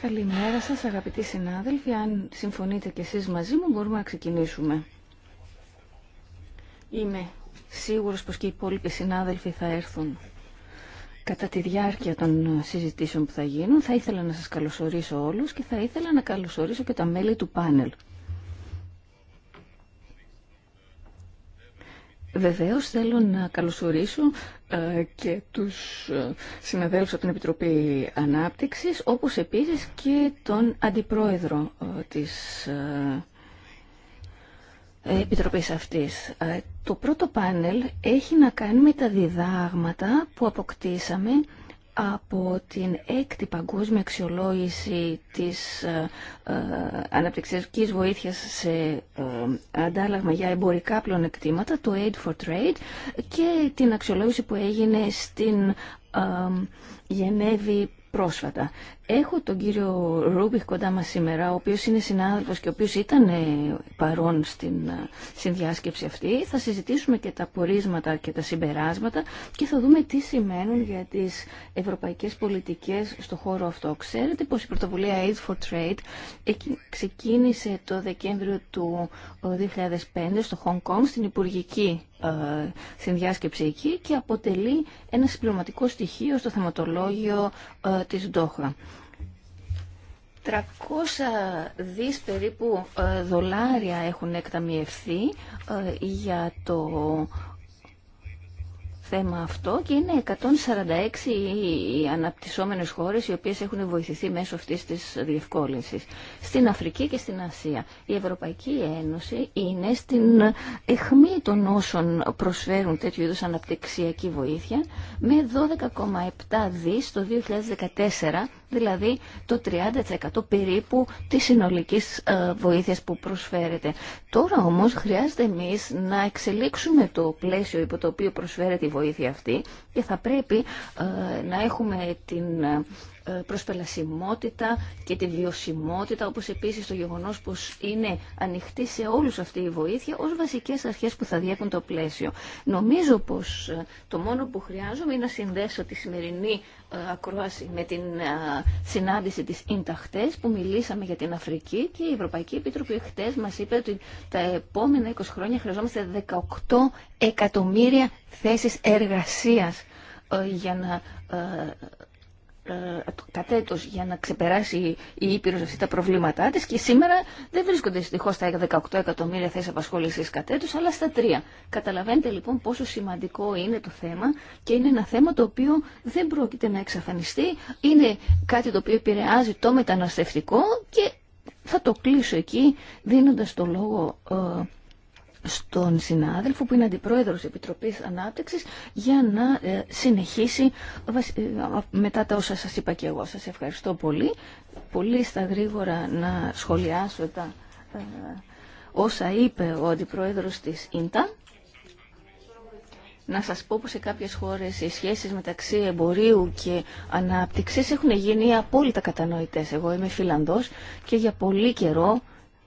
Καλημέρα σας αγαπητοί συνάδελφοι. Αν συμφωνείτε κι εσείς μαζί μου μπορούμε να ξεκινήσουμε. Είμαι σίγουρος πως και οι υπόλοιποι συνάδελφοι θα έρθουν κατά τη διάρκεια των συζητήσεων που θα γίνουν. Θα ήθελα να σας καλωσορίσω όλους και θα ήθελα να καλωσορίσω και τα μέλη του πάνελ. Βεβαίως θέλω να καλωσορίσω ε, και τους ε, συναδέλφους από την Επιτροπή Ανάπτυξης, όπως επίσης και τον Αντιπρόεδρο ε, της Επιτροπής αυτής. Το πρώτο πάνελ έχει να κάνει με τα διδάγματα που αποκτήσαμε από την έκτη παγκόσμια αξιολόγηση της ε, ε, αναπτυξιακής βοήθειας σε ε, αντάλλαγμα για εμπορικά πλονεκτήματα, το Aid for Trade, και την αξιολόγηση που έγινε στην ε, Γενέβη πρόσφατα. Έχω τον κύριο Ρούμπιχ κοντά μας σήμερα, ο οποίος είναι συνάδελφος και ο οποίος ήταν ε, παρόν στην ε, συνδιάσκεψη αυτή. Θα συζητήσουμε και τα πορίσματα και τα συμπεράσματα και θα δούμε τι σημαίνουν για τις ευρωπαϊκές πολιτικές στο χώρο αυτό. Ξέρετε πως η πρωτοβουλία Aid for Trade ξεκίνησε το Δεκέμβριο του 2005 ε, στο Hong στην Υπουργική συνδιάσκεψη εκεί και αποτελεί ένα συμπληρωματικό στοιχείο στο θεματολόγιο της Ντόχα. 300 δις περίπου ε, δολάρια έχουν εκταμιευθεί ε, για το θέμα αυτό και είναι 146 οι αναπτυσσόμενες χώρες οι οποίες έχουν βοηθηθεί μέσω αυτής της διευκόλυνσης στην Αφρική και στην Ασία. Η Ευρωπαϊκή Ένωση είναι στην εχμή των όσων προσφέρουν τέτοιου είδους αναπτυξιακή βοήθεια με 12,7 δις το 2014 δηλαδή το 30% περίπου της συνολικής ε, βοήθειας που προσφέρεται. Τώρα όμως χρειάζεται εμείς να εξελίξουμε το πλαίσιο υπό το οποίο προσφέρεται η βοήθεια αυτή και θα πρέπει ε, να έχουμε την προσπελασιμότητα και τη βιωσιμότητα, όπως επίσης το γεγονός πως είναι ανοιχτή σε όλους αυτή η βοήθεια ως βασικές αρχές που θα διέχουν το πλαίσιο. Νομίζω πως ε, το μόνο που χρειάζομαι είναι να συνδέσω τη σημερινή ε, ακρόαση με την ε, συνάντηση της Ινταχτές που μιλήσαμε για την Αφρική και η Ευρωπαϊκή Επίτροπη χτες μας είπε ότι τα επόμενα 20 χρόνια χρειαζόμαστε 18 εκατομμύρια θέσεις εργασίας για να κατέτος ε, για να ξεπεράσει η Ήπειρος αυτή τα προβλήματά της και σήμερα δεν βρίσκονται στοιχώς στα 18 εκατομμύρια θέσεις απασχόλησης κατέτος αλλά στα τρία. Καταλαβαίνετε λοιπόν πόσο σημαντικό είναι το θέμα και είναι ένα θέμα το οποίο δεν πρόκειται να εξαφανιστεί. Είναι κάτι το οποίο επηρεάζει το μεταναστευτικό και θα το κλείσω εκεί δίνοντας το λόγο ε, στον συνάδελφο που είναι αντιπρόεδρος Επιτροπής Ανάπτυξης για να ε, συνεχίσει ε, ε, μετά τα όσα σας είπα και εγώ. Σας ευχαριστώ πολύ. Πολύ στα γρήγορα να σχολιάσω τα όσα είπε ο αντιπρόεδρος της ΙΝΤΑ. Να σας πω πως σε κάποιες χώρες οι σχέσεις μεταξύ εμπορίου και ανάπτυξης έχουν γίνει απόλυτα κατανοητές. Εγώ είμαι Φιλανδός και για πολύ καιρό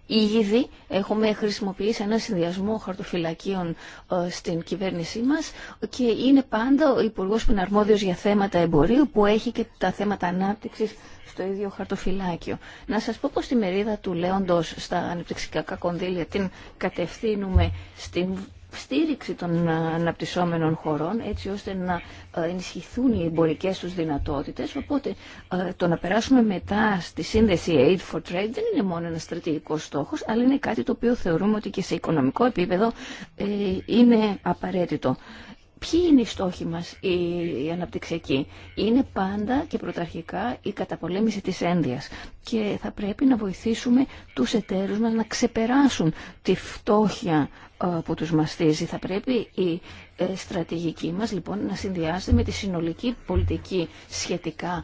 Ήδη έχουμε χρησιμοποιήσει ένα συνδυασμό χαρτοφυλακίων ε, στην κυβέρνησή μας και είναι πάντα ο Υπουργό που για θέματα εμπορίου που έχει και τα θέματα ανάπτυξης στο ίδιο χαρτοφυλάκιο. Να σας πω πως τη μερίδα του Λέοντος στα ανεπτυξιακά κονδύλια την κατευθύνουμε στην στήριξη των αναπτυσσόμενων χωρών έτσι ώστε να ε, ενισχυθούν οι εμπορικέ του δυνατότητες οπότε ε, το να περάσουμε μετά στη σύνδεση Aid for Trade δεν είναι μόνο ένα στρατηγικό στόχος αλλά είναι κάτι το οποίο θεωρούμε ότι και σε οικονομικό επίπεδο ε, είναι απαραίτητο. Ποιοι είναι οι στόχοι μας οι, αναπτυξιακοί. Είναι πάντα και πρωταρχικά η καταπολέμηση της ένδυας. Και θα πρέπει να βοηθήσουμε τους εταίρους μας να ξεπεράσουν τη φτώχεια ε, που τους μαστίζει. Θα πρέπει ε, στρατηγική μας λοιπόν να συνδυάζεται με τη συνολική πολιτική σχετικά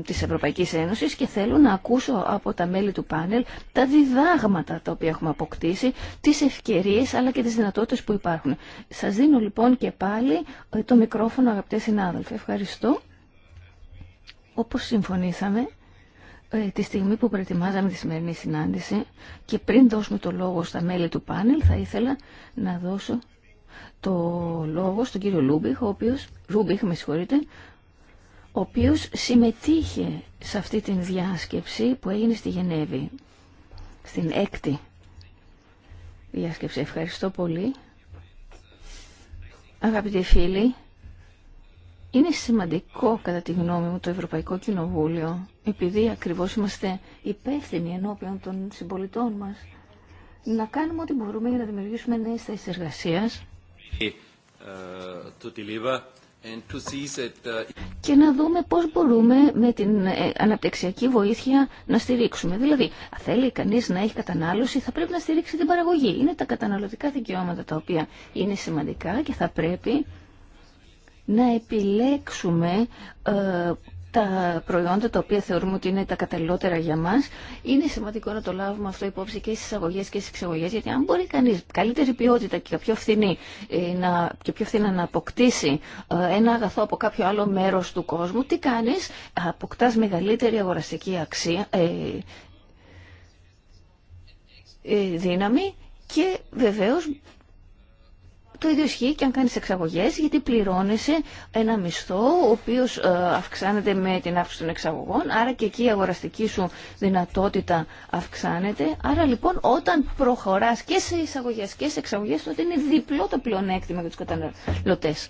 ε, της Ευρωπαϊκής Ένωσης και θέλω να ακούσω από τα μέλη του πάνελ τα διδάγματα τα οποία έχουμε αποκτήσει, τις ευκαιρίες αλλά και τις δυνατότητες που υπάρχουν. Σας δίνω λοιπόν και πάλι ε, το μικρόφωνο αγαπητέ συνάδελφοι. Ευχαριστώ. Όπως συμφωνήσαμε, ε, τη στιγμή που προετοιμάζαμε τη σημερινή συνάντηση και πριν δώσουμε το λόγο στα μέλη του πάνελ θα ήθελα να δώσω το λόγο στον κύριο Λούμπιχ, ο οποίος, Ρούμπιχ, με ο οποίος συμμετείχε σε αυτή την διάσκεψη που έγινε στη Γενέβη, στην έκτη διάσκεψη. Ευχαριστώ πολύ. Αγαπητοί φίλοι, είναι σημαντικό κατά τη γνώμη μου το Ευρωπαϊκό Κοινοβούλιο, επειδή ακριβώς είμαστε υπεύθυνοι ενώπιον των συμπολιτών μας, να κάνουμε ό,τι μπορούμε για να δημιουργήσουμε νέες θέσεις εργασίας, και να δούμε πώς μπορούμε με την ε, αναπτυξιακή βοήθεια να στηρίξουμε. Δηλαδή, αν θέλει κανείς να έχει κατανάλωση, θα πρέπει να στηρίξει την παραγωγή. Είναι τα καταναλωτικά δικαιώματα τα οποία είναι σημαντικά και θα πρέπει να επιλέξουμε ε, τα προϊόντα τα οποία θεωρούμε ότι είναι τα καταλληλότερα για μα Είναι σημαντικό να το λάβουμε αυτό υπόψη και στι εισαγωγές και στι εξαγωγέ, γιατί αν μπορεί κανείς καλύτερη ποιότητα και πιο φθηνή ε, να, και πιο φθηνά να αποκτήσει ε, ένα αγαθό από κάποιο άλλο μέρος του κόσμου, τι κάνεις, αποκτάς μεγαλύτερη αγοραστική αξία, ε, δύναμη και βεβαίως το ίδιο ισχύει και αν κάνεις εξαγωγές, γιατί πληρώνεσαι ένα μισθό, ο οποίος ε, αυξάνεται με την αύξηση των εξαγωγών, άρα και εκεί η αγοραστική σου δυνατότητα αυξάνεται. Άρα λοιπόν όταν προχωράς και σε εισαγωγές και σε εξαγωγές, τότε είναι διπλό το πλεονέκτημα για τους καταναλωτές.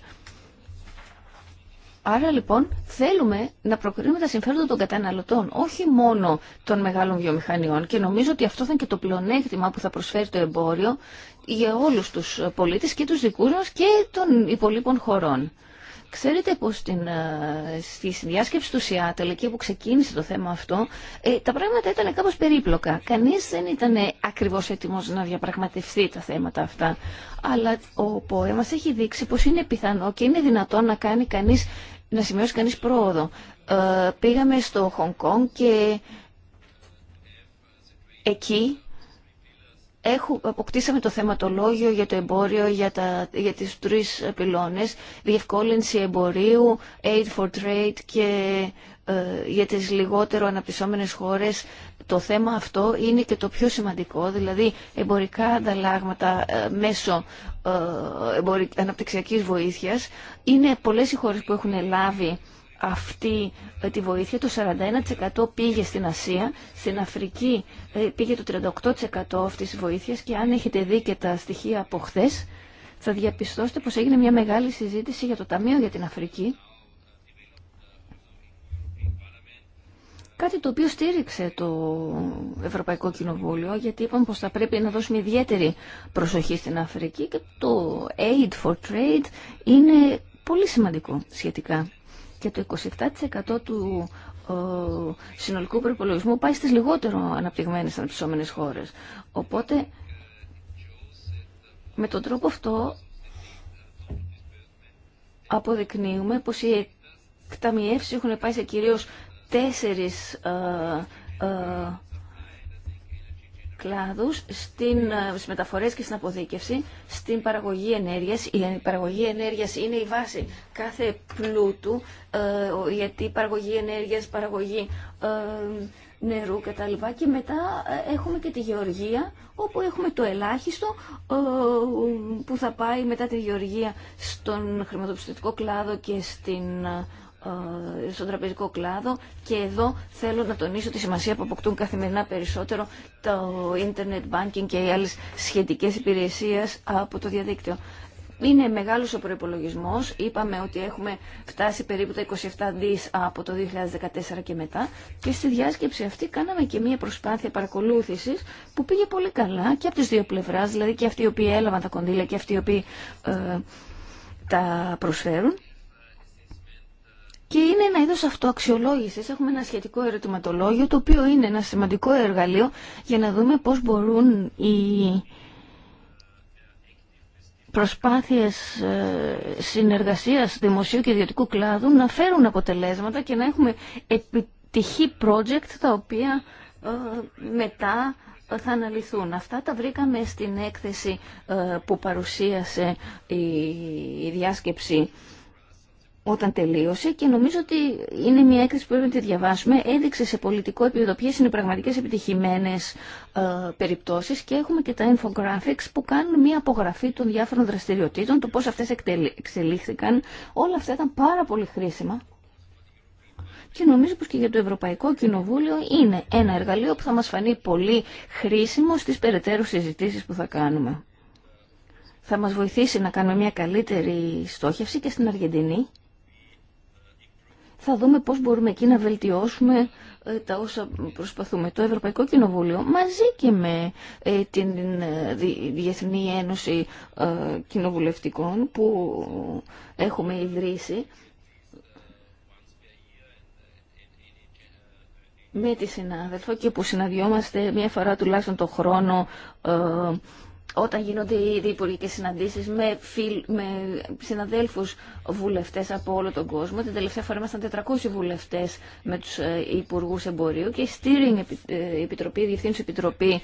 Άρα λοιπόν θέλουμε να προκρίνουμε τα συμφέροντα των καταναλωτών, όχι μόνο των μεγάλων βιομηχανιών και νομίζω ότι αυτό θα είναι και το πλεονέκτημα που θα προσφέρει το εμπόριο για όλους τους πολίτες και τους δικούς μας και των υπολείπων χωρών. Ξέρετε πως στην, ε, στη διάσκεψη του Σιάτελ, εκεί που ξεκίνησε το θέμα αυτό, ε, τα πράγματα ήταν κάπως περίπλοκα. Κανείς δεν ήταν ακριβώς έτοιμος να διαπραγματευτεί τα θέματα αυτά. Αλλά ο ΠΟΕ μας έχει δείξει πως είναι πιθανό και είναι δυνατόν να κάνει κανείς να σημειώσει κανείς πρόοδο. Ε, πήγαμε στο Χονγκ Κονγκ και εκεί αποκτήσαμε το θεματολόγιο για το εμπόριο, για, τα, για τις τρεις πυλώνες, διευκόλυνση εμπορίου, aid for trade και ε, για τις λιγότερο αναπτυσσόμενες χώρες. Το θέμα αυτό είναι και το πιο σημαντικό, δηλαδή εμπορικά ανταλλάγματα ε, μέσω ε, αναπτυξιακής βοήθειας. Είναι πολλές οι χώρες που έχουν λάβει αυτή ε, τη βοήθεια. Το 41% πήγε στην Ασία, στην Αφρική ε, πήγε το 38% αυτής της βοήθειας και αν έχετε δει και τα στοιχεία από χθε, θα διαπιστώσετε πως έγινε μια μεγάλη συζήτηση για το Ταμείο για την Αφρική Κάτι το οποίο στήριξε το Ευρωπαϊκό Κοινοβούλιο, γιατί είπαμε πως θα πρέπει να δώσουμε ιδιαίτερη προσοχή στην Αφρική και το Aid for Trade είναι πολύ σημαντικό σχετικά. Και το 27% του ε, συνολικού προπολογισμού πάει στις λιγότερο αναπτυγμένες αναπτυσσόμενες χώρες. Οπότε με τον τρόπο αυτό αποδεικνύουμε πως οι εκταμιεύσεις έχουν πάει σε κυρίως τέσσερις ε, ε, κλάδους στην, ε, στις μεταφορές και στην αποθήκευση, στην παραγωγή ενέργειας. Η παραγωγή ενέργειας είναι η βάση κάθε πλούτου, γιατί παραγωγή ενέργειας, παραγωγή νερού κτλ. Και μετά έχουμε και τη γεωργία, όπου έχουμε το ελάχιστο που θα πάει μετά τη γεωργία στον χρηματοπιστωτικό κλάδο και στην ε, στον τραπεζικό κλάδο και εδώ θέλω να τονίσω τη σημασία που αποκτούν καθημερινά περισσότερο το internet banking και οι άλλες σχετικές υπηρεσίες από το διαδίκτυο. Είναι μεγάλος ο προϋπολογισμός. Είπαμε ότι έχουμε φτάσει περίπου τα 27 δις από το 2014 και μετά και στη διάσκεψη αυτή κάναμε και μια προσπάθεια παρακολούθησης που πήγε πολύ καλά και από τις δύο πλευράς, δηλαδή και αυτοί οι οποίοι έλαβαν τα κονδύλια και αυτοί οι οποίοι ε, τα προσφέρουν και είναι ένα είδο αυτοαξιολόγηση. Έχουμε ένα σχετικό ερωτηματολόγιο, το οποίο είναι ένα σημαντικό εργαλείο για να δούμε πώς μπορούν οι προσπάθειες ε, συνεργασίας δημοσίου και ιδιωτικού κλάδου να φέρουν αποτελέσματα και να έχουμε επιτυχή project τα οποία ε, μετά θα αναλυθούν. Αυτά τα βρήκαμε στην έκθεση ε, που παρουσίασε η διάσκεψη όταν τελείωσε και νομίζω ότι είναι μια έκθεση που πρέπει να τη διαβάσουμε. Έδειξε σε πολιτικό επίπεδο ποιε είναι οι πραγματικέ επιτυχημένε ε, περιπτώσει και έχουμε και τα infographics που κάνουν μια απογραφή των διάφορων δραστηριοτήτων, το πώ αυτέ εξελίχθηκαν. Όλα αυτά ήταν πάρα πολύ χρήσιμα. Και νομίζω πως και για το Ευρωπαϊκό Κοινοβούλιο είναι ένα εργαλείο που θα μας φανεί πολύ χρήσιμο στις περαιτέρω συζητήσεις που θα κάνουμε. Θα μας βοηθήσει να κάνουμε μια καλύτερη στόχευση και στην Αργεντινή θα δούμε πώς μπορούμε εκεί να βελτιώσουμε ε, τα όσα προσπαθούμε. Το Ευρωπαϊκό Κοινοβούλιο μαζί και με ε, την ε, Διεθνή Ένωση Κοινοβουλευτικών που έχουμε ιδρύσει με τη συνάδελφο και που συναντιόμαστε μία φορά τουλάχιστον το χρόνο όταν γίνονται οι διπολικές συναντήσεις με, φιλ, με συναδέλφους βουλευτές από όλο τον κόσμο. Την τελευταία φορά ήμασταν 400 βουλευτές με τους ε, υπουργού Εμπορίου και η Steering ε, Επιτροπή, η Επιτροπή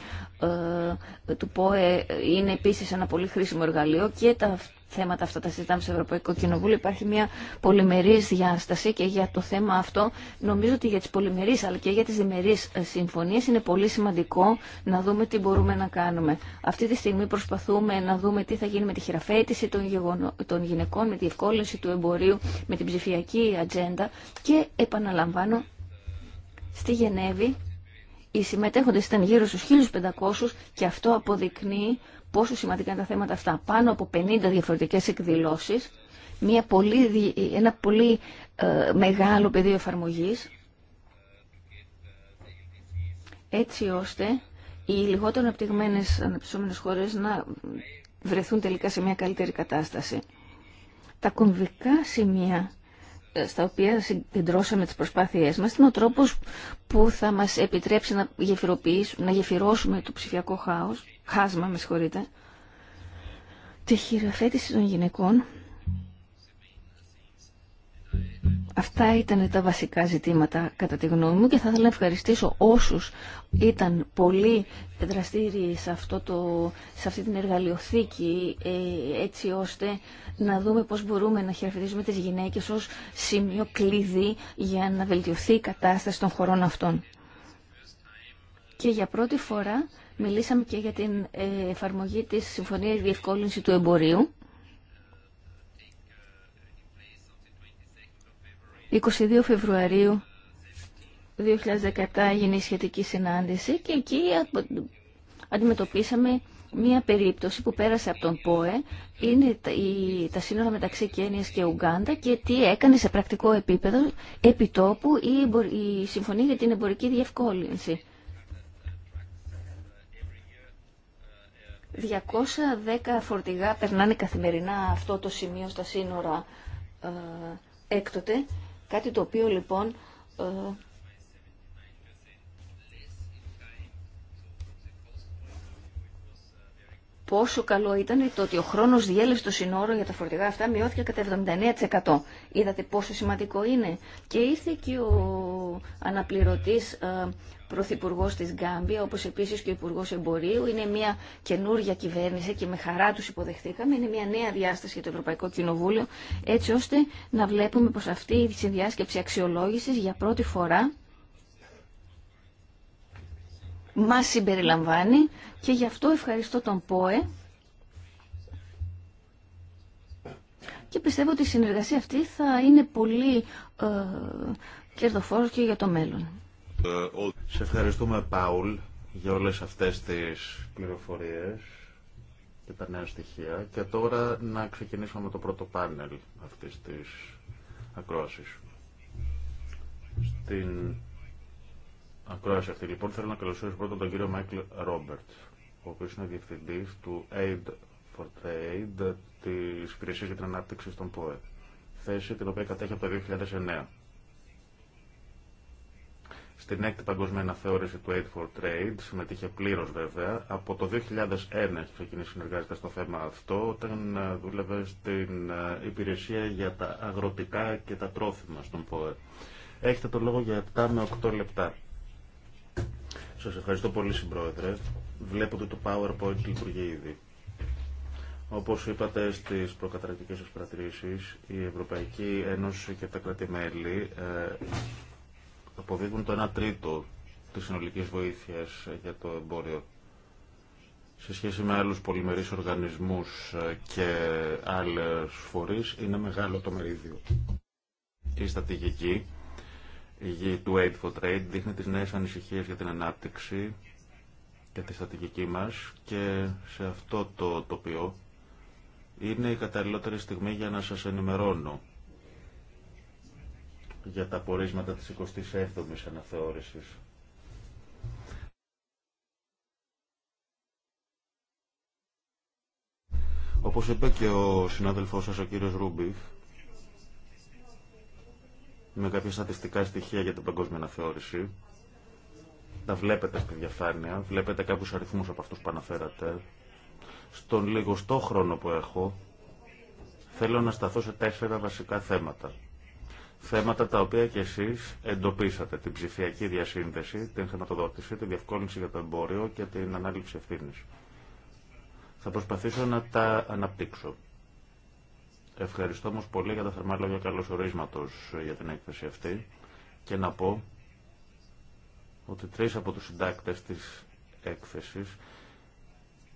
ε, του ΠΟΕ είναι επίσης ένα πολύ χρήσιμο εργαλείο και τα θέματα αυτά τα συζητάμε στο Ευρωπαϊκό Κοινοβούλιο. Υπάρχει μια πολυμερή διάσταση και για το θέμα αυτό νομίζω ότι για τι πολυμερεί, αλλά και για τι διμερείς ε, συμφωνίε, είναι πολύ σημαντικό να δούμε τι μπορούμε να κάνουμε. Αυτή τη στιγμή προσπαθούμε να δούμε τι θα γίνει με τη χειραφέτηση των, γεγονο... γυναικών, με τη ευκόλυνση του εμπορίου, με την ψηφιακή ατζέντα και επαναλαμβάνω στη Γενέβη οι συμμετέχοντες ήταν γύρω στους 1500 και αυτό αποδεικνύει πόσο σημαντικά είναι τα θέματα αυτά. Πάνω από 50 διαφορετικές εκδηλώσεις, μια πολύ, ένα πολύ ε, μεγάλο πεδίο εφαρμογής, έτσι ώστε οι λιγότερο αναπτυγμένες αναπτυσσόμενες χώρες να βρεθούν τελικά σε μια καλύτερη κατάσταση. Τα κομβικά σημεία ε, στα οποία συγκεντρώσαμε τις προσπάθειές μας είναι ο τρόπος που θα μας επιτρέψει να, να γεφυρώσουμε το ψηφιακό χάος χάσμα, με συγχωρείτε, τη χειροθέτηση των γυναικών. Αυτά ήταν τα βασικά ζητήματα κατά τη γνώμη μου και θα ήθελα να ευχαριστήσω όσους ήταν πολύ δραστήριοι σε, αυτό το, σε αυτή την εργαλειοθήκη ε, έτσι ώστε να δούμε πώς μπορούμε να χειραφετήσουμε τις γυναίκες ως σημείο κλειδί για να βελτιωθεί η κατάσταση των χωρών αυτών. Και για πρώτη φορά Μιλήσαμε και για την ε, εφαρμογή της Συμφωνίας Διευκόλυνση του Εμπορίου. 22 Φεβρουαρίου 2017 έγινε η σχετική συνάντηση και εκεί αντιμετωπίσαμε μία περίπτωση που πέρασε από τον ΠΟΕ είναι τα σύνορα μεταξύ Κένιας και Ουγκάντα και τι έκανε σε πρακτικό επίπεδο επιτόπου η, η Συμφωνία για την Εμπορική Διευκόλυνση. 210 φορτηγά περνάνε καθημερινά αυτό το σημείο στα σύνορα ε, έκτοτε, κάτι το οποίο λοιπόν ε, πόσο καλό ήταν το ότι ο χρόνος διέλευση των συνόρων για τα φορτηγά αυτά μειώθηκε κατά 79%. Είδατε πόσο σημαντικό είναι. Και ήρθε και ο αναπληρωτής ε, Πρωθυπουργό τη Γκάμπια, όπω επίση και ο Υπουργό Εμπορίου. Είναι μια καινούργια κυβέρνηση και με χαρά του υποδεχτήκαμε. Είναι μια νέα διάσταση για το Ευρωπαϊκό Κοινοβούλιο, έτσι ώστε να βλέπουμε πω αυτή η συνδιάσκεψη αξιολόγηση για πρώτη φορά μας συμπεριλαμβάνει και γι' αυτό ευχαριστώ τον ΠΟΕ και πιστεύω ότι η συνεργασία αυτή θα είναι πολύ ε, κερδοφόρος και για το μέλλον. Σε ευχαριστούμε Πάουλ για όλες αυτές τις πληροφορίες και τα νέα στοιχεία και τώρα να ξεκινήσουμε με το πρώτο πάνελ αυτής της ακρόασης. Στην ακρόαση αυτή λοιπόν θέλω να καλωσορίσω πρώτα τον κύριο Μάικλ Ρόμπερτ, ο οποίο είναι διευθυντή του Aid for Trade τη Υπηρεσία για την Ανάπτυξη στον ΠΟΕ. Θέση την οποία κατέχει από το 2009. Στην έκτη παγκόσμια αναθεώρηση του Aid for Trade συμμετείχε πλήρω βέβαια. Από το 2001 έχει ξεκινήσει συνεργάζεται στο θέμα αυτό, όταν ε, δούλευε στην ε, υπηρεσία για τα αγροτικά και τα τρόφιμα στον ΠΟΕ. Έχετε το λόγο για 7 με 8 λεπτά. Σας ευχαριστώ πολύ, συμπρόεδρε. Βλέπω ότι το PowerPoint λειτουργεί ήδη. Όπως είπατε στις προκαταρκτικές σας η Ευρωπαϊκή Ένωση και τα κράτη-μέλη ε, αποδίδουν το 1 τρίτο της συνολικής βοήθειας για το εμπόριο σε σχέση με άλλους πολυμερείς οργανισμούς ε, και άλλες φορείς είναι μεγάλο το μερίδιο. Η στατηγική η γη του Aid for Trade δείχνει τις νέες ανησυχίες για την ανάπτυξη και τη στρατηγική μας και σε αυτό το τοπίο είναι η καταλληλότερη στιγμή για να σας ενημερώνω για τα πορίσματα της 27ης αναθεώρησης. Όπως είπε και ο συνάδελφός σας ο κύριος Ρούμπιχ, με κάποια στατιστικά στοιχεία για την παγκόσμια αναθεώρηση. Τα βλέπετε στη διαφάνεια, βλέπετε κάποιους αριθμούς από αυτούς που αναφέρατε. Στον λιγοστό χρόνο που έχω, θέλω να σταθώ σε τέσσερα βασικά θέματα. Θέματα τα οποία και εσείς εντοπίσατε, την ψηφιακή διασύνδεση, την χρηματοδότηση, τη διευκόλυνση για το εμπόριο και την ανάληψη ευθύνη. Θα προσπαθήσω να τα αναπτύξω. Ευχαριστώ όμω πολύ για τα θερμά λόγια καλώ ορίσματο για την έκθεση αυτή και να πω ότι τρεις από τους συντάκτες της έκθεση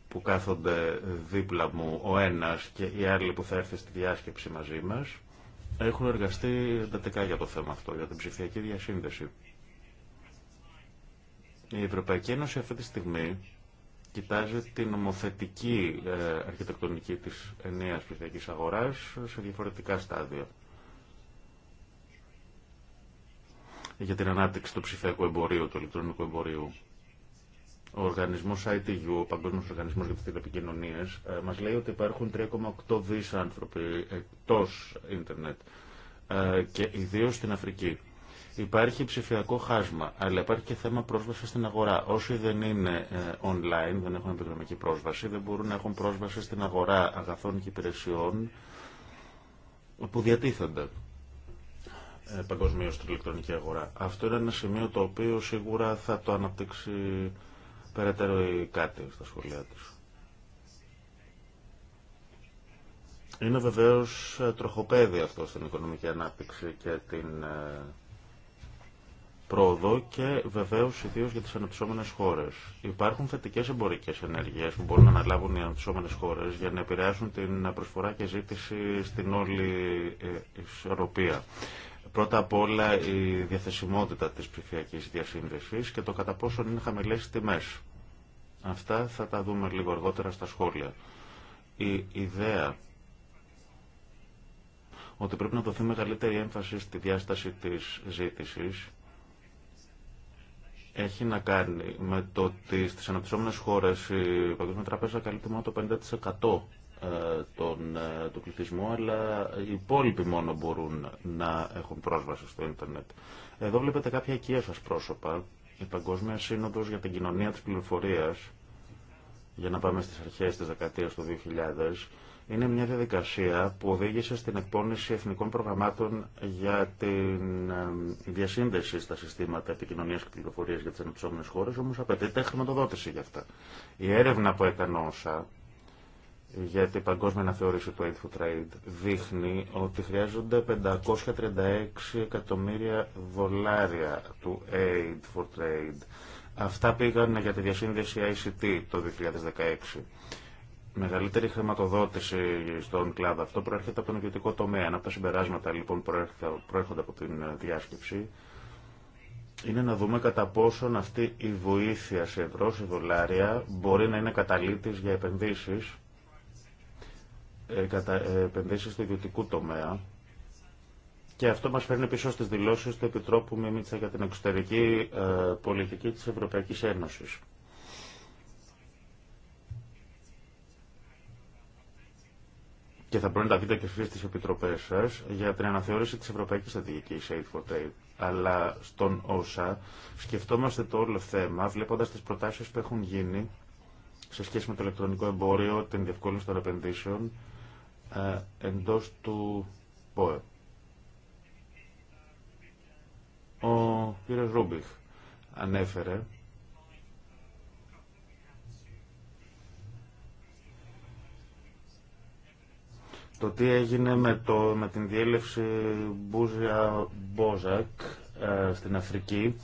που κάθονται δίπλα μου ο ένας και οι άλλοι που θα έρθει στη διάσκεψη μαζί μας έχουν εργαστεί εντατικά για το θέμα αυτό, για την ψηφιακή διασύνδεση. Η Ευρωπαϊκή Ένωση αυτή τη στιγμή κοιτάζει την νομοθετική ε, αρχιτεκτονική της νέας ψηφιακής αγοράς σε διαφορετικά στάδια. Για την ανάπτυξη του ψηφιακού εμπορίου, του ηλεκτρονικού εμπορίου. Ο οργανισμός ITU, ο Παγκόσμιος Οργανισμός για τις Τηλεπικοινωνίες, ε, μας λέει ότι υπάρχουν 3,8 δις άνθρωποι εκτός ίντερνετ ε, και ιδίως στην Αφρική. Υπάρχει ψηφιακό χάσμα, αλλά υπάρχει και θέμα πρόσβαση στην αγορά. Όσοι δεν είναι ε, online, δεν έχουν επικοινωνική πρόσβαση, δεν μπορούν να έχουν πρόσβαση στην αγορά αγαθών και υπηρεσιών που διατίθενται ε, παγκοσμίω στην ηλεκτρονική αγορά. Αυτό είναι ένα σημείο το οποίο σίγουρα θα το αναπτύξει περαιτέρω η κάτι στα σχολεία του. Είναι βεβαίω ε, τροχοπέδι αυτό στην οικονομική ανάπτυξη και την πρόοδο και βεβαίω ιδίω για τι αναπτυσσόμενε χώρε. Υπάρχουν θετικέ εμπορικέ ενέργειε που μπορούν να αναλάβουν οι αναπτυσσόμενε χώρε για να επηρεάσουν την προσφορά και ζήτηση στην όλη ε, ισορροπία. Πρώτα απ' όλα η διαθεσιμότητα της ψηφιακής διασύνδεσης και το κατά πόσον είναι χαμηλές τιμές. Αυτά θα τα δούμε λίγο αργότερα στα σχόλια. Η ιδέα ότι πρέπει να δοθεί μεγαλύτερη έμφαση στη διάσταση της ζήτησης έχει να κάνει με το ότι στις αναπτυσσόμενες χώρες η Παγκόσμια Τράπεζα καλύπτει μόνο το 50% ε, ε, του πληθυσμού, αλλά οι υπόλοιποι μόνο μπορούν να έχουν πρόσβαση στο ίντερνετ. Εδώ βλέπετε κάποια οικία σας πρόσωπα. Η Παγκόσμια Σύνοδος για την Κοινωνία της Πληροφορίας, για να πάμε στις αρχές της δεκαετίας του 2000, είναι μια διαδικασία που οδήγησε στην εκπόνηση εθνικών προγραμμάτων για την διασύνδεση στα συστήματα επικοινωνία και πληροφορία για τι ανεπτυσσόμενε χώρε, όμω απαιτείται χρηματοδότηση για αυτά. Η έρευνα που έκανε όσα για την παγκόσμια αναθεώρηση του Aid for Trade δείχνει ότι χρειάζονται 536 εκατομμύρια δολάρια του Aid for Trade. Αυτά πήγαν για τη διασύνδεση ICT το 2016 μεγαλύτερη χρηματοδότηση στον κλάδο αυτό προέρχεται από τον ιδιωτικό τομέα. Ένα από τα συμπεράσματα λοιπόν προέρχονται από την ε, διάσκεψη είναι να δούμε κατά πόσον αυτή η βοήθεια σε ευρώ, σε δολάρια μπορεί να είναι καταλήτης για επενδύσεις ε, ε, επενδύσεις του ιδιωτικού τομέα και αυτό μας φέρνει πίσω στις δηλώσεις του Επιτρόπου Μιμίτσα για την εξωτερική πολιτική της Ευρωπαϊκής Ένωσης. και θα πρέπει να τα δείτε και εσεί στι επιτροπέ σα για την αναθεώρηση τη Ευρωπαϊκή Στρατηγική Aid for Trade. Αλλά στον όσα σκεφτόμαστε το όλο θέμα βλέποντα τι προτάσει που έχουν γίνει σε σχέση με το ηλεκτρονικό εμπόριο, την διευκόλυνση των επενδύσεων ε, εντό του ΠΟΕ. Ο κ. Ρούμπιχ ανέφερε το τι έγινε με, το, με την διέλευση Μπούζια Μπόζακ ε, στην Αφρική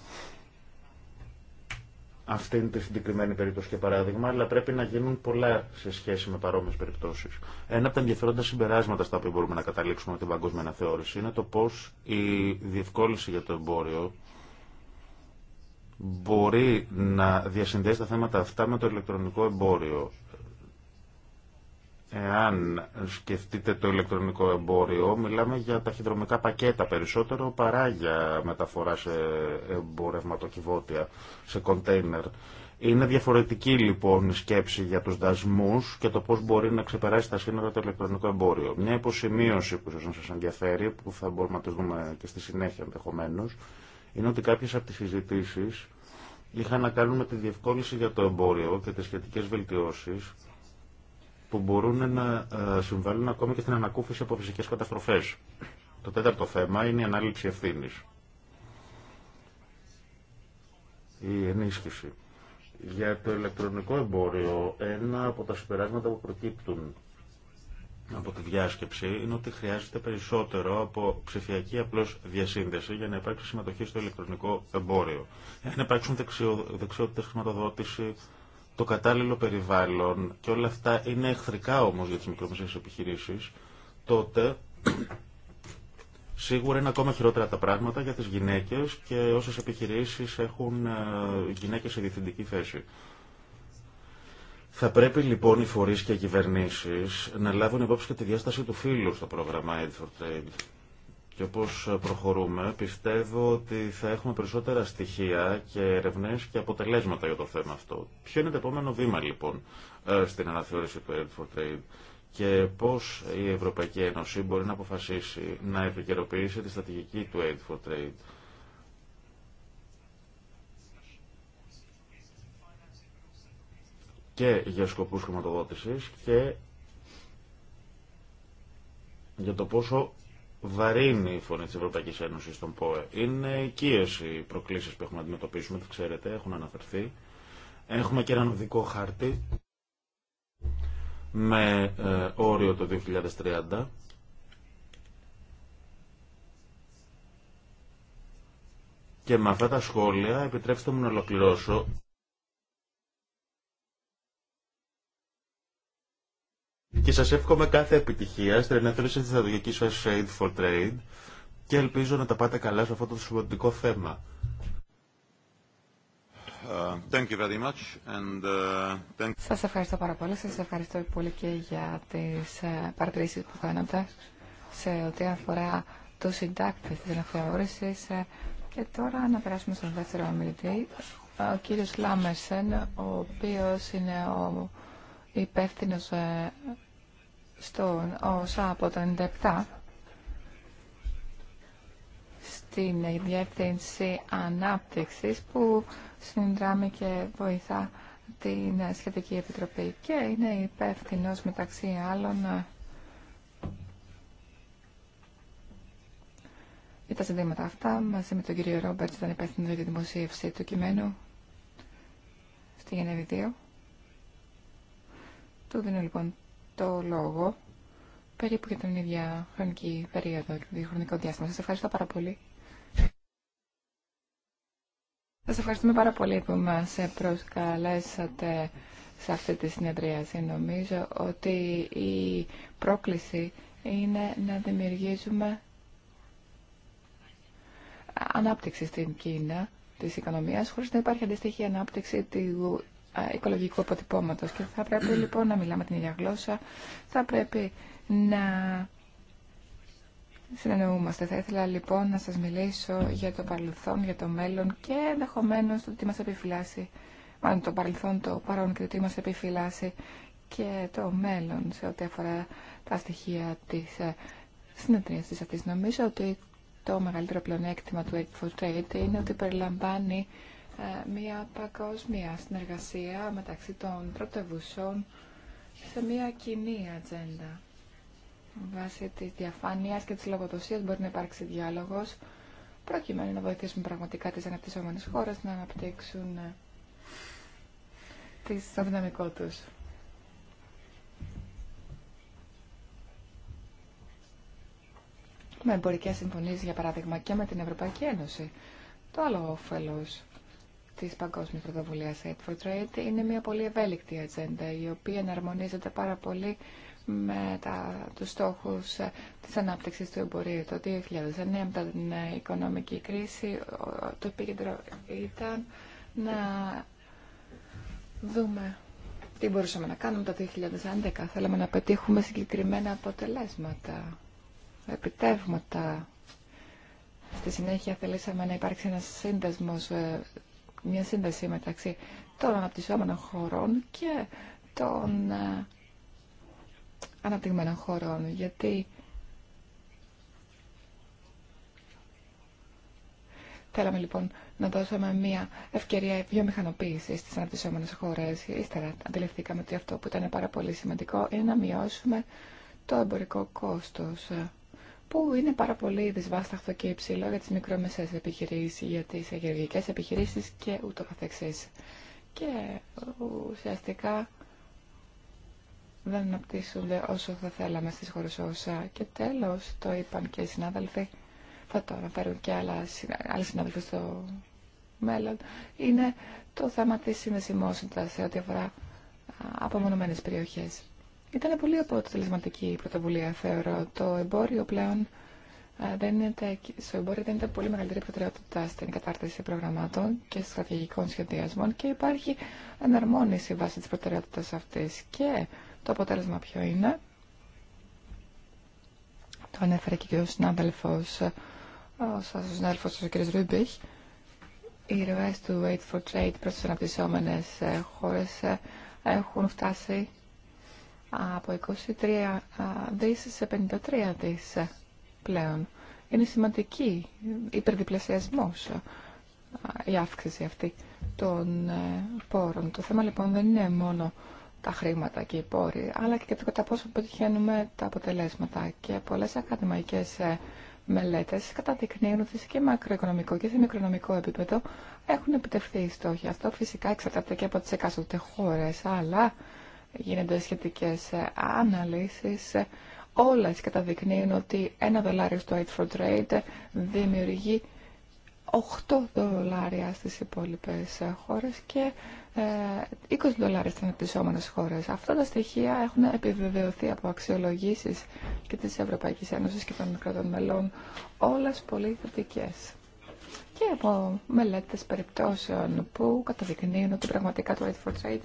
αυτή είναι τη συγκεκριμένη περίπτωση και παράδειγμα, αλλά πρέπει να γίνουν πολλά σε σχέση με παρόμοιε περιπτώσει. Ένα από τα ενδιαφέροντα συμπεράσματα στα οποία μπορούμε να καταλήξουμε με την παγκόσμια αναθεώρηση είναι το πώ η διευκόλυνση για το εμπόριο μπορεί να διασυνδέσει τα θέματα αυτά με το ηλεκτρονικό εμπόριο Εάν σκεφτείτε το ηλεκτρονικό εμπόριο, μιλάμε για ταχυδρομικά πακέτα περισσότερο παρά για μεταφορά σε εμπορευματοκιβώτια, σε κοντέινερ. Είναι διαφορετική λοιπόν η σκέψη για τους δασμούς και το πώς μπορεί να ξεπεράσει τα σύνορα το ηλεκτρονικό εμπόριο. Μια υποσημείωση που ίσως σας ενδιαφέρει, που θα μπορούμε να το δούμε και στη συνέχεια ενδεχομένω, είναι ότι κάποιες από τις συζητήσεις είχαν να κάνουν με τη διευκόλυνση για το εμπόριο και τις σχετικές βελτιώσεις που μπορούν να ε, συμβάλλουν ακόμη και στην ανακούφιση από φυσικές καταστροφές. Το τέταρτο θέμα είναι η ανάληψη ευθύνης. Η ενίσχυση. Για το ηλεκτρονικό εμπόριο, ένα από τα συμπεράσματα που προκύπτουν από τη διάσκεψη είναι ότι χρειάζεται περισσότερο από ψηφιακή απλώ διασύνδεση για να υπάρξει συμμετοχή στο ηλεκτρονικό εμπόριο. υπάρξουν δεξιότητε, χρηματοδότηση, το κατάλληλο περιβάλλον και όλα αυτά είναι εχθρικά όμως για τις μικρομεσαίες επιχειρήσεις, τότε σίγουρα είναι ακόμα χειρότερα τα πράγματα για τις γυναίκες και όσες επιχειρήσεις έχουν ε, γυναίκες σε διευθυντική θέση. Θα πρέπει λοιπόν οι φορείς και οι κυβερνήσεις να λάβουν υπόψη και τη διάσταση του φύλου στο πρόγραμμα Aid for Trade και πώς προχωρούμε, πιστεύω ότι θα έχουμε περισσότερα στοιχεία και ερευνές και αποτελέσματα για το θέμα αυτό. Ποιο είναι το επόμενο βήμα λοιπόν ε, στην αναθεώρηση του Aid for Trade και πώς η Ευρωπαϊκή Ένωση μπορεί να αποφασίσει να επικαιροποιήσει τη στρατηγική του Aid for Trade και για σκοπούς χρηματοδότησης και για το πόσο βαρύνει η φωνή τη Ευρωπαϊκή Ένωση στον ΠΟΕ. Είναι οικίε οι προκλήσει που έχουμε να αντιμετωπίσουμε, το ξέρετε, έχουν αναφερθεί. Έχουμε και έναν οδικό χάρτη με ε, όριο το 2030. Και με αυτά τα σχόλια επιτρέψτε μου να ολοκληρώσω Και σας εύχομαι κάθε επιτυχία στην ενεθρώση της στρατηγικής σας Aid for Trade και ελπίζω να τα πάτε καλά σε αυτό το σημαντικό θέμα. Uh, thank uh, Σας ευχαριστώ πάρα πολύ. Σας ευχαριστώ πολύ και για τις ε, παρατηρήσεις που κάνατε σε ό,τι αφορά το συντάκτη της αναθεώρησης. Ε, και τώρα να περάσουμε στον δεύτερο ομιλητή, ο κύριος Λάμερσεν, ο οποίος είναι ο υπεύθυνος ε, στον ΩΣΑ από το 97 στην Διεύθυνση Ανάπτυξης που συνδράμει και βοηθά την Σχετική Επιτροπή και είναι υπεύθυνο μεταξύ άλλων για τα συνδέματα αυτά μαζί με τον κύριο Ρόμπερτς ήταν υπεύθυνο για τη δημοσίευση του κειμένου στη Γενέβη 2. Του δίνω λοιπόν το λόγο περίπου για την ίδια χρονική περίοδο, δηλαδή χρονικό διάστημα. Σας ευχαριστώ πάρα πολύ. Σας ευχαριστούμε πάρα πολύ που μας προσκαλέσατε σε αυτή τη συνεδρίαση. Νομίζω ότι η πρόκληση είναι να δημιουργήσουμε ανάπτυξη στην Κίνα της οικονομίας χωρίς να υπάρχει αντίστοιχη ανάπτυξη του οικολογικού αποτυπώματος και θα πρέπει λοιπόν να μιλάμε την ίδια γλώσσα, θα πρέπει να συνεννοούμαστε. Θα ήθελα λοιπόν να σας μιλήσω για το παρελθόν, για το μέλλον και ενδεχομένω το τι μας επιφυλάσσει, μάλλον το παρελθόν, το παρόν και το τι μας επιφυλάσσει και το μέλλον σε ό,τι αφορά τα στοιχεία της ε, συνεδρίας της αυτής. Νομίζω ότι το μεγαλύτερο πλεονέκτημα του Aid for Trade είναι ότι περιλαμβάνει ε, μια παγκόσμια συνεργασία μεταξύ των πρωτευουσών σε μια κοινή ατζέντα. Βάσει της διαφάνεια, και της λογοδοσίας μπορεί να υπάρξει διάλογος προκειμένου να βοηθήσουμε πραγματικά τις αναπτυσσόμενες χώρες να αναπτύξουν ε, το δυναμικό τους. Με εμπορικές συμφωνίες, για παράδειγμα, και με την Ευρωπαϊκή Ένωση. Το άλλο όφελος Τη Παγκόσμια Πρωτοβουλία Aid for Trade είναι μια πολύ ευέλικτη ατζέντα η οποία εναρμονίζεται πάρα πολύ με τα, τους στόχους της του εμπορίου. Το 2009 μετά την οικονομική κρίση το επίκεντρο ήταν να δούμε τι μπορούσαμε να κάνουμε το 2011. Θέλαμε να πετύχουμε συγκεκριμένα αποτελέσματα, επιτεύγματα. Στη συνέχεια θελήσαμε να υπάρξει ένας σύνδεσμος ε, μια σύνδεση μεταξύ των αναπτυσσόμενων χωρών και των ε, αναπτυγμένων χωρών. Γιατί θέλαμε λοιπόν να δώσουμε μια ευκαιρία βιομηχανοποίηση στις αναπτυσσόμενες χώρες. Ύστερα αντιληφθήκαμε ότι αυτό που ήταν πάρα πολύ σημαντικό είναι να μειώσουμε το εμπορικό κόστος που είναι πάρα πολύ δυσβάσταχτο και υψηλό για τις μικρομεσαίες επιχειρήσεις, για τις αγεργικές επιχειρήσεις και ούτω καθεξής. Και ε, ουσιαστικά δεν αναπτύσσονται όσο θα θέλαμε στις χώρες όσα. Και τέλος, το είπαν και οι συνάδελφοι, θα το αναφέρουν και άλλα, άλλοι συνάδελφοι στο μέλλον, είναι το θέμα της συνδεσιμότητας σε ό,τι αφορά απομονωμένες περιοχές. Ήταν πολύ αποτελεσματική η πρωτοβουλία, θεωρώ. Το εμπόριο πλέον ε, δεν είναι, στο εμπόριο δεν πολύ μεγαλύτερη προτεραιότητα στην κατάρτιση προγραμμάτων και στρατηγικών σχεδιασμών και υπάρχει εναρμόνιση βάσει της προτεραιότητας αυτής. Και το αποτέλεσμα ποιο είναι, το ανέφερε και ο συνάδελφος, ε, ο συνάδελφος ο κ. Ρούμπιχ, οι ροές του Aid for Trade προς τις αναπτυσσόμενες ε, χώρες έχουν φτάσει από 23 δις σε 53 δις πλέον. Είναι σημαντική υπερδιπλασιασμός η αύξηση αυτή των ε, πόρων. Το θέμα λοιπόν δεν είναι μόνο τα χρήματα και οι πόροι, αλλά και το κατά πόσο πετυχαίνουμε τα αποτελέσματα. Και πολλές ακαδημαϊκές ε, μελέτες καταδεικνύουν ότι και μακροοικονομικό και σε μικροοικονομικό επίπεδο έχουν επιτευχθεί οι στόχοι. Αυτό φυσικά εξαρτάται και από τις εκάστοτε χώρες, αλλά γίνονται σχετικές αναλύσεις. Όλες καταδεικνύουν ότι ένα δολάριο στο Aid for Trade δημιουργεί 8 δολάρια στις υπόλοιπες χώρες και 20 ε, δολάρια στις αναπτυσσόμενες χώρες. Αυτά τα στοιχεία έχουν επιβεβαιωθεί από αξιολογήσεις και της Ευρωπαϊκής Ένωσης και των κρατών μελών, όλες πολύ θετικέ. Και από μελέτες περιπτώσεων που καταδεικνύουν ότι πραγματικά το Aid for Trade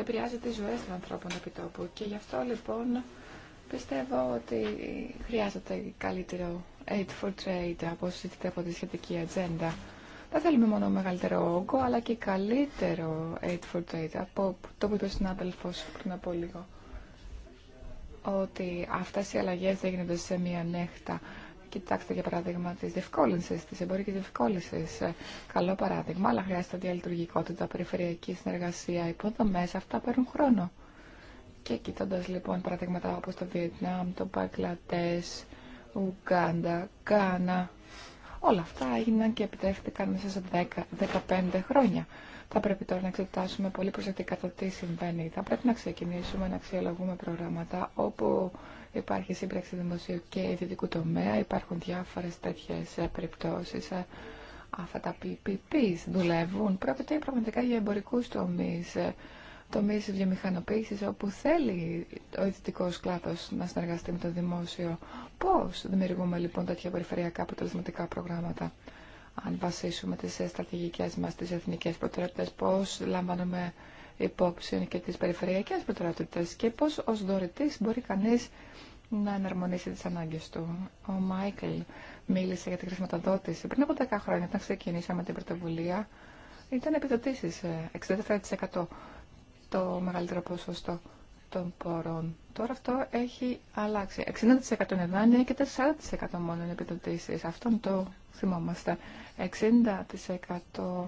επηρεάζει τις ζωές των ανθρώπων τόπου Και γι' αυτό λοιπόν πιστεύω ότι χρειάζεται καλύτερο aid for trade από ζητείται από τη σχετική ατζέντα. Δεν θέλουμε μόνο μεγαλύτερο όγκο, αλλά και καλύτερο aid for trade από το που είπε ο συνάδελφο πριν από λίγο. Ότι αυτές οι αλλαγές δεν γίνονται σε μία νύχτα Κοιτάξτε για παράδειγμα τη διευκόλυνση, τη εμπορικέ διευκόλυνση. Ε, καλό παράδειγμα, αλλά χρειάζεται διαλειτουργικότητα, περιφερειακή συνεργασία, υποδομέ. Αυτά παίρνουν χρόνο. Και κοιτώντα λοιπόν παραδείγματα όπω το Βιετνάμ, το Παγκλατέ, Ουγκάντα, Κάνα, όλα αυτά έγιναν και επιτεύχθηκαν μέσα σε 10-15 χρόνια. Θα πρέπει τώρα να εξετάσουμε πολύ προσεκτικά το τι συμβαίνει. Θα πρέπει να ξεκινήσουμε να αξιολογούμε προγράμματα όπου υπάρχει σύμπραξη δημοσίου και ιδιωτικού τομέα. Υπάρχουν διάφορε τέτοιε περιπτώσει, ε, Αυτά τα PPPs δουλεύουν. Πρόκειται πραγματικά για εμπορικού τομεί ε, τομεί βιομηχανοποίηση όπου θέλει ο ιδιωτικό κλάδο να συνεργαστεί με το δημόσιο. Πώ δημιουργούμε λοιπόν τέτοια περιφερειακά αποτελεσματικά προγράμματα αν βασίσουμε τις στρατηγικές μας, τις εθνικές προτεραιότητες, πώς λαμβάνουμε υπόψη και τις περιφερειακές προτεραιότητες και πώς ως δωρητής μπορεί κανείς να εναρμονίσει τις ανάγκες του. Ο Μάικλ μίλησε για τη χρηματοδότηση. Πριν από 10 χρόνια, όταν ξεκινήσαμε την πρωτοβουλία, ήταν επιδοτήσεις 64% ε, το μεγαλύτερο ποσοστό των πόρων. Τώρα αυτό έχει αλλάξει. 60% είναι δάνεια και 4% μόνο είναι επιδοτήσεις. Αυτό είναι το θυμόμαστε, 60%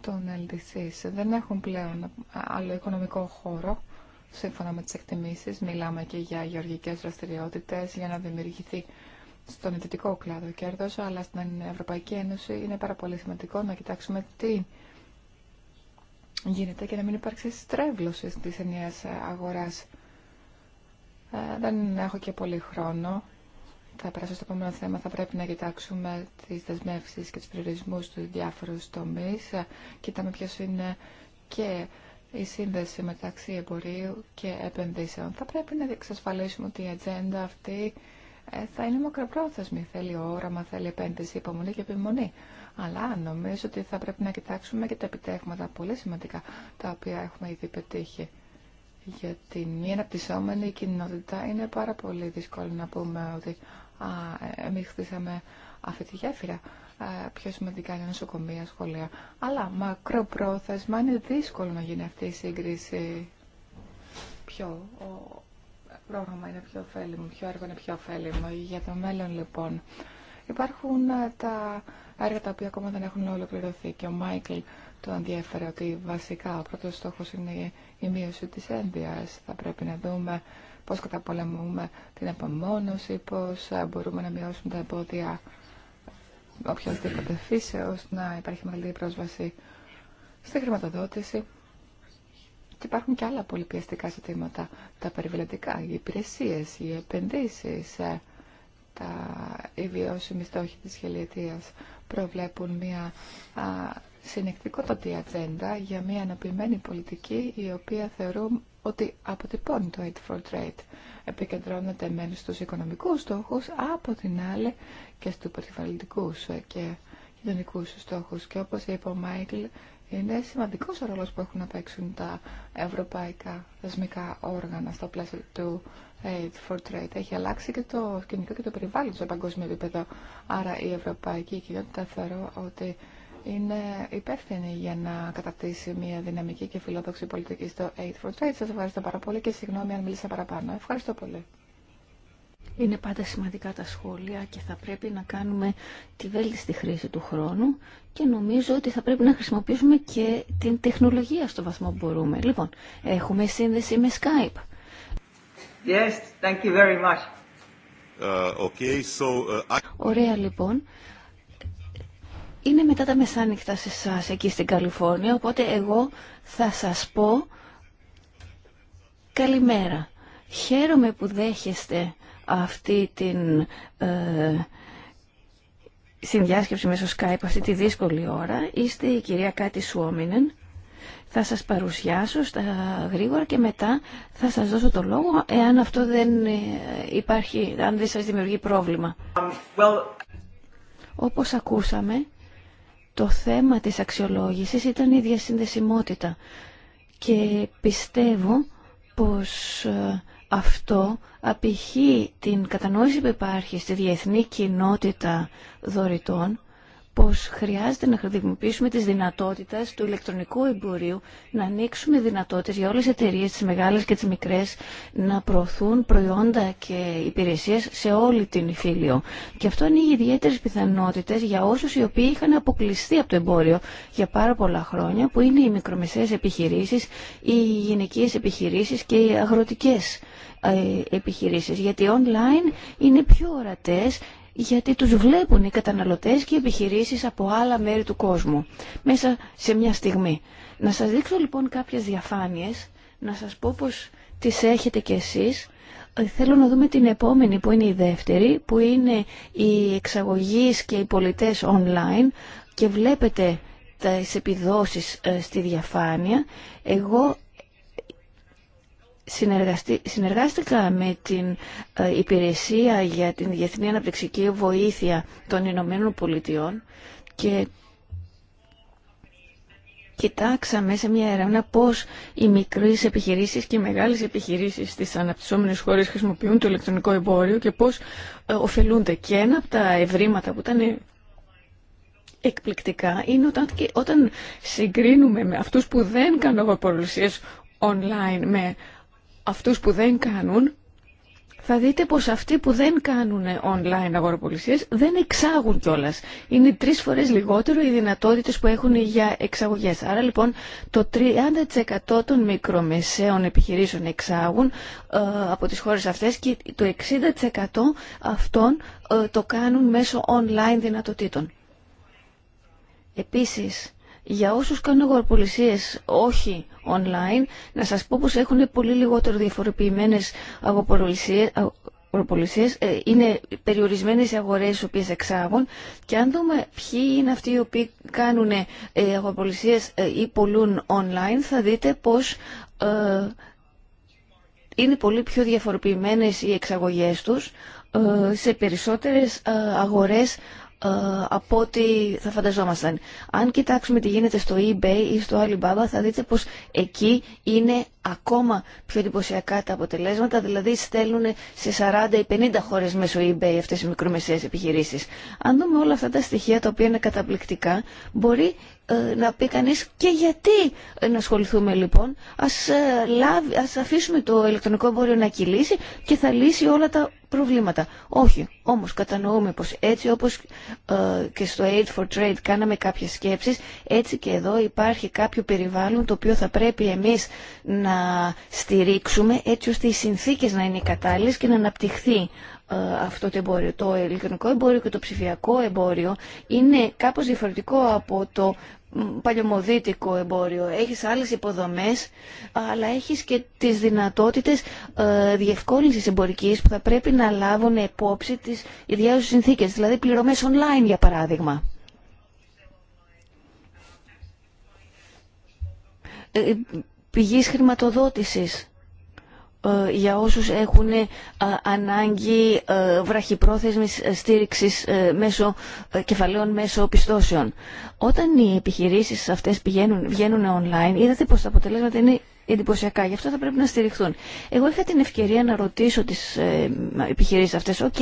των LDCs δεν έχουν πλέον άλλο οικονομικό χώρο, σύμφωνα με τις εκτιμήσεις. Μιλάμε και για γεωργικές δραστηριότητες, για να δημιουργηθεί στον ιδιωτικό κλάδο κέρδος, αλλά στην Ευρωπαϊκή Ένωση είναι πάρα πολύ σημαντικό να κοιτάξουμε τι γίνεται και να μην υπάρξει στρέβλωση της ενιαίας αγοράς. Ε, δεν έχω και πολύ χρόνο θα περάσω στο επόμενο θέμα, θα πρέπει να κοιτάξουμε τι δεσμεύσει και του περιορισμούς του διάφορου τομεί. Κοιτάμε ποιο είναι και η σύνδεση μεταξύ εμπορίου και επενδύσεων. Θα πρέπει να εξασφαλίσουμε ότι η ατζέντα αυτή ε, θα είναι μακροπρόθεσμη. Θέλει όραμα, θέλει επένδυση, υπομονή και επιμονή. Αλλά νομίζω ότι θα πρέπει να κοιτάξουμε και τα επιτέχματα πολύ σημαντικά τα οποία έχουμε ήδη πετύχει. Γιατί μια αναπτυσσόμενη κοινότητα είναι πάρα πολύ δύσκολο να πούμε ότι εμείς χτίσαμε αυτή τη γέφυρα. Πιο σημαντικά είναι νοσοκομεία, σχολεία. Αλλά μακροπρόθεσμα είναι δύσκολο να γίνει αυτή η σύγκριση. Ποιο πρόγραμμα είναι πιο ωφέλιμο, ποιο έργο είναι πιο ωφέλιμο. Για το μέλλον λοιπόν υπάρχουν τα έργα τα οποία ακόμα δεν έχουν ολοκληρωθεί και ο Μάικλ το ενδιαφέρει ότι βασικά ο πρώτος στόχος είναι η μείωση της ένδυας. Θα πρέπει να δούμε πώς καταπολεμούμε την απομόνωση, πώς ε, μπορούμε να μειώσουμε τα εμπόδια οποιασδήποτε φύσεως, να υπάρχει μεγαλύτερη πρόσβαση στη χρηματοδότηση. Και υπάρχουν και άλλα πολυπιαστικά ζητήματα, τα περιβαλλοντικά, οι υπηρεσίες, οι επενδύσεις, ε, τα, οι βιώσιμοι στόχοι της χελιετίας, προβλέπουν μια α, συνεκτικότατη ατζέντα για μια αναπημένη πολιτική η οποία θεωρούν ότι αποτυπώνει το Aid for Trade. Επικεντρώνεται μεν στους οικονομικούς στόχους, από την άλλη και στους περιβαλλοντικούς και κοινωνικούς στόχους. Και όπως είπε ο Μάικλ, είναι σημαντικός ο ρόλος που έχουν να παίξουν τα ευρωπαϊκά θεσμικά όργανα στο πλαίσιο του Aid for Trade. Έχει αλλάξει και το σκηνικό και το περιβάλλον σε παγκόσμιο επίπεδο. Άρα η ευρωπαϊκή κοινότητα θεωρώ ότι είναι υπεύθυνη για να κατακτήσει μια δυναμική και φιλόδοξη πολιτική στο Aid for Trade. Σας ευχαριστώ πάρα πολύ και συγγνώμη αν μίλησα παραπάνω. Ευχαριστώ πολύ. Είναι πάντα σημαντικά τα σχόλια και θα πρέπει να κάνουμε τη βέλτιστη χρήση του χρόνου και νομίζω ότι θα πρέπει να χρησιμοποιήσουμε και την τεχνολογία στο βαθμό που μπορούμε. Λοιπόν, έχουμε σύνδεση με Skype. Yes, thank you very much. Ε, okay, so, ε, Ωραία λοιπόν. Είναι μετά τα μεσάνυχτα σε σας εκεί στην Καλιφόρνια, οπότε εγώ θα σας πω καλημέρα. Χαίρομαι που δέχεστε αυτή την ε, συνδιάσκεψη μέσω Skype αυτή τη δύσκολη ώρα. Είστε η κυρία Κάτι Σουόμινεν. Θα σας παρουσιάσω στα γρήγορα και μετά θα σας δώσω το λόγο εάν αυτό δεν ε, υπάρχει, αν δεν σας δημιουργεί πρόβλημα. Um, Όπως ακούσαμε, το θέμα της αξιολόγησης ήταν η διασυνδεσιμότητα και πιστεύω πως ε, αυτό απηχεί την κατανόηση που υπάρχει στη διεθνή κοινότητα δωρητών πως χρειάζεται να χρησιμοποιήσουμε τις δυνατότητες του ηλεκτρονικού εμπορίου, να ανοίξουμε δυνατότητες για όλες τις εταιρείες, τις μεγάλες και τις μικρές, να προωθούν προϊόντα και υπηρεσίες σε όλη την Φίλιο. Και αυτό ανοίγει ιδιαίτερε πιθανότητες για όσους οι οποίοι είχαν αποκλειστεί από το εμπόριο για πάρα πολλά χρόνια, που είναι οι μικρομεσαίες επιχειρήσεις, οι γυναικείες επιχειρήσεις και οι αγροτικές ε, επιχειρήσεις γιατί online είναι πιο ορατές γιατί τους βλέπουν οι καταναλωτές και οι επιχειρήσεις από άλλα μέρη του κόσμου μέσα σε μια στιγμή. Να σας δείξω λοιπόν κάποιες διαφάνειες, να σας πω πως τις έχετε κι εσείς. Ε, θέλω να δούμε την επόμενη που είναι η δεύτερη, που είναι οι εξαγωγείς και οι πολιτές online και βλέπετε τις επιδόσεις ε, στη διαφάνεια. Εγώ συνεργάστηκα με την ε, Υπηρεσία για την Διεθνή Αναπτυξική Βοήθεια των Ηνωμένων Πολιτειών και κοιτάξαμε σε μια έρευνα πώς οι μικρές επιχειρήσεις και οι μεγάλες επιχειρήσεις στις αναπτυσσόμενες χώρες χρησιμοποιούν το ηλεκτρονικό εμπόριο και πώς ε, ωφελούνται. Και ένα από τα ευρήματα που ήταν εκπληκτικά είναι όταν, όταν συγκρίνουμε με αυτούς που δεν κάνουν παρουσίες online με αυτούς που δεν κάνουν, θα δείτε πως αυτοί που δεν κάνουν online αγοροπολισίες δεν εξάγουν κιόλα. Είναι τρεις φορές λιγότερο οι δυνατότητες που έχουν για εξαγωγές. Άρα λοιπόν το 30% των μικρομεσαίων επιχειρήσεων εξάγουν ε, από τις χώρες αυτές και το 60% αυτών ε, το κάνουν μέσω online δυνατοτήτων. Επίσης, για όσους κάνουν αγοραπολισίες όχι online, να σας πω πως έχουν πολύ λιγότερο διαφοροποιημένες αγοραπολισίες, ε, είναι περιορισμένες οι αγορές οι οποίες εξάγουν και αν δούμε ποιοι είναι αυτοί οι οποίοι κάνουν ε, ε ή πολλούν online θα δείτε πως ε, είναι πολύ πιο διαφοροποιημένες οι εξαγωγές τους σε περισσότερες αγορές ε, από ό,τι θα φανταζόμασταν. Αν κοιτάξουμε τι γίνεται στο eBay ή στο Alibaba θα δείτε πως εκεί είναι ακόμα πιο εντυπωσιακά τα αποτελέσματα, δηλαδή στέλνουν σε 40 ή 50 χώρε μέσω eBay αυτέ οι μικρομεσαίε επιχειρήσει. Αν δούμε όλα αυτά τα στοιχεία τα οποία είναι καταπληκτικά, μπορεί ε, να πει κανεί και γιατί να ασχοληθούμε λοιπόν. Α ε, ας αφήσουμε το ηλεκτρονικό εμπόριο να κυλήσει και θα λύσει όλα τα προβλήματα. Όχι, όμω κατανοούμε πω έτσι όπω ε, και στο Aid for Trade κάναμε κάποιε σκέψει, έτσι και εδώ υπάρχει κάποιο περιβάλλον το οποίο θα πρέπει εμεί να να στηρίξουμε έτσι ώστε οι συνθήκες να είναι κατάλληλες και να αναπτυχθεί ε, αυτό το εμπόριο. Το ηλεκτρονικό εμπόριο και το ψηφιακό εμπόριο είναι κάπως διαφορετικό από το παλιωμοδίτικο εμπόριο. Έχεις άλλες υποδομές, αλλά έχεις και τις δυνατότητες ε, διευκόλυνσης εμπορικής που θα πρέπει να λάβουν υπόψη τις ιδιαίες συνθήκες, δηλαδή πληρωμές online για παράδειγμα. Ε, ε, πηγής χρηματοδότησης ε, για όσους έχουν ε, ανάγκη ε, βραχυπρόθεσμης στήριξης μέσω κεφαλαίων μέσω πιστώσεων. Όταν οι επιχειρήσεις αυτές πηγαίνουν, βγαίνουν online, είδατε πως τα αποτελέσματα είναι εντυπωσιακά. Γι' αυτό θα πρέπει να στηριχθούν. Εγώ είχα την ευκαιρία να ρωτήσω τις επιχειρήσεις αυτές. Οκ,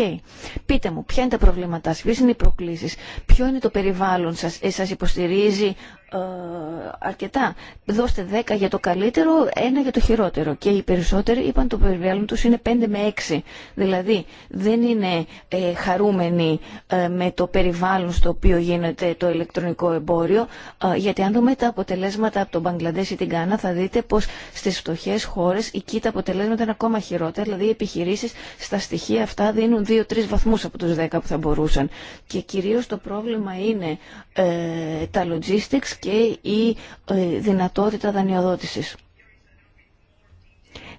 πείτε μου, ποια είναι τα προβλήματά σας, ποιες είναι οι προκλήσεις, ποιο είναι το περιβάλλον σας, σας υποστηρίζει ε, αρκετά. Δώστε 10 για το καλύτερο, 1 για το χειρότερο. Και οι περισσότεροι είπαν το περιβάλλον τους είναι 5 με 6. Δηλαδή δεν είναι ε, χαρούμενοι ε, με το περιβάλλον στο οποίο γίνεται το ηλεκτρονικό εμπόριο. Ε, γιατί αν δούμε τα αποτελέσματα από τον Μπαγκλαντές ή την Κάνα θα δείτε πως στις φτωχέ χώρες εκεί τα αποτελέσματα είναι ακόμα χειρότερα. Δηλαδή οι επιχειρήσεις στα στοιχεία αυτά δίνουν 2-3 βαθμούς από τους 10 που θα μπορούσαν. Και κυρίως το πρόβλημα είναι ε, τα logistics και η ε, δυνατότητα δανειοδότησης.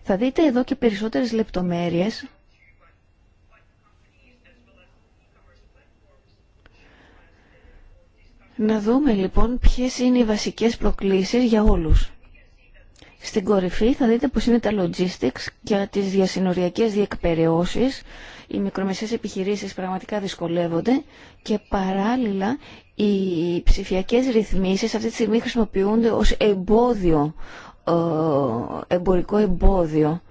Θα δείτε εδώ και περισσότερες λεπτομέρειες Να δούμε λοιπόν ποιες είναι οι βασικές προκλήσεις για όλους. Στην κορυφή θα δείτε πως είναι τα logistics και τις διασυνοριακές διεκπαιρεώσεις. Οι μικρομεσαίες επιχειρήσεις πραγματικά δυσκολεύονται και παράλληλα οι ψηφιακές ρυθμίσεις αυτή τη στιγμή χρησιμοποιούνται ως εμπόδιο, ε, εμπορικό εμπόδιο.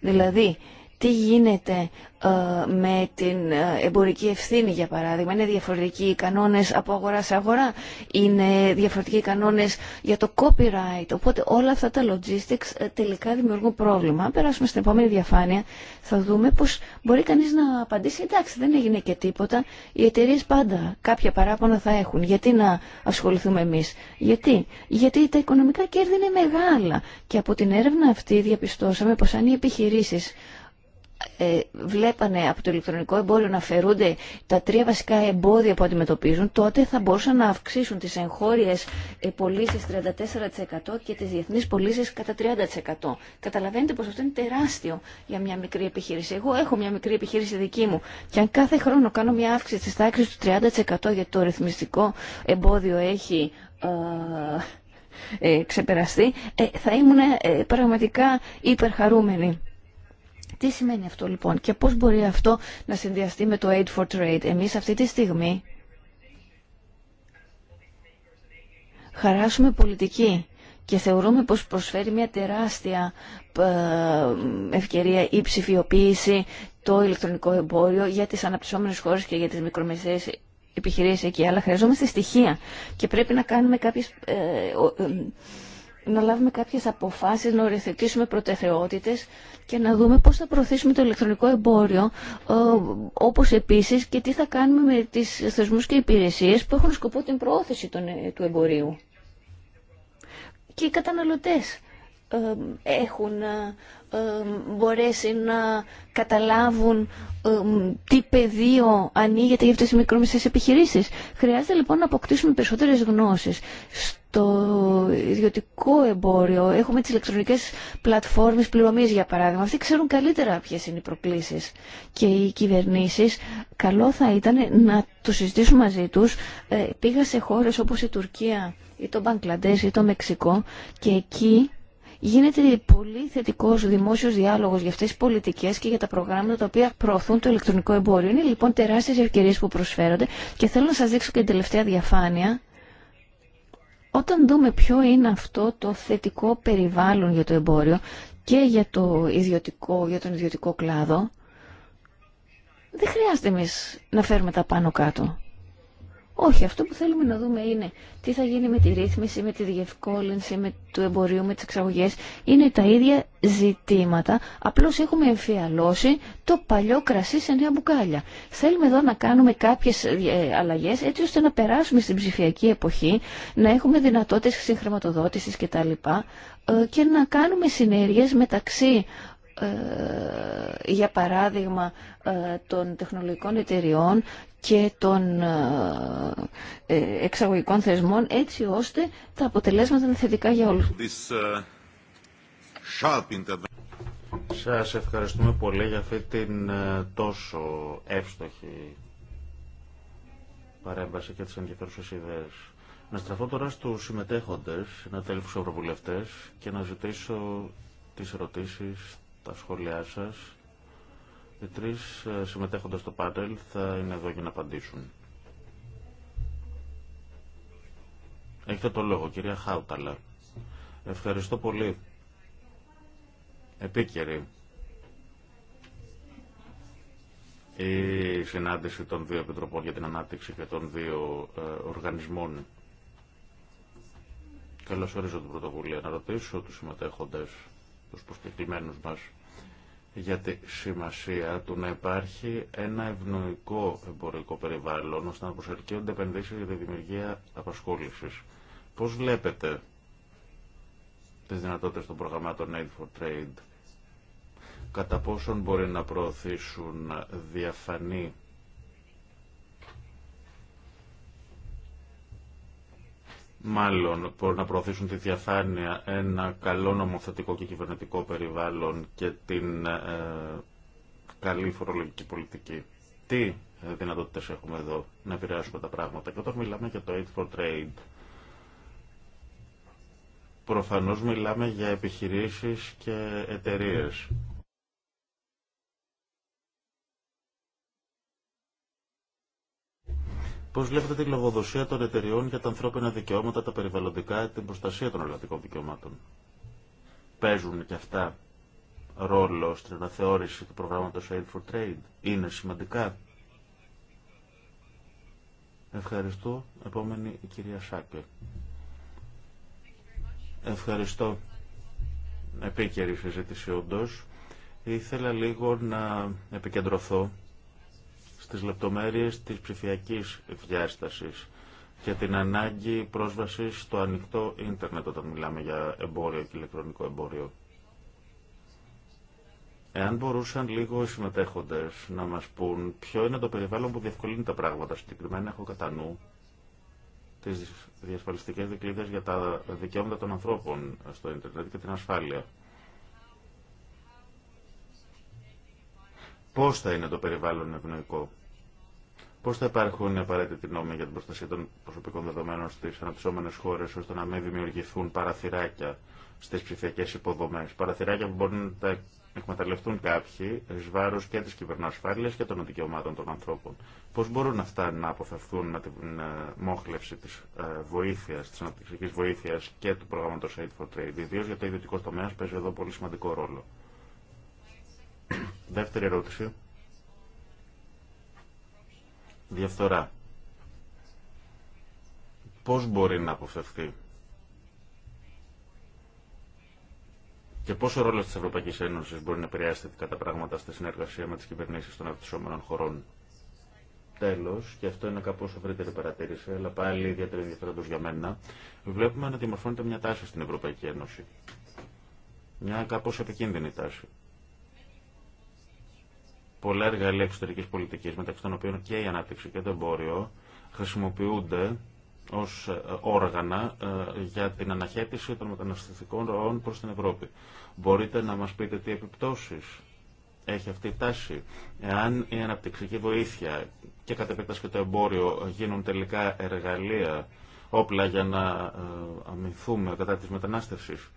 Δηλαδή, τι γίνεται ε, με την ε, εμπορική ευθύνη για παράδειγμα. Είναι διαφορετικοί οι κανόνες από αγορά σε αγορά. Είναι διαφορετικοί οι κανόνες για το copyright. Οπότε όλα αυτά τα logistics ε, τελικά δημιουργούν πρόβλημα. Αν περάσουμε στην επόμενη διαφάνεια θα δούμε πως μπορεί κανείς να απαντήσει εντάξει δεν έγινε και τίποτα. Οι εταιρείε πάντα κάποια παράπονα θα έχουν. Γιατί να ασχοληθούμε εμείς. Γιατί. Γιατί τα οικονομικά κέρδη είναι μεγάλα. Και από την έρευνα αυτή διαπιστώσαμε πως αν οι επιχειρήσεις ε, βλέπανε από το ηλεκτρονικό εμπόριο να φερούνται τα τρία βασικά εμπόδια που αντιμετωπίζουν, τότε θα μπορούσαν να αυξήσουν τις εγχώριες ε, πωλήσει 34% και τις διεθνείς πωλήσει κατά 30%. Καταλαβαίνετε πως αυτό είναι τεράστιο για μια μικρή επιχείρηση. Εγώ έχω μια μικρή επιχείρηση δική μου και αν κάθε χρόνο κάνω μια αύξηση τη τάξη του 30% γιατί το ρυθμιστικό εμπόδιο έχει... Ε, ε ξεπεραστεί, θα ήμουν πραγματικά υπερχαρούμενη. Τι σημαίνει αυτό λοιπόν και πώς μπορεί αυτό να συνδυαστεί με το Aid for Trade. Εμείς αυτή τη στιγμή χαράσουμε πολιτική και θεωρούμε πως προσφέρει μια τεράστια ε, ευκαιρία η ψηφιοποίηση το ηλεκτρονικό εμπόριο για τις αναπτυσσόμενες χώρες και για τις μικρομεσαίες επιχειρήσεις εκεί, αλλά χρειαζόμαστε στοιχεία και πρέπει να κάνουμε κάποιες ε, ε, να λάβουμε κάποιες αποφάσεις, να οριοθετήσουμε προτεραιότητε και να δούμε πώς θα προωθήσουμε το ηλεκτρονικό εμπόριο, ε, όπως επίσης και τι θα κάνουμε με τις θεσμού και υπηρεσίε που έχουν σκοπό την προώθηση ε, του εμπορίου. Και οι καταναλωτές ε, έχουν μπορέσει να καταλάβουν τι πεδίο ανοίγεται για αυτές τις μικρομεσαίες επιχειρήσεις. Χρειάζεται λοιπόν να αποκτήσουμε περισσότερες γνώσεις. Στο ιδιωτικό εμπόριο έχουμε τις ηλεκτρονικές πλατφόρμες πληρωμής για παράδειγμα. Αυτοί ξέρουν καλύτερα ποιες είναι οι προκλήσεις και οι κυβερνήσεις. Καλό θα ήταν να το συζητήσουν μαζί τους. Ε, πήγα σε χώρες όπως η Τουρκία ή το Μπαγκλαντές ή το Μεξικό και εκεί γίνεται πολύ θετικό δημόσιο διάλογο για αυτές τι πολιτικές και για τα προγράμματα τα οποία προωθούν το ηλεκτρονικό εμπόριο. Είναι λοιπόν τεράστιε ευκαιρίε που προσφέρονται και θέλω να σα δείξω και την τελευταία διαφάνεια. Όταν δούμε ποιο είναι αυτό το θετικό περιβάλλον για το εμπόριο και για, το για τον ιδιωτικό κλάδο, δεν χρειάζεται εμεί να φέρουμε τα πάνω κάτω. Όχι, αυτό που θέλουμε να δούμε είναι τι θα γίνει με τη ρύθμιση, με τη διευκόλυνση, με το εμπορίο, με τις εξαγωγές. Είναι τα ίδια ζητήματα, απλώς έχουμε εμφιαλώσει το παλιό κρασί σε νέα μπουκάλια. Θέλουμε εδώ να κάνουμε κάποιες ε, αλλαγές έτσι ώστε να περάσουμε στην ψηφιακή εποχή, να έχουμε δυνατότητες συγχρηματοδότησης κτλ. Ε, και να κάνουμε συνέργειες μεταξύ ε, για παράδειγμα των τεχνολογικών εταιριών και των ε, ε, εξαγωγικών θεσμών έτσι ώστε τα αποτελέσματα είναι θετικά για όλους. Ε, σας ευχαριστούμε πολύ για αυτή την τόσο εύστοχη παρέμβαση και τις ενδιαφέρουσες ιδέες. Να στραφώ τώρα στους συμμετέχοντες, να ευρωβουλευτές και να ζητήσω τις ερωτήσεις, τα σχόλιά σας οι τρεις ε, συμμετέχοντες στο πάτελ θα είναι εδώ για να απαντήσουν. Έχετε το λόγο, κυρία Χάουταλα. Ευχαριστώ πολύ. Επίκαιρη. Η συνάντηση των δύο επιτροπών για την ανάπτυξη και των δύο ε, οργανισμών. Καλώς ορίζω την πρωτοβουλία. Να ρωτήσω τους συμμετέχοντες, τους προσκεκλημένους μας, για τη σημασία του να υπάρχει ένα ευνοϊκό εμπορικό περιβάλλον ώστε να προσελκύονται επενδύσεις για τη δημιουργία απασχόλησης. Πώς βλέπετε τις δυνατότητες των προγραμμάτων Aid for Trade, κατά πόσον μπορεί να προωθήσουν διαφανή μάλλον να προωθήσουν τη διαφάνεια, ένα καλό νομοθετικό και κυβερνητικό περιβάλλον και την ε, καλή φορολογική πολιτική. Τι ε, δυνατότητες έχουμε εδώ να επηρεάσουμε τα πράγματα. Και όταν μιλάμε για το Aid for Trade, προφανώς μιλάμε για επιχειρήσεις και εταιρείες. Πώ βλέπετε τη λογοδοσία των εταιριών για τα ανθρώπινα δικαιώματα, τα περιβαλλοντικά, την προστασία των ελλαδικών δικαιωμάτων. Παίζουν και αυτά ρόλο στην αναθεώρηση του προγράμματο Aid for Trade. Είναι σημαντικά. Ευχαριστώ. Επόμενη η κυρία Σάκε. Ευχαριστώ. Επίκαιρη συζήτηση όντω. Ήθελα λίγο να επικεντρωθώ στις λεπτομέρειες της ψηφιακής διάστασης και την ανάγκη πρόσβασης στο ανοιχτό ίντερνετ όταν μιλάμε για εμπόριο και ηλεκτρονικό εμπόριο. Εάν μπορούσαν λίγο οι συμμετέχοντες να μας πούν ποιο είναι το περιβάλλον που διευκολύνει τα πράγματα, συγκεκριμένα έχω κατά νου τις διασφαλιστικές δικλείδες για τα δικαιώματα των ανθρώπων στο ίντερνετ και την ασφάλεια. πώς θα είναι το περιβάλλον ευνοϊκό, πώς θα υπάρχουν απαραίτητοι νόμοι για την προστασία των προσωπικών δεδομένων στις αναπτυσσόμενες χώρες, ώστε να μην δημιουργηθούν παραθυράκια στις ψηφιακές υποδομές, παραθυράκια που μπορούν να τα εκμεταλλευτούν κάποιοι εις βάρος και της κυβερνοασφάλειας και των δικαιωμάτων των ανθρώπων. Πώς μπορούν αυτά να αποφευθούν με την ε, μόχλευση της ε, βοήθειας, της αναπτυξιακής βοήθειας και του προγράμματος Aid for Trade, ιδίω γιατί ο ιδιωτικό τομέα παίζει εδώ πολύ σημαντικό ρόλο. Δεύτερη ερώτηση. Διαφθορά. Πώς μπορεί να αποφευθεί και πόσο ρόλο της Ευρωπαϊκής Ένωσης μπορεί να επηρεάσει θετικά πράγματα στη συνεργασία με τις κυβερνήσεις των αυτοσόμενων χωρών. Τέλος, και αυτό είναι κάπως ευρύτερη παρατήρηση, αλλά πάλι ιδιαίτερη ενδιαφέροντο για μένα, βλέπουμε να διαμορφώνεται μια τάση στην Ευρωπαϊκή Ένωση. Μια κάπω επικίνδυνη τάση πολλά εργαλεία εξωτερική πολιτική, μεταξύ των οποίων και η ανάπτυξη και το εμπόριο, χρησιμοποιούνται ω ε, όργανα ε, για την αναχέτηση των μεταναστευτικών ροών προ την Ευρώπη. Μπορείτε να μα πείτε τι επιπτώσει έχει αυτή η τάση. Εάν η αναπτυξική βοήθεια και κατ' επέκταση και το εμπόριο γίνουν τελικά εργαλεία, όπλα για να ε, αμυνθούμε κατά της μετανάστευσης,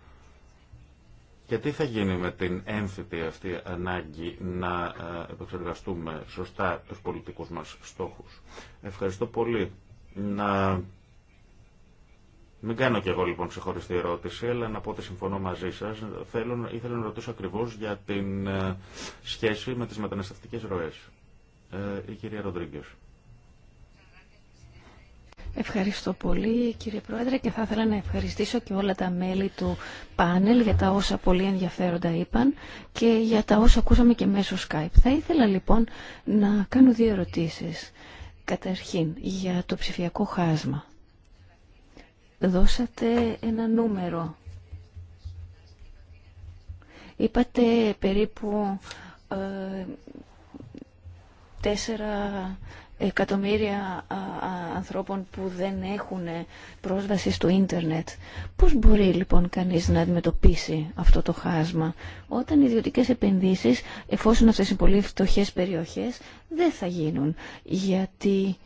και τι θα γίνει με την έμφυτη αυτή ανάγκη να ε, επεξεργαστούμε σωστά τους πολιτικούς μας στόχους. Ευχαριστώ πολύ. Να... Μην κάνω κι εγώ λοιπόν ξεχωριστή ερώτηση, αλλά να πω ότι συμφωνώ μαζί σας. ήθελα να ρωτήσω ακριβώς για την ε, σχέση με τις μεταναστευτικές ροές. Ε, η κυρία Ροντρίγκε. Ευχαριστώ πολύ κύριε Πρόεδρε και θα ήθελα να ευχαριστήσω και όλα τα μέλη του πάνελ για τα όσα πολύ ενδιαφέροντα είπαν και για τα όσα ακούσαμε και μέσω Skype. Θα ήθελα λοιπόν να κάνω δύο ερωτήσεις. Καταρχήν, για το ψηφιακό χάσμα. Δώσατε ένα νούμερο. Είπατε περίπου ε, τέσσερα εκατομμύρια ανθρώπων που δεν έχουν πρόσβαση στο ίντερνετ. Πώς μπορεί λοιπόν κανείς να αντιμετωπίσει αυτό το χάσμα όταν οι ιδιωτικές επενδύσεις, εφόσον αυτές είναι πολύ φτωχές περιοχές, δεν θα γίνουν. Γιατί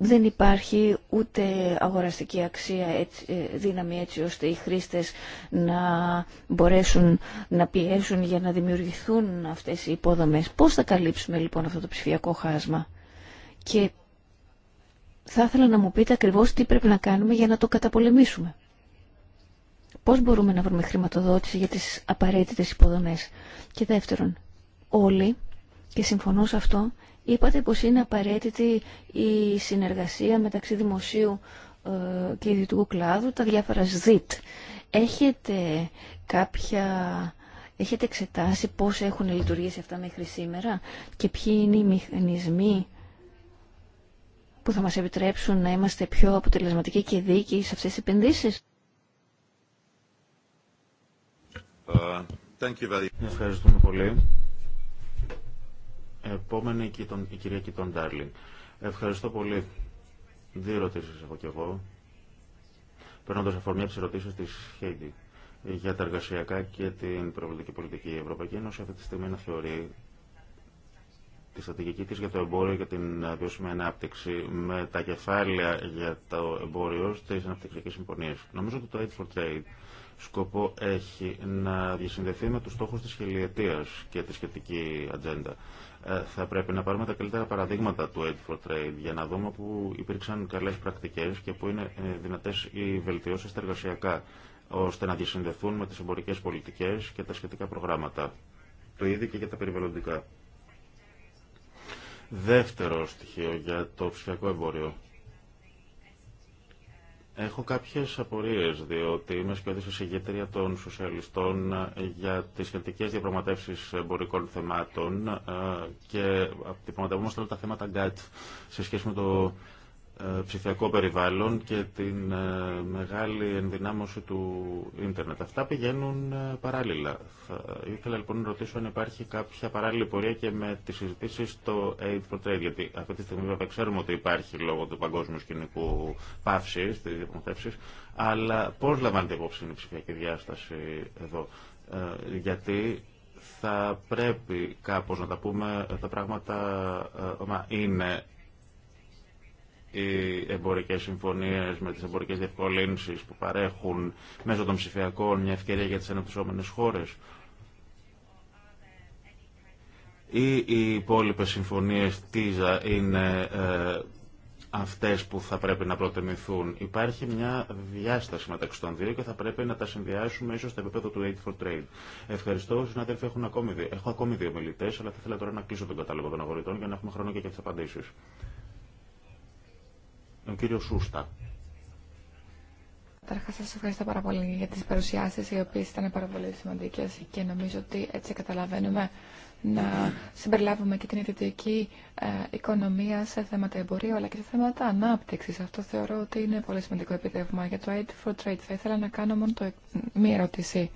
δεν υπάρχει ούτε αγοραστική αξία ε, δύναμη έτσι ώστε οι χρήστες να μπορέσουν να πιέσουν για να δημιουργηθούν αυτές οι υποδομές. Πώς θα καλύψουμε λοιπόν αυτό το ψηφιακό χάσμα και θα ήθελα να μου πείτε ακριβώς τι πρέπει να κάνουμε για να το καταπολεμήσουμε. Πώς μπορούμε να βρούμε χρηματοδότηση για τις απαραίτητες υποδομές. Και δεύτερον, όλοι, και συμφωνώ σε αυτό, Είπατε πως είναι απαραίτητη η συνεργασία μεταξύ δημοσίου ε, και ιδιωτικού κλάδου, τα διάφορα ΣΔΙΤ. Έχετε κάποια... Έχετε εξετάσει πώς έχουν λειτουργήσει αυτά μέχρι σήμερα και ποιοι είναι οι μηχανισμοί που θα μας επιτρέψουν να είμαστε πιο αποτελεσματικοί και δίκαιοι σε αυτές τις επενδύσεις. Ε, Ευχαριστούμε πολύ. Επόμενη η κυρία Κιτών Ντάρλινγκ. Ευχαριστώ πολύ. Δύο ερωτήσει έχω κι εγώ. Παίρνοντα αφορμή από τι ερωτήσει τη Χέιντι για τα εργασιακά και την προβλητική πολιτική. Η Ευρωπαϊκή Ένωση αυτή τη στιγμή να θεωρεί τη στρατηγική τη για το εμπόριο και την βιώσιμη ανάπτυξη με τα κεφάλαια για το εμπόριο στι αναπτυξιακέ συμφωνίε. Νομίζω ότι το Aid for Trade σκοπό έχει να διασυνδεθεί με του στόχου τη χιλιετία και τη σχετική ατζέντα. Ε, θα πρέπει να πάρουμε τα καλύτερα παραδείγματα του Aid for Trade για να δούμε που υπήρξαν καλές πρακτικές και που είναι ε, δυνατές οι βελτιώσεις τα εργασιακά ώστε να διασυνδεθούν με τις εμπορικές πολιτικές και τα σχετικά προγράμματα. Το ίδιο και για τα περιβαλλοντικά. Δεύτερο στοιχείο για το ψηφιακό εμπόριο. Έχω κάποιες απορίες, διότι είμαι σκιώδης εισηγήτρια των σοσιαλιστών για τις σχετικέ διαπραγματεύσεις εμπορικών θεμάτων ε, και διαπραγματευόμαστε όλα τα θέματα GATT σε σχέση με το ε, ψηφιακό περιβάλλον και την ε, μεγάλη ενδυνάμωση του ίντερνετ. Αυτά πηγαίνουν ε, παράλληλα. Θα ήθελα λοιπόν να ρωτήσω αν υπάρχει κάποια παράλληλη πορεία και με τις συζητήσεις στο Aid for Trade, γιατί αυτή τη στιγμή βέβαια ξέρουμε ότι υπάρχει λόγω του παγκόσμιου σκηνικού παύση, τη διαπραγματεύση, αλλά πώς λαμβάνεται υπόψη η ψηφιακή διάσταση εδώ. γιατί θα πρέπει κάπως να τα πούμε τα πράγματα, είναι οι εμπορικές συμφωνίες με τις εμπορικές διευκολύνσεις που παρέχουν μέσω των ψηφιακών μια ευκαιρία για τις αναπτυσσόμενε χώρες ή οι υπόλοιπε συμφωνίες ΤΙΖΑ είναι ε, αυτές που θα πρέπει να προτεμηθούν. Υπάρχει μια διάσταση μεταξύ των δύο και θα πρέπει να τα συνδυάσουμε ίσως στο επίπεδο του Aid for Trade. Ευχαριστώ, συνάδελφοι, έχουν ακόμη δύο. έχω ακόμη δύο μιλητές, αλλά θα ήθελα τώρα να κλείσω τον κατάλογο των αγορητών για να έχουμε χρόνο και για τις απαντήσεις τον κύριο Σούστα. Καταρχά, σας ευχαριστώ πάρα πολύ για τι παρουσιάσει, οι οποίε ήταν πάρα πολύ σημαντικέ και νομίζω ότι έτσι καταλαβαίνουμε να συμπεριλάβουμε και την ιδιωτική ε, οικονομία σε θέματα εμπορίου αλλά και σε θέματα ανάπτυξη. Αυτό θεωρώ ότι είναι πολύ σημαντικό επιτεύγμα. Για το Aid for Trade θα ήθελα να κάνω μόνο το, μία ερώτηση.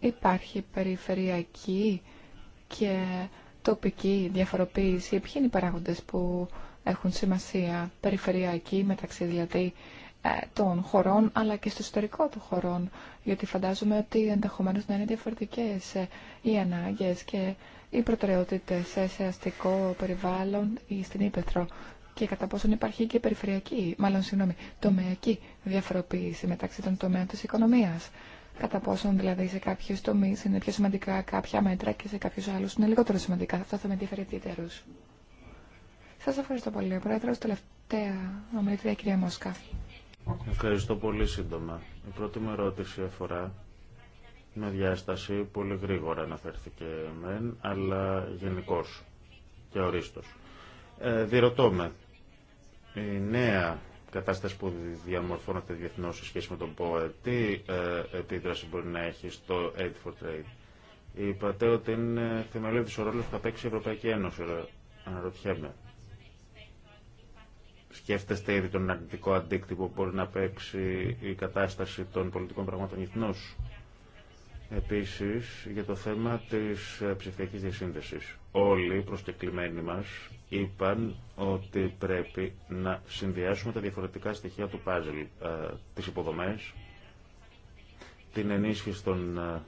Υπάρχει περιφερειακή και τοπική διαφοροποίηση. Ποιοι είναι οι παράγοντε που έχουν σημασία περιφερειακή μεταξύ δηλαδή ε, των χωρών αλλά και στο ιστορικό των χωρών γιατί φαντάζομαι ότι ενδεχομένως να είναι διαφορετικές ε, οι ανάγκες και οι προτεραιότητες ε, σε αστικό περιβάλλον ή στην Ήπεθρο και κατά πόσον υπάρχει και περιφερειακή, μάλλον συγγνώμη, τομεακή διαφοροποίηση μεταξύ των τομέων της οικονομίας. Κατά πόσον δηλαδή σε κάποιους τομείς είναι πιο σημαντικά κάποια μέτρα και σε κάποιους άλλους είναι λιγότερο σημαντικά. Αυτό θα με ενδιαφέρει Σα ευχαριστώ πολύ. Ο Πρόεδρος, τελευταία ομιλητρία, κυρία Μόσκα. Ευχαριστώ πολύ σύντομα. Η πρώτη μου ερώτηση αφορά με διάσταση πολύ γρήγορα αναφέρθηκε μεν, αλλά γενικώ και ορίστος. Ε, διερωτώ με, η νέα κατάσταση που διαμορφώνεται διεθνώ σε σχέση με τον ΠΟΕ, τι ε, επίδραση μπορεί να έχει στο Aid for Trade. Είπατε ότι είναι θεμελιώδη ο ρόλος που θα παίξει η Ευρωπαϊκή Ένωση. Αναρωτιέμαι. Σκέφτεστε ήδη τον αρνητικό αντίκτυπο που μπορεί να παίξει η κατάσταση των πολιτικών πραγμάτων Επίση, Επίσης, για το θέμα της ε, ψηφιακής διασύνδεσης. Όλοι οι προσκεκλημένοι μας είπαν ότι πρέπει να συνδυάσουμε τα διαφορετικά στοιχεία του πάζλ, ε, τις υποδομές, την ενίσχυση των ε,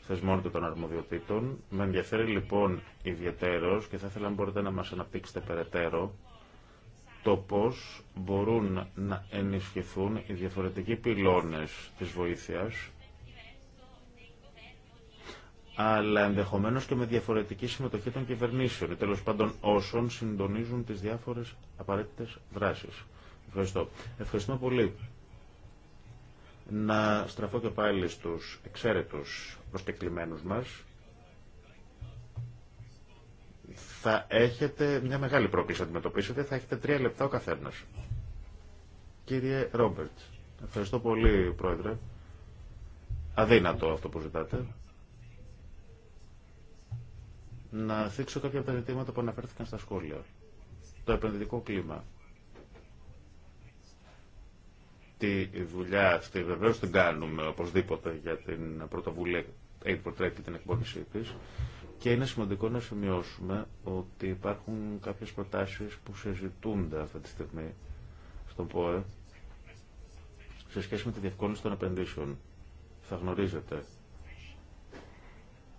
θεσμών και των αρμοδιοτήτων. Με ενδιαφέρει λοιπόν ιδιαίτερο και θα ήθελα να μπορείτε να μας αναπτύξετε περαιτέρω το πώς μπορούν να ενισχυθούν οι διαφορετικοί πυλώνες της βοήθειας, αλλά ενδεχομένως και με διαφορετική συμμετοχή των κυβερνήσεων ή τέλος πάντων όσων συντονίζουν τις διάφορες απαραίτητες δράσεις. Ευχαριστώ. Ευχαριστούμε πολύ. Να στραφώ και πάλι στους εξαίρετους προσκεκλημένους μας. θα έχετε μια μεγάλη πρόκληση να αντιμετωπίσετε. Θα έχετε τρία λεπτά ο καθένα. Κύριε Ρόμπερτ, ευχαριστώ πολύ, Πρόεδρε. Αδύνατο αυτό που ζητάτε. Να θίξω κάποια από τα ζητήματα που αναφέρθηκαν στα σχόλια. Το επενδυτικό κλίμα. Τη δουλειά αυτή βεβαίω την κάνουμε οπωσδήποτε για την πρωτοβουλία Aid Trade και την εκπόνησή τη. Και είναι σημαντικό να σημειώσουμε ότι υπάρχουν κάποιες προτάσεις που συζητούνται αυτή τη στιγμή στον ΠΟΕ σε σχέση με τη διευκόλυνση των επενδύσεων. Θα γνωρίζετε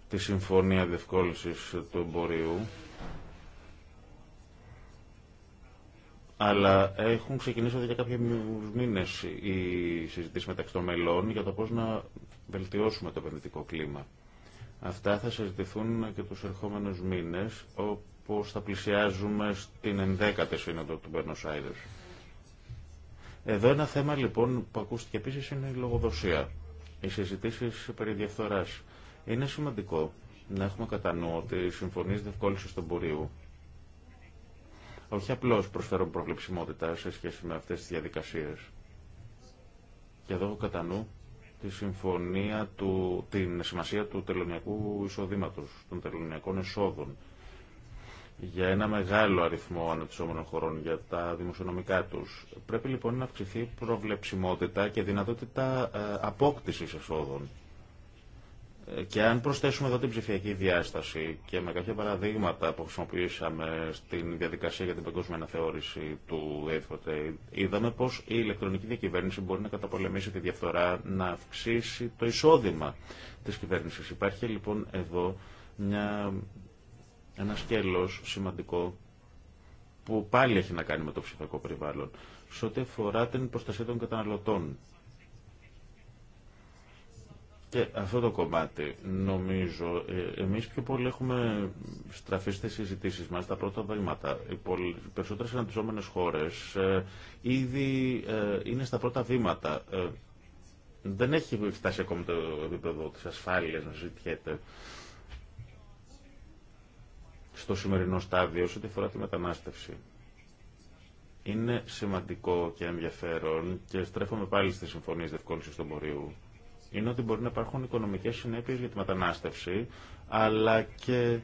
τη Συμφωνία Διευκόλυνσης του Εμπορίου Αλλά έχουν ξεκινήσει εδώ και κάποιου μήνε οι συζητήσεις μεταξύ των μελών για το πώς να βελτιώσουμε το επενδυτικό κλίμα. Αυτά θα συζητηθούν και τους ερχόμενους μήνες, όπως θα πλησιάζουμε στην 11η Σύνοδο του Buenos Εδώ ένα θέμα λοιπόν που ακούστηκε επίση είναι η λογοδοσία. Οι συζητήσει περί διαφθορα Είναι σημαντικό να έχουμε κατά νου ότι οι συμφωνίε διευκολυνση των εμπορίου όχι απλώ προσφέρουν προβληψιμότητα σε σχέση με αυτέ τι διαδικασίε. Και εδώ έχω κατά νου τη συμφωνία του, την σημασία του τελωνιακού εισοδήματο, των τελωνιακών εσόδων για ένα μεγάλο αριθμό αναπτυσσόμενων χωρών για τα δημοσιονομικά τους. Πρέπει λοιπόν να αυξηθεί προβλεψιμότητα και δυνατότητα ε, απόκτησης εσόδων ε, και αν προσθέσουμε εδώ την ψηφιακή διάσταση και με κάποια παραδείγματα που χρησιμοποιήσαμε στην διαδικασία για την παγκόσμια αναθεώρηση του ΕΦΟΤΕ, είδαμε πω η ηλεκτρονική διακυβέρνηση μπορεί να καταπολεμήσει τη διαφθορά, να αυξήσει το εισόδημα τη κυβέρνηση. Υπάρχει λοιπόν εδώ μια, ένα σκέλο σημαντικό που πάλι έχει να κάνει με το ψηφιακό περιβάλλον. Σε ό,τι αφορά την προστασία των καταναλωτών, και αυτό το κομμάτι, νομίζω, ε, εμείς πιο πολύ έχουμε στραφεί στις συζητήσεις μας τα πρώτα βήματα. Οι περισσότερες αναπτυσσόμενες χώρες ε, ήδη ε, είναι στα πρώτα βήματα. Δεν έχει φτάσει ακόμα το επίπεδο της ασφάλειας να συζητιέται στο σημερινό στάδιο σε ό,τι αφορά τη μετανάστευση. Είναι σημαντικό και ενδιαφέρον και στρέφομαι πάλι στις συμφωνίες διευκόλυνσης των πορείων είναι ότι μπορεί να υπάρχουν οικονομικές συνέπειε για τη μετανάστευση, αλλά και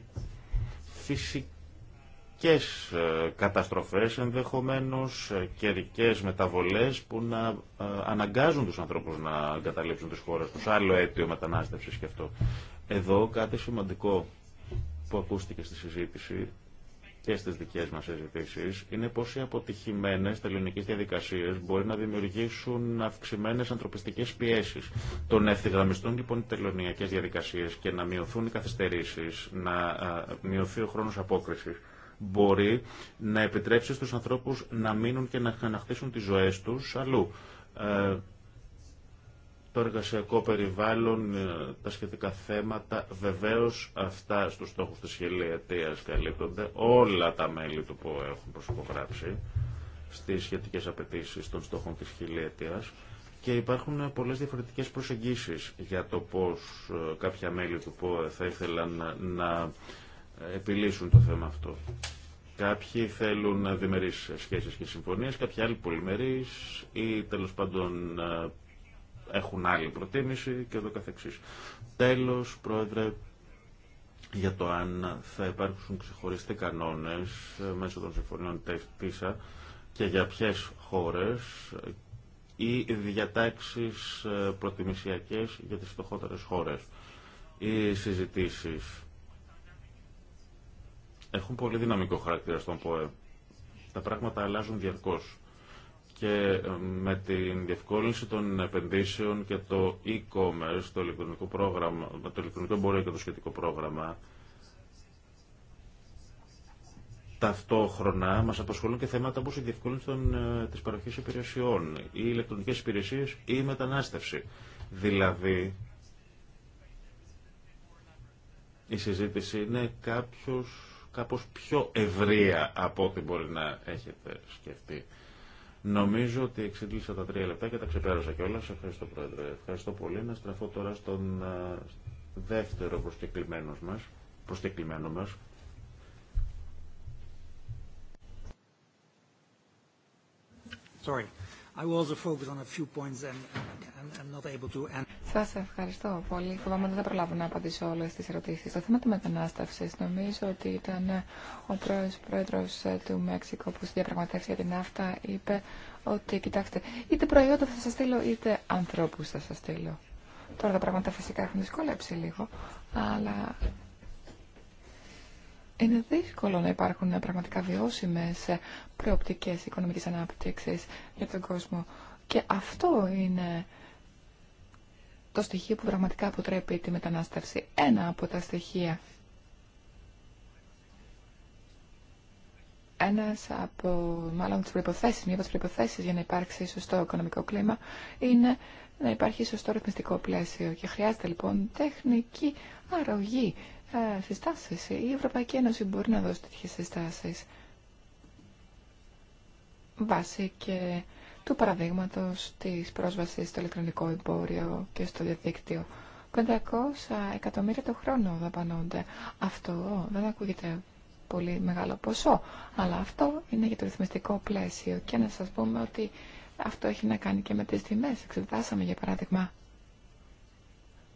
φυσικές ε, καταστροφές, ενδεχομένως ε, καιρικέ μεταβολές που να ε, αναγκάζουν τους ανθρώπους να εγκαταλείψουν τις χώρες τους. Άλλο αίτιο μετανάστευσης και αυτό. Εδώ κάτι σημαντικό που ακούστηκε στη συζήτηση και στις δικές μας συζητήσεις είναι πως οι αποτυχημένες τελειωνικές διαδικασίες μπορεί να δημιουργήσουν αυξημένες ανθρωπιστικές πιέσεις. Το να ευθυγραμμιστούν λοιπόν οι τελειωνιακές διαδικασίες και να μειωθούν οι καθυστερήσεις, να μειωθεί ο χρόνος απόκρισης, μπορεί να επιτρέψει στους ανθρώπους να μείνουν και να χτίσουν τις ζωές τους αλλού. Ε, το εργασιακό περιβάλλον, ε, τα σχετικά θέματα. βεβαίω αυτά στους στόχου της χιλιετία καλύπτονται. Όλα τα μέλη του που έχουν προσυπογράψει στις σχετικές απαιτήσει των στόχων της χιλιετία. Και υπάρχουν πολλές διαφορετικές προσεγγίσεις για το πώς ε, κάποια μέλη του ΠΟΕ θα ήθελαν να ε, επιλύσουν το θέμα αυτό. Κάποιοι θέλουν διμερείς σχέσεις και συμφωνίες, κάποιοι άλλοι πολυμερείς ή τέλος πάντων έχουν άλλη προτίμηση και εδώ καθεξής. Τέλος, Πρόεδρε, για το αν θα υπάρξουν ξεχωριστοί κανόνες μέσω των συμφωνιών ΤΕΦΤΙΣΑ και για ποιες χώρες ή διατάξεις ε, προτιμησιακές για τις φτωχότερες χώρες. ή συζητήσεις έχουν πολύ δυναμικό χαρακτήρα στον ΠΟΕ. Τα πράγματα αλλάζουν διαρκώς και ε, με την διευκόλυνση των επενδύσεων και το e-commerce, το ηλεκτρονικό, πρόγραμμα, το ηλεκτρονικό εμπόριο και το σχετικό πρόγραμμα, ταυτόχρονα μας απασχολούν και θέματα όπως η διευκόλυνση των, ε, της παροχής υπηρεσιών, οι ηλεκτρονικές υπηρεσίες ή η μετανάστευση. Δηλαδή, η συζήτηση είναι κάποιος, κάπως πιο ευρεία από ό,τι μπορεί να έχετε σκεφτεί. Νομίζω ότι εξήγησα τα τρία λεπτά και τα ξεπέρασα κιόλα. Ευχαριστώ, Πρόεδρε. Ευχαριστώ πολύ. Να στραφώ τώρα στον ε, δεύτερο προσκεκλημένο μα. Προσκεκλημένο μα. Sorry. I will also focus on a few points and I'm not able to end. Σα ευχαριστώ πολύ. Φοβάμαι ότι δεν θα προλάβω να απαντήσω όλε τι ερωτήσει. Το θέμα τη μετανάστευση νομίζω ότι ήταν ο πρόεδρο του Μέξικο που στη διαπραγματεύσει για την ΑΦΤΑ είπε ότι κοιτάξτε, είτε προϊόντα θα σα στείλω, είτε ανθρώπου θα σα στείλω. Τώρα τα πράγματα φυσικά έχουν δυσκολέψει λίγο, αλλά είναι δύσκολο να υπάρχουν πραγματικά βιώσιμε προοπτικέ οικονομική ανάπτυξη για τον κόσμο. Και αυτό είναι το στοιχείο που πραγματικά αποτρέπει τη μετανάστευση. Ένα από τα στοιχεία. Ένας από, μάλλον, τι προϋποθέσεις, μία από τις προϋποθέσεις για να υπάρξει σωστό οικονομικό κλίμα είναι να υπάρχει σωστό ρυθμιστικό πλαίσιο και χρειάζεται λοιπόν τεχνική αρρωγή ε, συστάσεις. Η Ευρωπαϊκή Ένωση μπορεί να δώσει τέτοιες συστάσεις βάσει και του παραδείγματος της πρόσβασης στο ηλεκτρονικό εμπόριο και στο διαδίκτυο. 500 εκατομμύρια το χρόνο δαπανώνται. Αυτό δεν ακούγεται πολύ μεγάλο ποσό, αλλά αυτό είναι για το ρυθμιστικό πλαίσιο. Και να σας πούμε ότι αυτό έχει να κάνει και με τις τιμές. Εξετάσαμε για παράδειγμα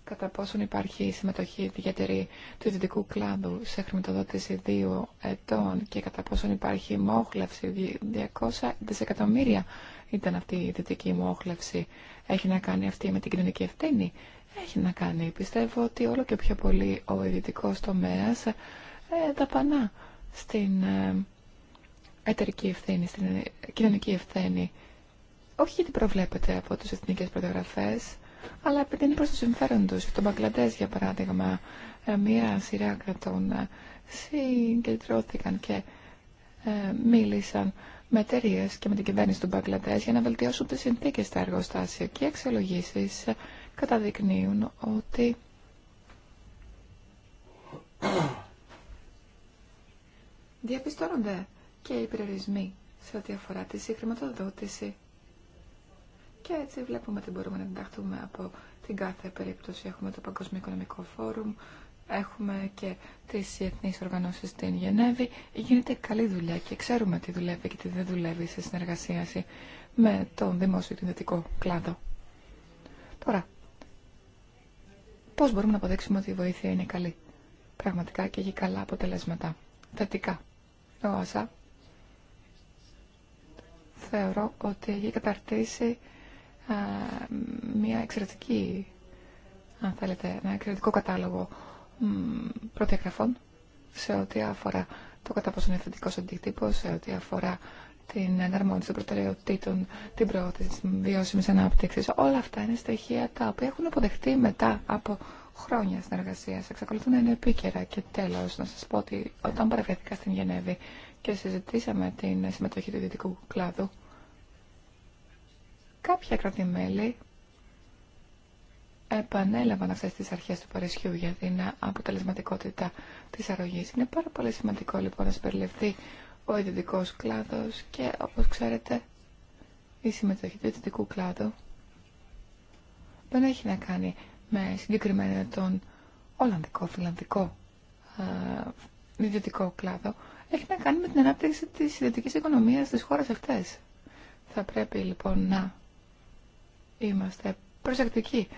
κατά πόσον υπάρχει συμμετοχή ιδιαίτερη του ιδιωτικού κλάδου σε χρηματοδότηση δύο ετών και κατά πόσον υπάρχει μόχλευση 200 δισεκατομμύρια ήταν αυτή η δυτική μου όχλευση. Έχει να κάνει αυτή με την κοινωνική ευθύνη. Έχει να κάνει. Πιστεύω ότι όλο και πιο πολύ ο ιδιωτικό τομέα ε, δαπανά στην ε, εταιρική ευθύνη, στην ε, κοινωνική ευθύνη. Όχι γιατί προβλέπεται από τους εθνικέ προδιαγραφέ, αλλά επειδή είναι προ το συμφέρον τους. Το για παράδειγμα, ε, μία σειρά κρατών συγκεντρώθηκαν και μίλησαν με εταιρείε και με την κυβέρνηση του Μπαγκλαντέ για να βελτιώσουν τι συνθήκε στα εργοστάσια και οι αξιολογήσει καταδεικνύουν ότι διαπιστώνονται και οι περιορισμοί σε ό,τι αφορά τη συγχρηματοδότηση και έτσι βλέπουμε ότι μπορούμε να ενταχθούμε από την κάθε περίπτωση. Έχουμε το Παγκοσμίο Οικονομικό Φόρουμ, έχουμε και τις διεθνεί οργανώσεις στην Γενέβη. Γίνεται καλή δουλειά και ξέρουμε τι δουλεύει και τι δεν δουλεύει σε συνεργασία με τον δημόσιο και τον κλάδο. Τώρα, πώς μπορούμε να αποδείξουμε ότι η βοήθεια είναι καλή πραγματικά και έχει καλά αποτελέσματα. Θετικά. Ο ΑΣΑ θεωρώ ότι έχει καταρτήσει μια εξαιρετική, αν θέλετε, ένα εξαιρετικό κατάλογο προδιαγραφών σε ό,τι αφορά το κατά πόσο είναι θετικό αντίκτυπο, σε ό,τι αφορά την εναρμόνιση των προτεραιοτήτων, την προώθηση τη βιώσιμη ανάπτυξη. Όλα αυτά είναι στοιχεία τα οποία έχουν αποδεχτεί μετά από χρόνια συνεργασία. Εξακολουθούν να είναι επίκαιρα. Και τέλο, να σα πω ότι όταν παρευρεθήκα στην Γενέβη και συζητήσαμε την συμμετοχή του ιδιωτικού κλάδου, κάποια κρατημέλη επανέλαβαν αυτές τις αρχές του Παρισιού για την αποτελεσματικότητα της αρρωγής. Είναι πάρα πολύ σημαντικό λοιπόν να συμπεριληφθεί ο ιδιωτικός κλάδος και όπως ξέρετε η συμμετοχή του ιδιωτικού κλάδου δεν έχει να κάνει με συγκεκριμένα τον Ολλανδικό, Φιλανδικό ε, ιδιωτικό κλάδο έχει να κάνει με την ανάπτυξη της ιδιωτικής οικονομίας στις χώρες αυτές. Θα πρέπει λοιπόν να είμαστε προσεκτικοί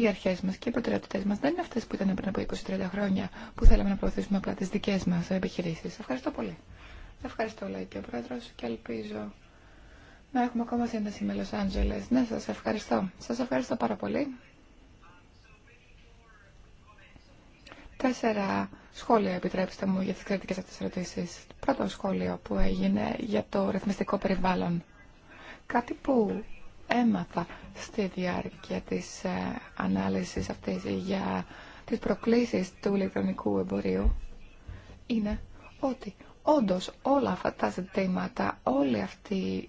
οι αρχέ μα και οι προτεραιότητέ μα δεν είναι αυτέ που ήταν πριν από 20-30 χρόνια που θέλαμε να προωθήσουμε απλά τι δικέ μα επιχειρήσει. Ευχαριστώ πολύ. Ευχαριστώ, λέει και ο πρόεδρο, και ελπίζω να έχουμε ακόμα σύνδεση με Los Angeles. Ναι, σα ευχαριστώ. Σα ευχαριστώ πάρα πολύ. Τέσσερα σχόλια επιτρέψτε μου για τι κριτικέ αυτέ ερωτήσει. Πρώτο σχόλιο που έγινε για το ρυθμιστικό περιβάλλον. Κάτι που έμαθα στη διάρκεια της ε, ανάλυσης αυτής για τις προκλήσεις του ηλεκτρονικού εμπορίου είναι ότι όντως όλα αυτά τα ζητήματα, όλοι αυτοί,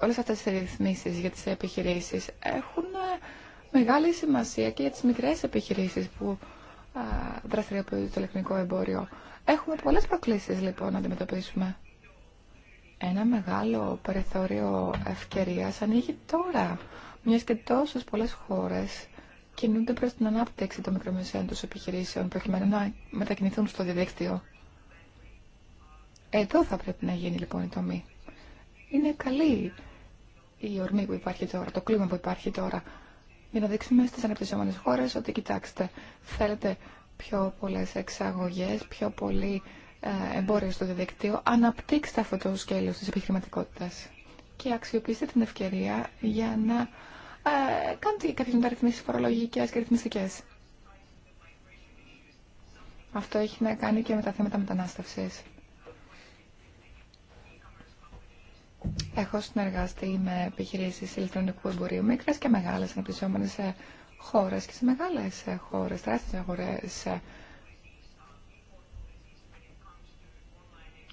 όλες αυτές οι ρυθμίσεις για τις επιχειρήσεις έχουν ε, μεγάλη σημασία και για τις μικρές επιχειρήσεις που ε, δραστηριοποιούνται το ηλεκτρονικό εμπόριο. Έχουμε πολλές προκλήσεις λοιπόν να αντιμετωπίσουμε. Ένα μεγάλο περιθώριο ευκαιρίας ανοίγει τώρα, μιας και τόσες πολλές χώρες κινούνται προς την ανάπτυξη των μικρομεσαίων τους επιχειρήσεων προκειμένου να μετακινηθούν στο διαδίκτυο. Εδώ θα πρέπει να γίνει λοιπόν η τομή. Είναι καλή η ορμή που υπάρχει τώρα, το κλίμα που υπάρχει τώρα, για να δείξουμε στις αναπτυσσόμενες χώρες ότι κοιτάξτε, θέλετε πιο πολλές εξαγωγές, πιο πολύ ε, εμπόριο στο διαδικτύο, αναπτύξτε αυτό το σκέλος της επιχειρηματικότητας και αξιοποιήστε την ευκαιρία για να ε, κάνετε κάποιες μεταρρυθμίσεις φορολογικές και ρυθμιστικές. Αυτό έχει να κάνει και με τα θέματα μετανάστευσης. Έχω συνεργαστεί με επιχειρήσεις ηλεκτρονικού εμπορίου, μικρές και μεγάλες αναπτυσσόμενες ε, χώρες και σε μεγάλες ε, χώρες, τεράστιες αγορές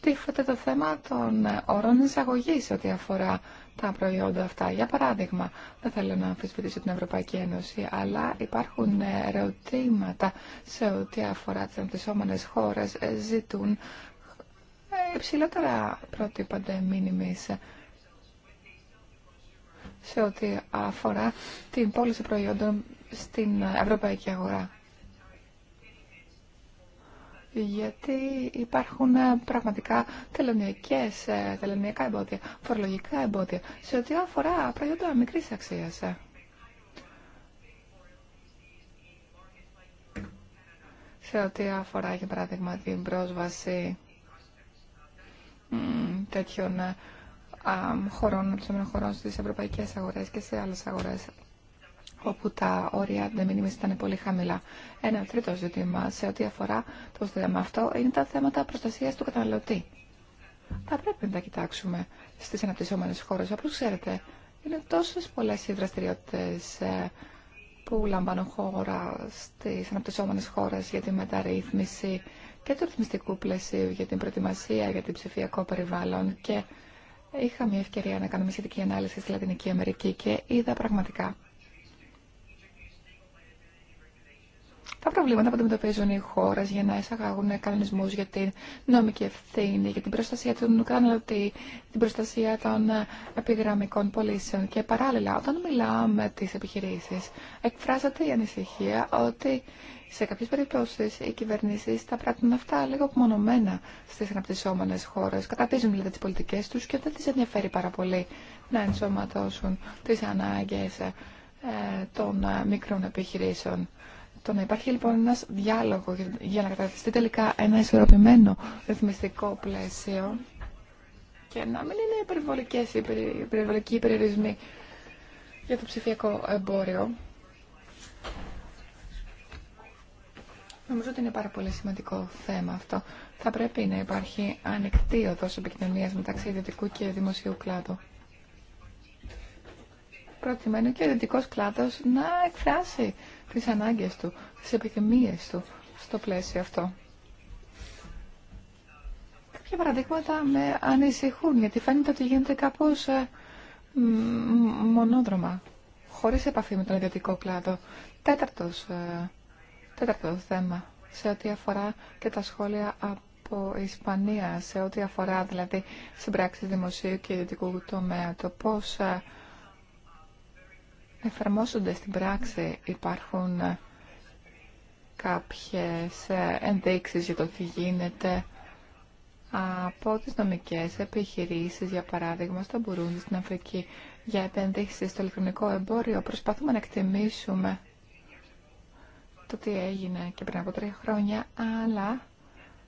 τίθεται το θέμα των όρων εισαγωγή ό,τι αφορά τα προϊόντα αυτά. Για παράδειγμα, δεν θέλω να αμφισβητήσω την Ευρωπαϊκή Ένωση, αλλά υπάρχουν ερωτήματα σε ό,τι αφορά τι αντισώμενε χώρε. Ε, ζητούν ε, υψηλότερα πρότυπα την σε ό,τι αφορά την πώληση προϊόντων στην ευρωπαϊκή αγορά γιατί υπάρχουν ε, πραγματικά τελωνιακές, ε, τελωνιακά εμπόδια, φορολογικά εμπόδια, σε ό,τι αφορά προϊόντα μικρή αξία. Σε ό,τι αφορά, για παράδειγμα, την πρόσβαση τέτοιων ε, χωρών, χωρών στις ευρωπαϊκές αγορές και σε άλλες αγορές όπου τα όρια δεν ήταν πολύ χαμηλά. Ένα τρίτο ζήτημα σε ό,τι αφορά το θέμα αυτό είναι τα θέματα προστασίας του καταναλωτή. Θα πρέπει να τα κοιτάξουμε στις αναπτυσσόμενες χώρες. Όπως ξέρετε, είναι τόσες πολλές οι δραστηριότητε ε, που λαμβάνουν χώρα στις αναπτυσσόμενες χώρες για τη μεταρρύθμιση και του ρυθμιστικού πλαισίου για την προετοιμασία για την ψηφιακό περιβάλλον και είχα μια ευκαιρία να κάνουμε μια σχετική ανάλυση στη Λατινική Αμερική και είδα πραγματικά τα προβλήματα που αντιμετωπίζουν οι χώρε για να εισαγάγουν κανονισμού για την νόμικη ευθύνη, για την προστασία των καταναλωτή, την προστασία των επιγραμμικών πωλήσεων. Και παράλληλα, όταν μιλάμε τι επιχειρήσει, εκφράζεται η ανησυχία ότι σε κάποιε περιπτώσει οι κυβερνήσει τα πράττουν αυτά λίγο απομονωμένα στι αναπτυσσόμενε χώρε. Καταπίζουν δηλαδή τι πολιτικέ του και δεν τι ενδιαφέρει πάρα πολύ να ενσωματώσουν τι ανάγκε ε, των ε, μικρών επιχειρήσεων. Το να υπάρχει λοιπόν ένα διάλογο για να καταρτιστεί τελικά ένα ισορροπημένο ρυθμιστικό πλαίσιο και να μην είναι υπερβολικές, υπερβολικοί περιορισμοί για το ψηφιακό εμπόριο. Νομίζω ότι είναι πάρα πολύ σημαντικό θέμα αυτό. Θα πρέπει να υπάρχει ανοιχτή οδός επικοινωνίας μεταξύ ιδιωτικού και δημοσίου κλάδου. Προκειμένου και ο ιδιωτικός κλάδος να εκφράσει τις ανάγκες του, τις επιθυμίες του στο πλαίσιο αυτό. Κάποια παραδείγματα με ανησυχούν, γιατί φαίνεται ότι γίνεται κάπως ε, μονόδρομα, χωρίς επαφή με τον ιδιωτικό κλάδο. Τέταρτος, ε, τέταρτο θέμα, σε ό,τι αφορά και τα σχόλια από Ισπανία, σε ό,τι αφορά δηλαδή στην πράξη δημοσίου και ιδιωτικού τομέα, το πώς ε, εφαρμόσονται στην πράξη. Υπάρχουν ε, κάποιες ε, ενδείξεις για το τι γίνεται από τις νομικές επιχειρήσεις, για παράδειγμα, στο Μπουρούντι, στην Αφρική, για επενδύσεις στο ηλεκτρονικό εμπόριο. Προσπαθούμε να εκτιμήσουμε το τι έγινε και πριν από τρία χρόνια, αλλά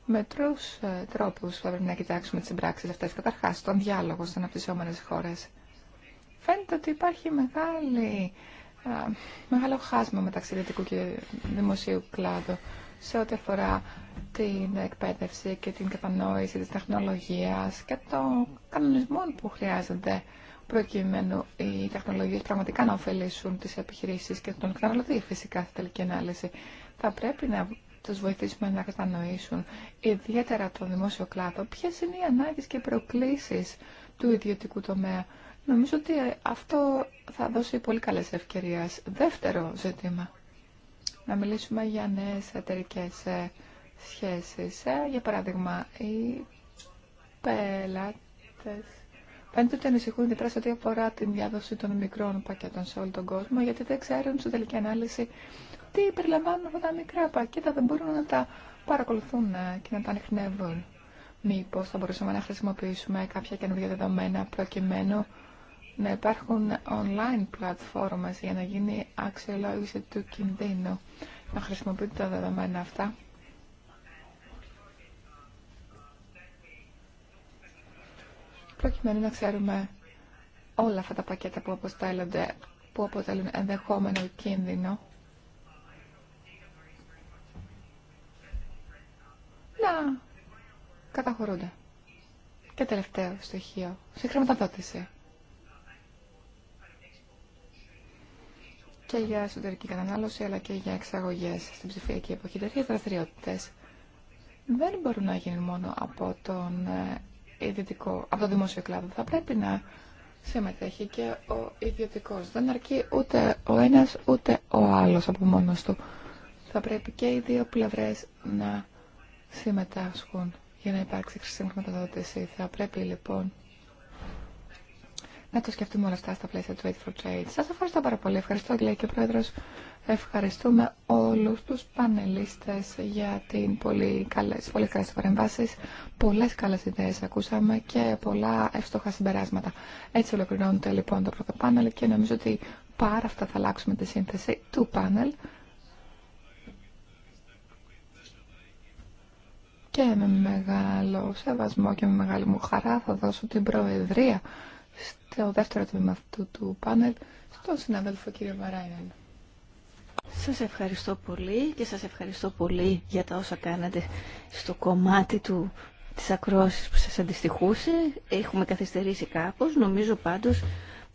με τρεις ε, τρόπους θα πρέπει να κοιτάξουμε τις συμπράξεις αυτές. Καταρχάς, τον διάλογο στις αναπτυσσόμενες χώρες φαίνεται ότι υπάρχει μεγάλη, μεγάλο χάσμα μεταξύ ιδιωτικού και δημοσίου κλάδου σε ό,τι αφορά την εκπαίδευση και την κατανόηση της τεχνολογίας και των κανονισμών που χρειάζονται προκειμένου οι τεχνολογίες πραγματικά να ωφελήσουν τις επιχειρήσεις και τον καταναλωτή φυσικά στη τελική ανάλυση. Θα πρέπει να τους βοηθήσουμε να κατανοήσουν ιδιαίτερα το δημόσιο κλάδο ποιες είναι οι ανάγκες και οι προκλήσεις του ιδιωτικού τομέα Νομίζω ότι αυτό θα δώσει πολύ καλές ευκαιρίες. Δεύτερο ζήτημα, να μιλήσουμε για νέες εταιρικέ ε, σχέσεις. Ε, για παράδειγμα, οι πελάτες φαίνεται ότι ανησυχούν ιδιαίτερα σε ό,τι αφορά την διάδοση των μικρών πακέτων σε όλο τον κόσμο, γιατί δεν ξέρουν στην τελική ανάλυση τι περιλαμβάνουν αυτά τα μικρά πακέτα, δεν μπορούν να τα παρακολουθούν ε, και να τα ανεχνεύουν. Μήπως θα μπορούσαμε να χρησιμοποιήσουμε κάποια καινούργια δεδομένα προκειμένου να υπάρχουν online πλατφόρμες για να γίνει αξιολόγηση του κινδύνου. Να χρησιμοποιείτε τα δεδομένα αυτά. Προκειμένου να ξέρουμε όλα αυτά τα πακέτα που αποστέλλονται, που αποτελούν ενδεχόμενο κίνδυνο. Να καταχωρούνται. Και τελευταίο στοιχείο, συγχρηματοδότηση. και για εσωτερική κατανάλωση αλλά και για εξαγωγές στην ψηφιακή εποχή. Τέτοιες δραστηριότητε δεν μπορούν να γίνουν μόνο από τον ε, ιδιωτικό, από το δημόσιο κλάδο. Θα πρέπει να συμμετέχει και ο ιδιωτικό. Δεν αρκεί ούτε ο ένας ούτε ο άλλος από μόνο του. Θα πρέπει και οι δύο πλευρές να συμμετάσχουν για να υπάρξει χρησιμοποιηματοδότηση. Θα πρέπει λοιπόν να το σκεφτούμε όλα αυτά στα πλαίσια του Aid for Trade. Σας ευχαριστώ πάρα πολύ. Ευχαριστώ, λέει και Πρόεδρος. Ευχαριστούμε όλους τους πανελίστες για την πολύ καλές, πολύ καλές παρεμβάσεις. Πολλές καλές ιδέες ακούσαμε και πολλά εύστοχα συμπεράσματα. Έτσι ολοκληρώνεται λοιπόν το πρώτο πάνελ και νομίζω ότι πάρα αυτά θα αλλάξουμε τη σύνθεση του πάνελ. Και με μεγάλο σεβασμό και με μεγάλη μου χαρά θα δώσω την προεδρία στο δεύτερο τμήμα αυτού του πάνελ στον συνάδελφο κύριο Βαράινεν. Σας ευχαριστώ πολύ και σας ευχαριστώ πολύ για τα όσα κάνατε στο κομμάτι του της ακρόασης που σας αντιστοιχούσε. Έχουμε καθυστερήσει κάπως. Νομίζω πάντως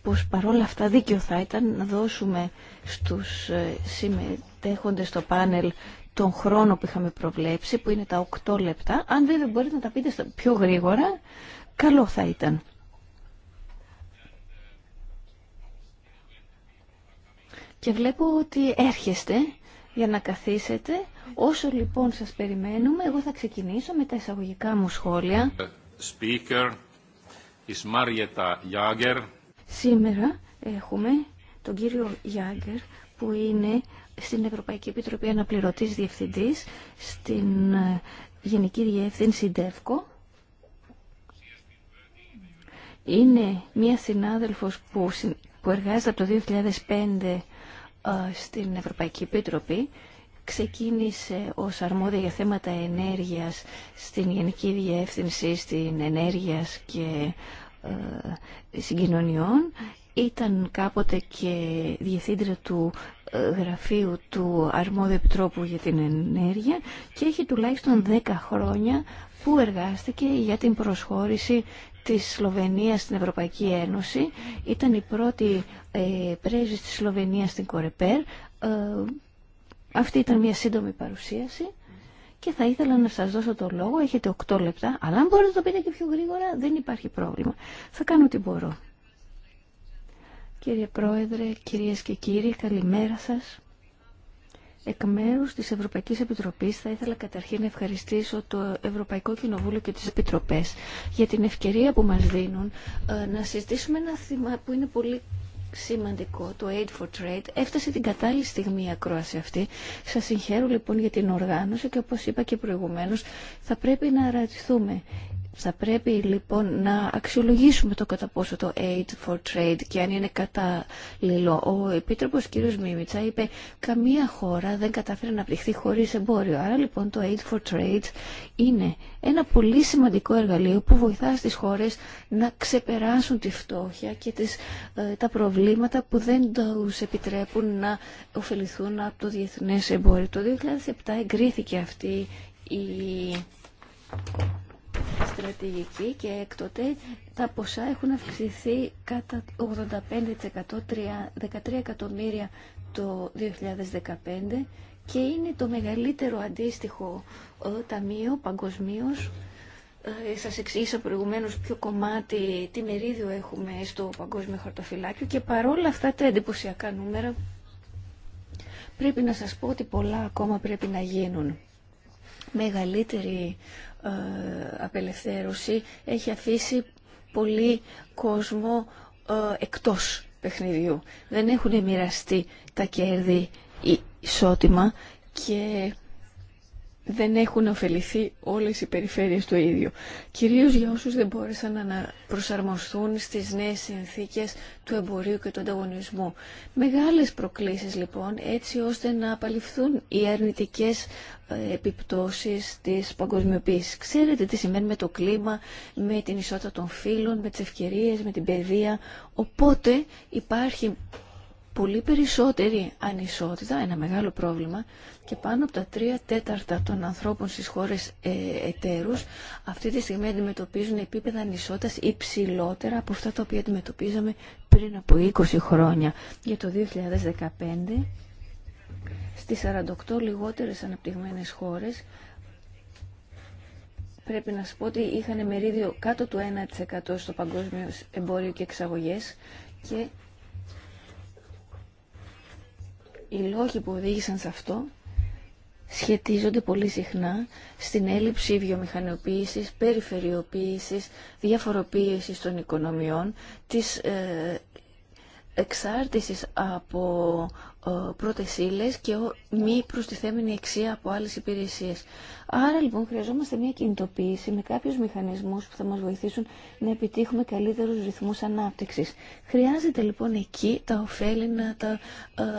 πως παρόλα αυτά δίκιο θα ήταν να δώσουμε στους ε, συμμετέχοντες στο πάνελ τον χρόνο που είχαμε προβλέψει, που είναι τα 8 λεπτά. Αν βέβαια μπορείτε να τα πείτε πιο γρήγορα, καλό θα ήταν. και βλέπω ότι έρχεστε για να καθίσετε. Όσο λοιπόν σας περιμένουμε, εγώ θα ξεκινήσω με τα εισαγωγικά μου σχόλια. Speaker Σήμερα έχουμε τον κύριο Γιάγκερ που είναι στην Ευρωπαϊκή Επιτροπή Αναπληρωτής Διευθυντής στην ε, Γενική Διεύθυνση ΔΕΦΚΟ. Είναι μία συνάδελφος που, που εργάζεται από το 2005 ε, στην Ευρωπαϊκή Επίτροπη ξεκίνησε ως αρμόδια για θέματα ενέργειας στην Γενική Διεύθυνση στην Ενέργειας και ε, Συγκοινωνιών. Ήταν κάποτε και διευθύντρια του ε, γραφείου του Αρμόδιου Επιτρόπου για την Ενέργεια και έχει τουλάχιστον 10 χρόνια που εργάστηκε για την προσχώρηση της Σλοβενίας στην Ευρωπαϊκή Ένωση. Ήταν η πρώτη ε, πρέσβης της Σλοβενίας στην Κορεπέρ. Ε, αυτή ήταν μια σύντομη παρουσίαση και θα ήθελα να σας δώσω το λόγο. Έχετε 8 λεπτά, αλλά αν μπορείτε να το πείτε και πιο γρήγορα δεν υπάρχει πρόβλημα. Θα κάνω ό,τι μπορώ. Κύριε Πρόεδρε, κυρίες και κύριοι, καλημέρα σας. Εκ μέρου τη Ευρωπαϊκή Επιτροπή θα ήθελα καταρχήν να ευχαριστήσω το Ευρωπαϊκό Κοινοβούλιο και τι Επιτροπέ για την ευκαιρία που μα δίνουν ε, να συζητήσουμε ένα θέμα που είναι πολύ σημαντικό, το Aid for Trade, έφτασε την κατάλληλη στιγμή η ακρόαση αυτή. Σα συγχαίρω λοιπόν για την οργάνωση και όπω είπα και προηγουμένω θα πρέπει να αρατηθούμε. Θα πρέπει λοιπόν να αξιολογήσουμε το κατά πόσο το aid for trade και αν είναι κατάλληλο. Ο Επίτροπος κ. Μίμητσα είπε καμία χώρα δεν κατάφερε να πληχθεί χωρίς εμπόριο. Άρα λοιπόν το aid for trade είναι ένα πολύ σημαντικό εργαλείο που βοηθά στις χώρες να ξεπεράσουν τη φτώχεια και τις, ε, τα προβλήματα που δεν τους επιτρέπουν να ωφεληθούν από το διεθνές εμπόριο. Το 2007 εγκρίθηκε αυτή η στρατηγική και έκτοτε τα ποσά έχουν αυξηθεί κατά 85% 13 εκατομμύρια το 2015 και είναι το μεγαλύτερο αντίστοιχο ε, ταμείο παγκοσμίω. Ε, σας εξήγησα προηγουμένω ποιο κομμάτι, τι μερίδιο έχουμε στο παγκόσμιο χαρτοφυλάκιο και παρόλα αυτά τα εντυπωσιακά νούμερα πρέπει να σας πω ότι πολλά ακόμα πρέπει να γίνουν. Μεγαλύτερη ε, απελευθέρωση έχει αφήσει πολύ κόσμο ε, εκτός παιχνιδιού. Δεν έχουν μοιραστεί τα κέρδη ισότιμα και δεν έχουν ωφεληθεί όλες οι περιφέρειες το ίδιο. Κυρίως για όσους δεν μπόρεσαν να προσαρμοστούν στις νέες συνθήκες του εμπορίου και του ανταγωνισμού. Μεγάλες προκλήσεις λοιπόν έτσι ώστε να απαλληφθούν οι αρνητικές ε, επιπτώσεις της παγκοσμιοποίησης. Ξέρετε τι σημαίνει με το κλίμα, με την ισότητα των φύλων, με τις ευκαιρίες, με την παιδεία. Οπότε υπάρχει πολύ περισσότερη ανισότητα, ένα μεγάλο πρόβλημα και πάνω από τα τρία τέταρτα των ανθρώπων στις χώρες ε, εταίρους αυτή τη στιγμή αντιμετωπίζουν επίπεδα ανισότητας υψηλότερα από αυτά τα οποία αντιμετωπίζαμε πριν από 20 χρόνια. Για το 2015 στις 48 λιγότερες αναπτυγμένες χώρες πρέπει να σα πω ότι είχαν μερίδιο κάτω του 1% στο παγκόσμιο εμπόριο και εξαγωγές και οι λόγοι που οδήγησαν σε αυτό σχετίζονται πολύ συχνά στην έλλειψη βιομηχανοποίησης, περιφερειοποίησης, διαφοροποίησης των οικονομιών, της ε, εξάρτησης από ε, πρώτες ύλες και μη προστιθέμενη εξία από άλλες υπηρεσίες. Άρα λοιπόν χρειαζόμαστε μια κινητοποίηση με κάποιους μηχανισμούς που θα μας βοηθήσουν να επιτύχουμε καλύτερους ρυθμούς ανάπτυξης. Χρειάζεται λοιπόν εκεί τα ωφέλη να τα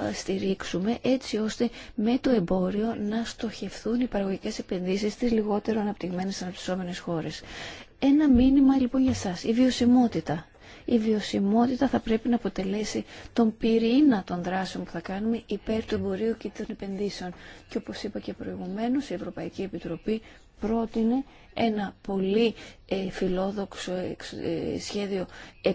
ε, στηρίξουμε έτσι ώστε με το εμπόριο να στοχευθούν οι παραγωγικές επενδύσεις στις λιγότερο αναπτυγμένες αναπτυσσόμενες χώρες. Ένα μήνυμα λοιπόν για σας, η βιωσιμότητα η βιωσιμότητα θα πρέπει να αποτελέσει τον πυρήνα των δράσεων που θα κάνουμε υπέρ του εμπορίου και των επενδύσεων. Και όπως είπα και προηγουμένως, η Ευρωπαϊκή Επιτροπή πρότεινε ένα πολύ ε, φιλόδοξο ε, σχέδιο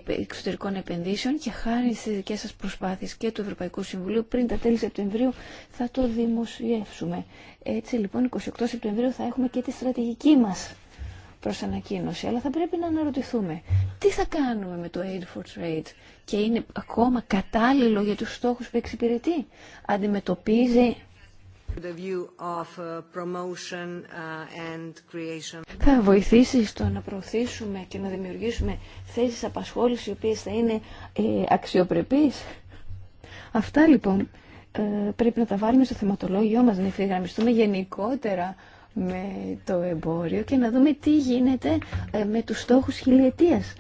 εξωτερικών επενδύσεων και χάρη στις δικές σας προσπάθειες και του Ευρωπαϊκού Συμβουλίου πριν τα τέλη Σεπτεμβρίου θα το δημοσιεύσουμε. Έτσι λοιπόν 28 Σεπτεμβρίου θα έχουμε και τη στρατηγική μας προς ανακοίνωση, αλλά θα πρέπει να αναρωτηθούμε τι θα κάνουμε με το Aid for Trade και είναι ακόμα κατάλληλο για τους στόχους που εξυπηρετεί. Αντιμετωπίζει The view of uh, uh, and Θα βοηθήσει στο να προωθήσουμε και να δημιουργήσουμε θέσεις απασχόλησης οι οποίες θα είναι ε, αξιοπρεπείς. Αυτά λοιπόν ε, πρέπει να τα βάλουμε στο θεματολόγιο μας, να ευθυγραμμιστούμε γενικότερα με το εμπόριο και να δούμε τι γίνεται ε, με τους στόχους χιλιετίας.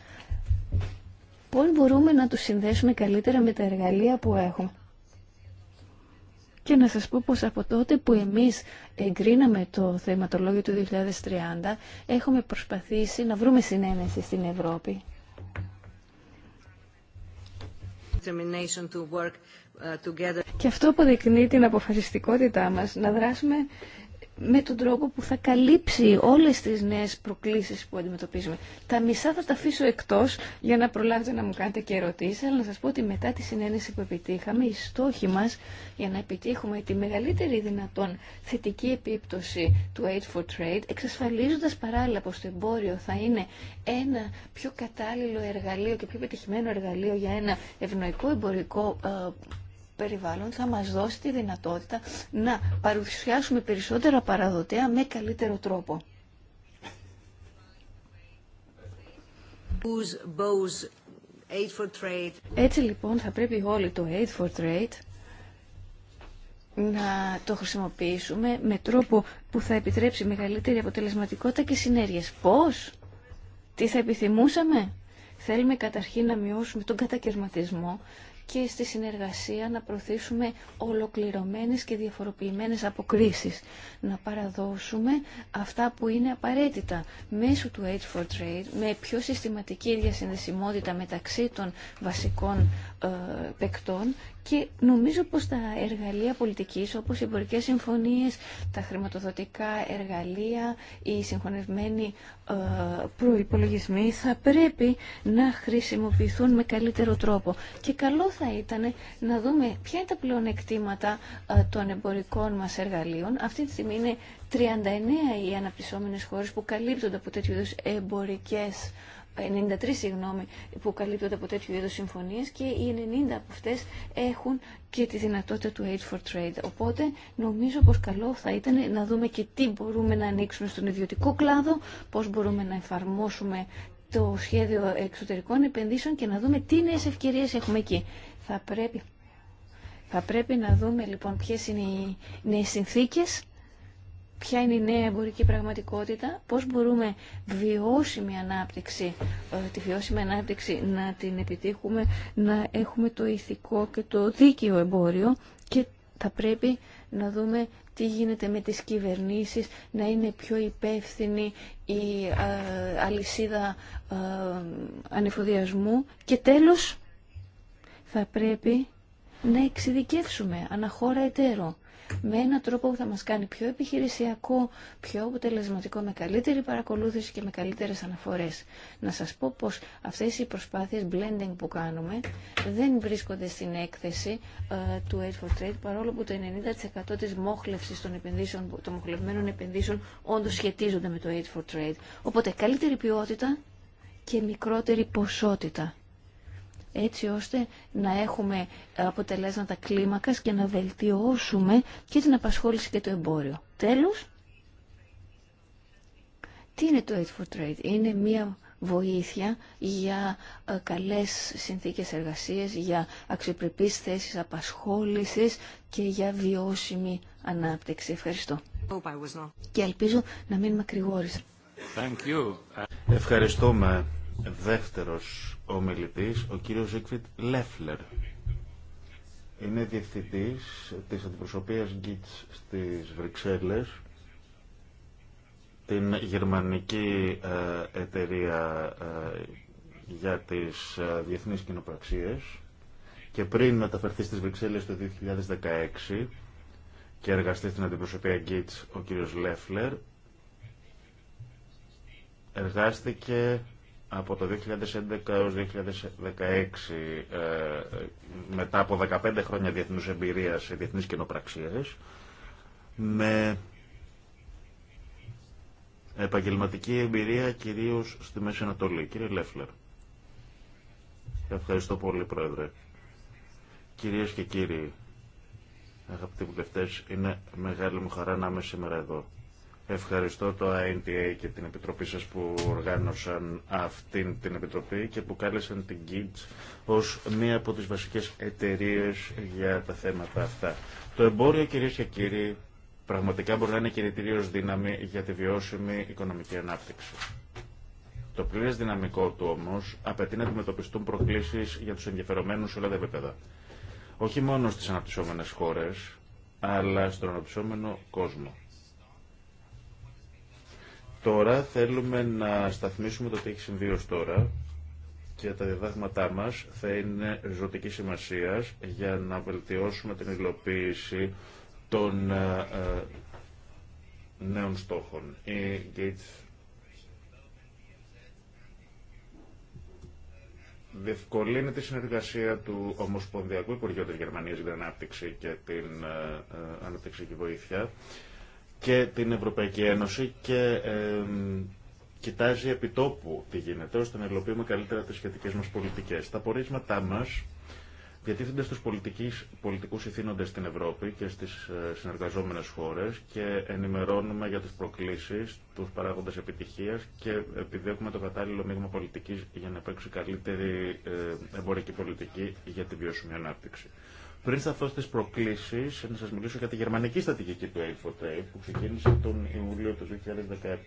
Πώς μπορούμε να τους συνδέσουμε καλύτερα με τα εργαλεία που έχουμε. Και να σας πω πως από τότε που εμείς εγκρίναμε το θεματολόγιο του 2030 έχουμε προσπαθήσει να βρούμε συνένεση στην Ευρώπη. Ε, και αυτό αποδεικνύει την αποφασιστικότητά μας να δράσουμε με τον τρόπο που θα καλύψει όλες τις νέες προκλήσεις που αντιμετωπίζουμε. Τα μισά θα τα αφήσω εκτός για να προλάβετε να μου κάνετε και ερωτήσεις, αλλά να σας πω ότι μετά τη συνένεση που επιτύχαμε, οι στόχοι μας για να επιτύχουμε τη μεγαλύτερη δυνατόν θετική επίπτωση του Aid for Trade, εξασφαλίζοντας παράλληλα πως το εμπόριο θα είναι ένα πιο κατάλληλο εργαλείο και πιο πετυχημένο εργαλείο για ένα ευνοϊκό εμπορικό ε, περιβάλλον θα μας δώσει τη δυνατότητα να παρουσιάσουμε περισσότερα παραδοτέα με καλύτερο τρόπο. Έτσι λοιπόν θα πρέπει όλοι το Aid for Trade να το χρησιμοποιήσουμε με τρόπο που θα επιτρέψει μεγαλύτερη αποτελεσματικότητα και συνέργειες. Πώς? Τι θα επιθυμούσαμε? Θέλουμε καταρχήν να μειώσουμε τον κατακαιρματισμό και στη συνεργασία να προωθήσουμε ολοκληρωμένες και διαφοροποιημένες αποκρίσεις. Να παραδώσουμε αυτά που είναι απαραίτητα μέσω του Aid for Trade, με πιο συστηματική διασυνδεσιμότητα μεταξύ των βασικών ε, παικτών και νομίζω πως τα εργαλεία πολιτικής όπως οι εμπορικέ συμφωνίες, τα χρηματοδοτικά εργαλεία, οι συγχωνευμένοι ε, προϋπολογισμοί θα πρέπει να χρησιμοποιηθούν με καλύτερο τρόπο. Και καλό θα ήταν να δούμε ποια είναι τα πλεονεκτήματα ε, των εμπορικών μας εργαλείων. Αυτή τη στιγμή είναι 39 οι αναπτυσσόμενες χώρες που καλύπτονται από τέτοιου είδους εμπορικές 93 συγγνώμη, που καλύπτονται από τέτοιου είδους συμφωνίες και οι 90 από αυτές έχουν και τη δυνατότητα του Aid for Trade. Οπότε νομίζω πως καλό θα ήταν να δούμε και τι μπορούμε να ανοίξουμε στον ιδιωτικό κλάδο, πώς μπορούμε να εφαρμόσουμε το σχέδιο εξωτερικών επενδύσεων και να δούμε τι νέες ευκαιρίες έχουμε εκεί. Θα πρέπει, θα πρέπει να δούμε λοιπόν ποιες είναι οι νέες συνθήκες ποια είναι η νέα εμπορική πραγματικότητα, πώς μπορούμε βιώσιμη ανάπτυξη, ε, τη βιώσιμη ανάπτυξη να την επιτύχουμε, να έχουμε το ηθικό και το δίκαιο εμπόριο και θα πρέπει να δούμε τι γίνεται με τις κυβερνήσεις, να είναι πιο υπεύθυνη η ε, αλυσίδα ε, ανεφοδιασμού και τέλος θα πρέπει να εξειδικεύσουμε αναχώρα εταίρο με έναν τρόπο που θα μας κάνει πιο επιχειρησιακό, πιο αποτελεσματικό, με καλύτερη παρακολούθηση και με καλύτερες αναφορές. Να σας πω πως αυτές οι προσπάθειες blending που κάνουμε δεν βρίσκονται στην έκθεση ε, του Aid for Trade, παρόλο που το 90% της μόχλευσης των, επενδύσεων, των μοχλευμένων επενδύσεων όντως σχετίζονται με το Aid for Trade. Οπότε καλύτερη ποιότητα και μικρότερη ποσότητα έτσι ώστε να έχουμε αποτελέσματα κλίμακας και να βελτιώσουμε και την απασχόληση και το εμπόριο. Τέλος, τι είναι το Aid for Trade. Είναι μια βοήθεια για ε, καλές συνθήκες εργασίας, για αξιοπρεπείς θέσεις απασχόλησης και για βιώσιμη ανάπτυξη. Ευχαριστώ. Και ελπίζω να μην μακρηγόρησα. Ευχαριστούμε. Δεύτερος ομιλητής, ο κύριος Ζίκφιτ Λέφλερ. Είναι διευθυντής της αντιπροσωπείας GITS στις Βρυξέλλες, την γερμανική ε, εταιρεία ε, για τις ε, διεθνείς κοινοπραξίες και πριν μεταφερθεί στις Βρυξέλλες το 2016 και εργαστεί στην αντιπροσωπεία GITS ο κύριος Λέφλερ εργάστηκε από το 2011 έως 2016 ε, μετά από 15 χρόνια διεθνούς εμπειρίας σε διεθνείς κοινοπραξίες με επαγγελματική εμπειρία κυρίως στη Μέση Ανατολή. Κύριε Λέφλερ. Ευχαριστώ πολύ Πρόεδρε. Κυρίες και κύριοι, αγαπητοί βουλευτές, είναι μεγάλη μου χαρά να είμαι σήμερα εδώ. Ευχαριστώ το INTA και την Επιτροπή σας που οργάνωσαν αυτήν την Επιτροπή και που κάλεσαν την GIDS ως μία από τις βασικές εταιρείες για τα θέματα αυτά. Το εμπόριο, κυρίες και κύριοι, πραγματικά μπορεί να είναι κινητήριος δύναμη για τη βιώσιμη οικονομική ανάπτυξη. Το πλήρες δυναμικό του όμως απαιτεί να αντιμετωπιστούν προκλήσεις για τους ενδιαφερομένους σε όλα τα επίπεδα. Όχι μόνο στις αναπτυσσόμενες χώρες, αλλά στον αναπτυσσόμενο κόσμο. Τώρα θέλουμε να σταθμίσουμε το τι έχει συμβεί ως τώρα και τα διδάγματά μας θα είναι ζωτική σημασίας για να βελτιώσουμε την υλοποίηση των ε, ε, νέων στόχων. Η Gates διευκολύνει τη συνεργασία του Ομοσπονδιακού Υπουργείου της Γερμανίας για την Ανάπτυξη και την ε, και Βοήθεια και την Ευρωπαϊκή Ένωση και ε, κοιτάζει επιτόπου τι γίνεται ώστε να υλοποιούμε καλύτερα τις σχετικές μας πολιτικές. Τα πορίσματά μας διατίθενται στους πολιτικούς, πολιτικούς ηθήνοντες στην Ευρώπη και στις ε, συνεργαζόμενες χώρες και ενημερώνουμε για τις προκλήσεις, τους παράγοντες επιτυχίας και επιδιώκουμε το κατάλληλο μείγμα πολιτικής για να παίξει καλύτερη ε, εμπορική πολιτική για την βιώσιμη ανάπτυξη. Πριν σταθώ στι προκλήσει, να σα μιλήσω για τη γερμανική στρατηγική του A4T, που ξεκίνησε τον Ιούλιο του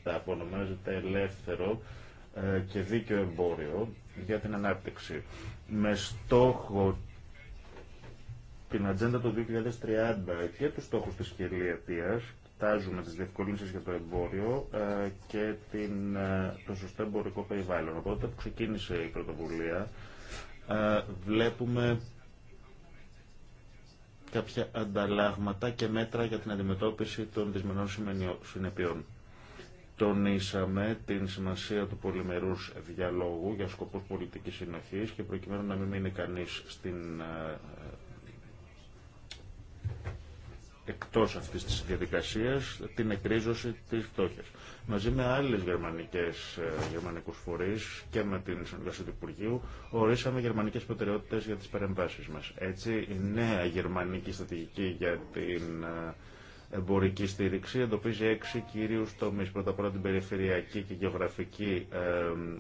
2017 που ονομάζεται Ελεύθερο ε, και Δίκαιο Εμπόριο για την Ανάπτυξη. Με στόχο την ατζέντα του 2030 και του στόχου τη χιλιετία, κοιτάζουμε τι διευκολύνσει για το εμπόριο ε, και την, ε, το σωστό εμπορικό περιβάλλον. Οπότε που ξεκίνησε η πρωτοβουλία, βλέπουμε κάποια ανταλλάγματα και μέτρα για την αντιμετώπιση των δυσμενών συνεπειών. Τονίσαμε την σημασία του πολυμερούς διαλόγου για σκοπούς πολιτικής συνοχής και προκειμένου να μην μείνει κανείς στην ε, εκτός αυτής της διαδικασίας την εκρίζωση της φτώχειας. Μαζί με άλλες γερμανικές, ε, γερμανικούς φορείς και με την συνεργασία του Υπουργείου ορίσαμε γερμανικές προτεραιότητες για τις παρεμβάσεις μας. Έτσι η νέα γερμανική στρατηγική για την ε, εμπορική στήριξη εντοπίζει έξι κυρίους τομείς. Πρώτα απ' όλα την περιφερειακή και γεωγραφική ε,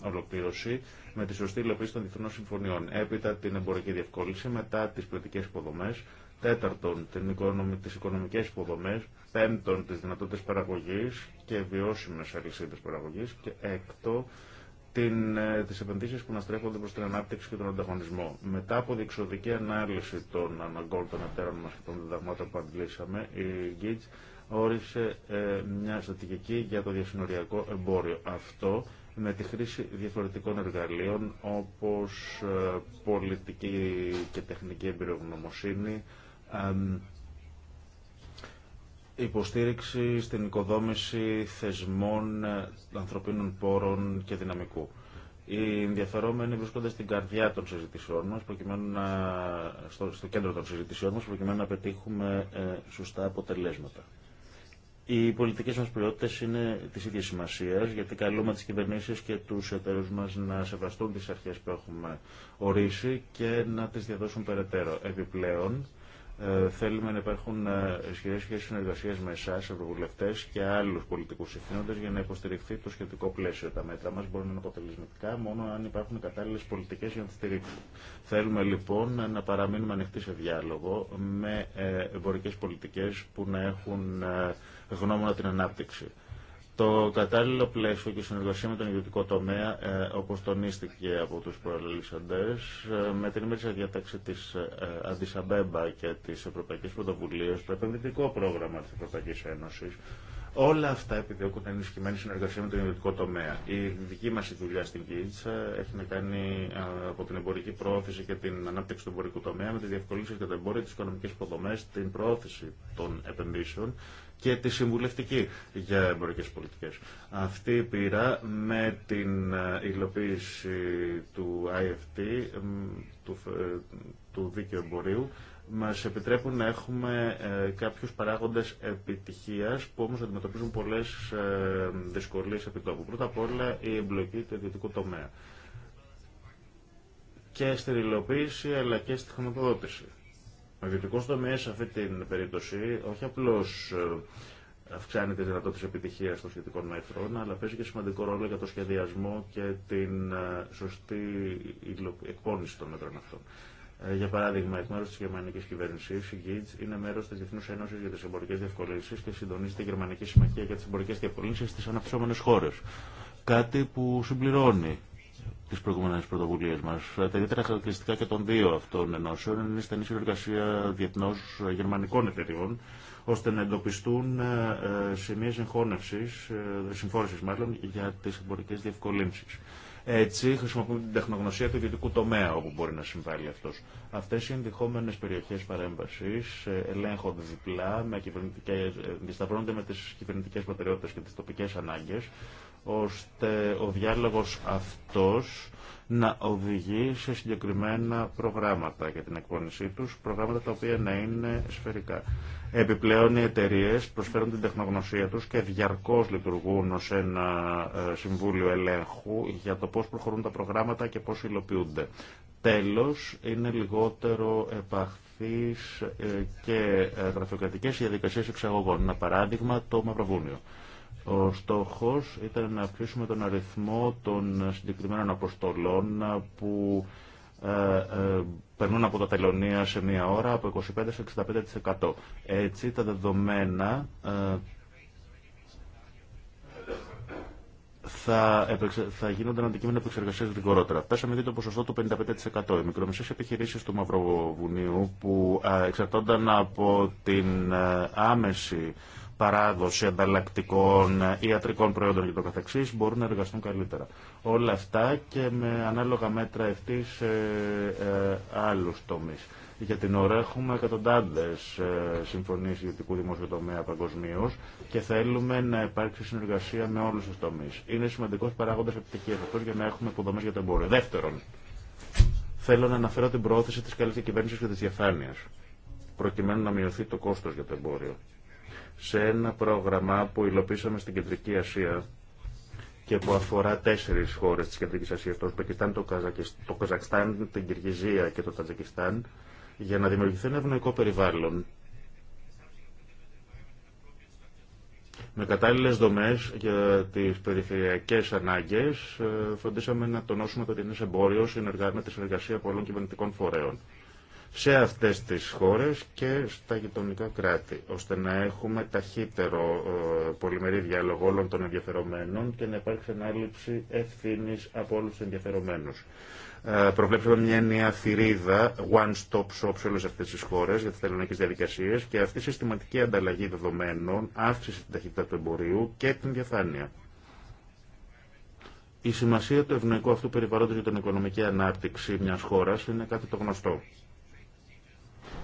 ολοκλήρωση με τη σωστή υλοποίηση των διεθνών συμφωνιών. Έπειτα την εμπορική διευκόλυνση μετά τις πολιτικές υποδομές Τέταρτον, την οικονομικέ τις οικονομικές υποδομές. Πέμπτον, τις δυνατότητες παραγωγής και βιώσιμες αλυσίδες παραγωγής. Και έκτο, την, ε, τις επενδύσεις που να στρέφονται προς την ανάπτυξη και τον ανταγωνισμό. Μετά από διεξοδική ανάλυση των αναγκών των εταίρων μας και των διδαγμάτων που αντλήσαμε, η Γκίτς όρισε ε, μια στρατηγική για το διασυνοριακό εμπόριο. Αυτό με τη χρήση διαφορετικών εργαλείων όπως ε, πολιτική και τεχνική εμπειρογνωμοσύνη, υποστήριξη στην οικοδόμηση θεσμών ε, ανθρωπίνων πόρων και δυναμικού. Οι ενδιαφερόμενοι βρίσκονται στην καρδιά των συζητήσεών μας, στο, κέντρο των συζητησιών μας, προκειμένου να πετύχουμε ε, σωστά αποτελέσματα. Οι πολιτικές μας προϊόντες είναι της ίδιας σημασίας, γιατί καλούμε τις κυβερνήσεις και τους εταίρους μας να σεβαστούν τις αρχές που έχουμε ορίσει και να τις διαδώσουν περαιτέρω. Επιπλέον, ε, θέλουμε να υπάρχουν ε, ισχυρέ σχέσει συνεργασία με εσά, ευρωβουλευτέ και άλλου πολιτικού ευθύνοντε για να υποστηριχθεί το σχετικό πλαίσιο. Τα μέτρα μα μπορούν να είναι αποτελεσματικά μόνο αν υπάρχουν κατάλληλε πολιτικέ για να τη στηρίξουν. Θέλουμε λοιπόν να παραμείνουμε ανοιχτοί σε διάλογο με ε, εμπορικέ πολιτικέ που να έχουν γνώμονα την ανάπτυξη. Το κατάλληλο πλαίσιο και συνεργασία με τον ιδιωτικό τομέα, ε, όπως τονίστηκε από τους προαλληλισσαντές, ε, με την ημερήσια διατάξη της ε, Αντισαμπέμπα και της Ευρωπαϊκής Πρωτοβουλίας, το επενδυτικό πρόγραμμα της Ευρωπαϊκής Ένωσης, Όλα αυτά επιδιώκουν ενισχυμένη συνεργασία με τον ιδιωτικό τομέα. Η δική μα δουλειά στην Κίτσα ε, έχει να κάνει ε, από την εμπορική πρόθεση και την ανάπτυξη του εμπορικού τομέα με τη διευκολύνση και τα εμπόρια, τι οικονομικέ υποδομέ, την πρόθεση των επενδύσεων και τη συμβουλευτική για εμπορικές πολιτικές. Αυτή η πείρα με την ε, υλοποίηση του IFT, του, ε, του Δίκαιου Εμπορίου, μας επιτρέπουν να έχουμε ε, κάποιους παράγοντες επιτυχίας που όμως αντιμετωπίζουν πολλές δυσκολίες επιτόπου. Πρώτα απ' όλα η εμπλοκή του ιδιωτικού τομέα και στην υλοποίηση αλλά και στη χρηματοδότηση. Ο ιδιωτικό τομέα σε αυτή την περίπτωση όχι απλώ ε, αυξάνει τι δυνατότητε επιτυχία των σχετικών μέτρων, αλλά παίζει και σημαντικό ρόλο για το σχεδιασμό και την ε, σωστή εκπόνηση των μέτρων αυτών. Ε, για παράδειγμα, εκ μέρου τη γερμανική κυβέρνηση, η GITS είναι μέρο τη Διεθνού Ένωση για τι Εμπορικέ Διευκολύνσει και συντονίζεται τη Γερμανική Συμμαχία για τι Εμπορικέ Διευκολύνσει στι αναπτυσσόμενε χώρε. Κάτι που συμπληρώνει τις προηγούμενες πρωτοβουλίες μας. Τα ιδιαίτερα χαρακτηριστικά και των δύο αυτών ενώσεων είναι η στενή συνεργασία διεθνώς γερμανικών εταιριών, ώστε να εντοπιστούν ε, ε, σημεία συγχώνευσης, ε, συμφόρηση μάλλον, για τις εμπορικές διευκολύνσεις. Έτσι, χρησιμοποιούμε την τεχνογνωσία του ιδιωτικού τομέα όπου μπορεί να συμβάλλει αυτό. Αυτέ οι ενδεχόμενε περιοχέ παρέμβαση ελέγχονται διπλά, με διασταυρώνονται με τι κυβερνητικέ προτεραιότητε και τι τοπικέ ανάγκε, ώστε ο διάλογος αυτός να οδηγεί σε συγκεκριμένα προγράμματα για την εκπόνησή τους, προγράμματα τα οποία να είναι σφαιρικά. Επιπλέον οι εταιρείε προσφέρουν την τεχνογνωσία τους και διαρκώς λειτουργούν ως ένα ε, συμβούλιο ελέγχου για το πώς προχωρούν τα προγράμματα και πώς υλοποιούνται. Τέλος, είναι λιγότερο επαχθείς ε, και ε, γραφειοκρατικές διαδικασίες εξαγωγών. Ένα παράδειγμα, το Μαυροβούνιο. Ο στόχος ήταν να αυξήσουμε τον αριθμό των συγκεκριμένων αποστολών που ε, ε, περνούν από τα τελωνία σε μία ώρα από 25% σε 65%. Έτσι τα δεδομένα ε, θα, θα γίνονταν αντικείμενα επεξεργασία γρηγορότερα. Φτάσαμε ήδη το ποσοστό του 55%. Οι μικρομεσαίε επιχειρήσει του Μαυροβουνίου που εξαρτώνταν από την άμεση παράδοση ανταλλακτικών ιατρικών προϊόντων και το καθεξής μπορούν να εργαστούν καλύτερα. Όλα αυτά και με ανάλογα μέτρα ευθύ σε ε, άλλους τομείς. Για την ώρα έχουμε εκατοντάδε ε, συμφωνίε ιδιωτικού δημόσιου τομέα παγκοσμίω και θέλουμε να υπάρξει συνεργασία με όλου του τομεί. Είναι σημαντικό παράγοντα επιτυχία αυτό για να έχουμε υποδομέ για το εμπόριο. Δεύτερον, θέλω να αναφέρω την προώθηση τη καλή κυβέρνηση και τη διαφάνεια προκειμένου να μειωθεί το κόστο για το εμπόριο σε ένα πρόγραμμα που υλοποίησαμε στην Κεντρική Ασία και που αφορά τέσσερις χώρες της Κεντρικής Ασίας, το Ουσπεκιστάν, το, Καζακστάν, την Κυργιζία και το Τατζικιστάν, για να δημιουργηθεί ένα ευνοϊκό περιβάλλον με κατάλληλες δομές για τις περιφερειακές ανάγκες ε, φροντίσαμε να τονώσουμε το διεθνές εμπόριο με τη συνεργασία πολλών κυβερνητικών φορέων σε αυτές τις χώρες και στα γειτονικά κράτη, ώστε να έχουμε ταχύτερο ε, πολυμερή διάλογο όλων των ενδιαφερομένων και να υπάρξει ανάληψη ευθύνη από όλους τους ενδιαφερομένους. Ε, προβλέψαμε μια νέα θηρίδα one-stop shop σε όλε αυτέ τι χώρε για τι θελονικές διαδικασίε και αυτή η συστηματική ανταλλαγή δεδομένων αύξηση την ταχύτητα του εμπορίου και την διαφάνεια. Η σημασία του ευνοϊκού αυτού περιβαλλοντος για την οικονομική ανάπτυξη μιας χώρας είναι κάτι το γνωστό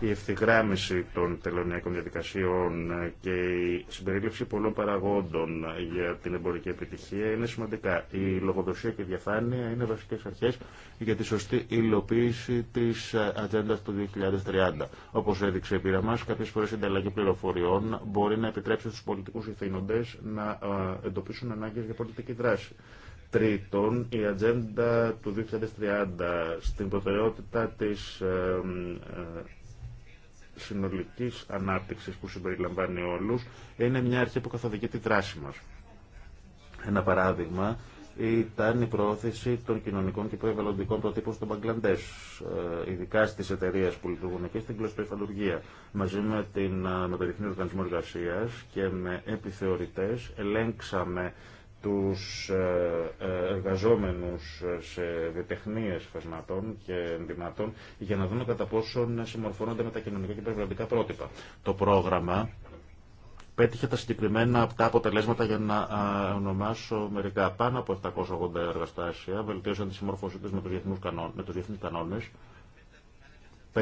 η ευθυγράμμιση των τελωνιακών διαδικασιών και η συμπερίληψη πολλών παραγόντων για την εμπορική επιτυχία είναι σημαντικά. Η λογοδοσία και η διαφάνεια είναι βασικέ αρχέ για τη σωστή υλοποίηση τη ατζέντα του 2030. Όπω έδειξε η πείρα μα, κάποιε φορέ η ανταλλαγή πληροφοριών μπορεί να επιτρέψει στου πολιτικού ευθύνοντε να ε, εντοπίσουν ανάγκε για πολιτική δράση. Τρίτον, η ατζέντα του 2030 στην προτεραιότητα της ε, ε, Συνολική ανάπτυξης που συμπεριλαμβάνει όλους είναι μια αρχή που καθοδηγεί τη δράση μα. Ένα παράδειγμα ήταν η προώθηση των κοινωνικών και προεβαλλοντικών προτύπων στον Μπαγκλαντέ, ε, ειδικά στι εταιρείε που λειτουργούν και στην κλωστοϊφαλουργία, μαζί με, την, ε, με το Οργανισμό Εργασία και με επιθεωρητέ, ελέγξαμε τους ε, ε, εργαζόμενους σε διτεχνίες φασματών και ενδυματών για να δούμε κατά πόσο να συμμορφώνονται με τα κοινωνικά και περιβαλλοντικά πρότυπα. Το πρόγραμμα πέτυχε τα συγκεκριμένα αυτά αποτελέσματα για να ονομάσω μερικά πάνω από 780 εργαστάσια, βελτίωσαν τη συμμόρφωσή τους με τους με τους διεθνείς κανόνες 500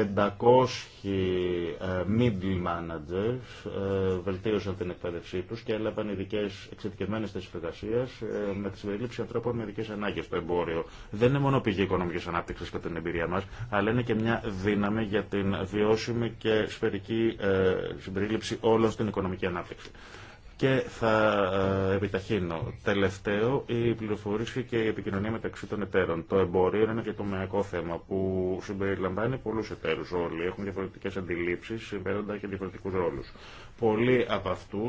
ε, middle managers ε, βελτίωσαν την εκπαίδευσή τους και έλαβαν ειδικέ εξειδικευμένες θέσεις εργασία, ε, με τη συμπερίληψη ανθρώπων με ειδικές ανάγκες στο εμπόριο. Δεν είναι μόνο πηγή οικονομικής ανάπτυξης κατά την εμπειρία μας, αλλά είναι και μια δύναμη για την βιώσιμη και σφαιρική συμπερίληψη όλων στην οικονομική ανάπτυξη και θα ε, επιταχύνω. Τελευταίο, η πληροφορήση και η επικοινωνία μεταξύ των εταίρων. Το εμπόριο είναι ένα διατομιακό θέμα που συμπεριλαμβάνει πολλού εταίρου. Όλοι έχουν διαφορετικέ αντιλήψει, συμφέροντα και διαφορετικού ρόλου. Πολλοί από αυτού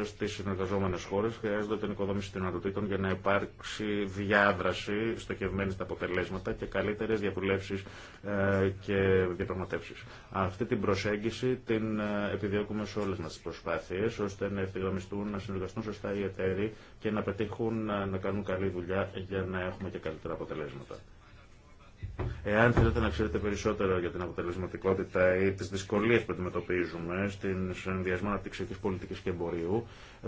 ε, στι συνεργαζόμενε χώρε χρειάζονται την οικοδόμηση δυνατοτήτων για να υπάρξει διάδραση στοχευμένη στα αποτελέσματα και καλύτερε διαβουλεύσει ε, και διαπραγματεύσει. Αυτή την προσέγγιση την επιδιώκουμε σε όλε μα τι προσπάθειε, ώστε να να συνεργαστούν σωστά οι εταίροι και να πετύχουν να κάνουν καλή δουλειά για να έχουμε και καλύτερα αποτελέσματα. Εάν θέλετε να ξέρετε περισσότερο για την αποτελεσματικότητα ή τι δυσκολίε που αντιμετωπίζουμε στην συνδυασμό αναπτυξιακή πολιτική και εμπορίου,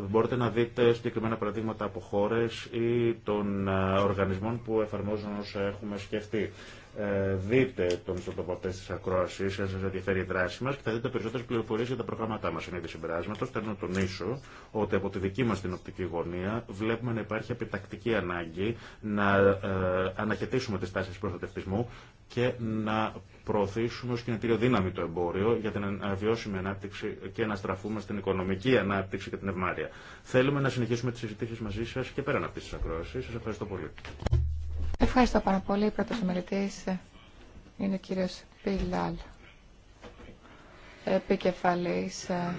μπορείτε να δείτε συγκεκριμένα παραδείγματα από χώρε ή των ε, οργανισμών που εφαρμόζουν όσα έχουμε σκεφτεί. Ε, δείτε τον ιστοτόπο τη ακρόαση, αν σα ενδιαφέρει η δράση μα και θα δείτε περισσότερε πληροφορίε για τα προγράμματά μα. Είναι ήδη συμπεράσματο. Θέλω να τονίσω ότι από τη δική μα την οπτική γωνία βλέπουμε να υπάρχει επιτακτική ανάγκη να ε, αναχαιτήσουμε τι τάσει προστατευτισμού και να προωθήσουμε ω κινητήριο δύναμη το εμπόριο για την βιώσιμη ανάπτυξη και να στραφούμε στην οικονομική ανάπτυξη και την ευμάρεια. Θέλουμε να συνεχίσουμε τι συζητήσει μαζί σα και πέραν αυτή τη ακρόαση. Σα ευχαριστώ πολύ. Ευχαριστώ πάρα πολύ. Πρώτος ομιλητής είναι ο κύριος Πιλάλ, επικεφαλής ε,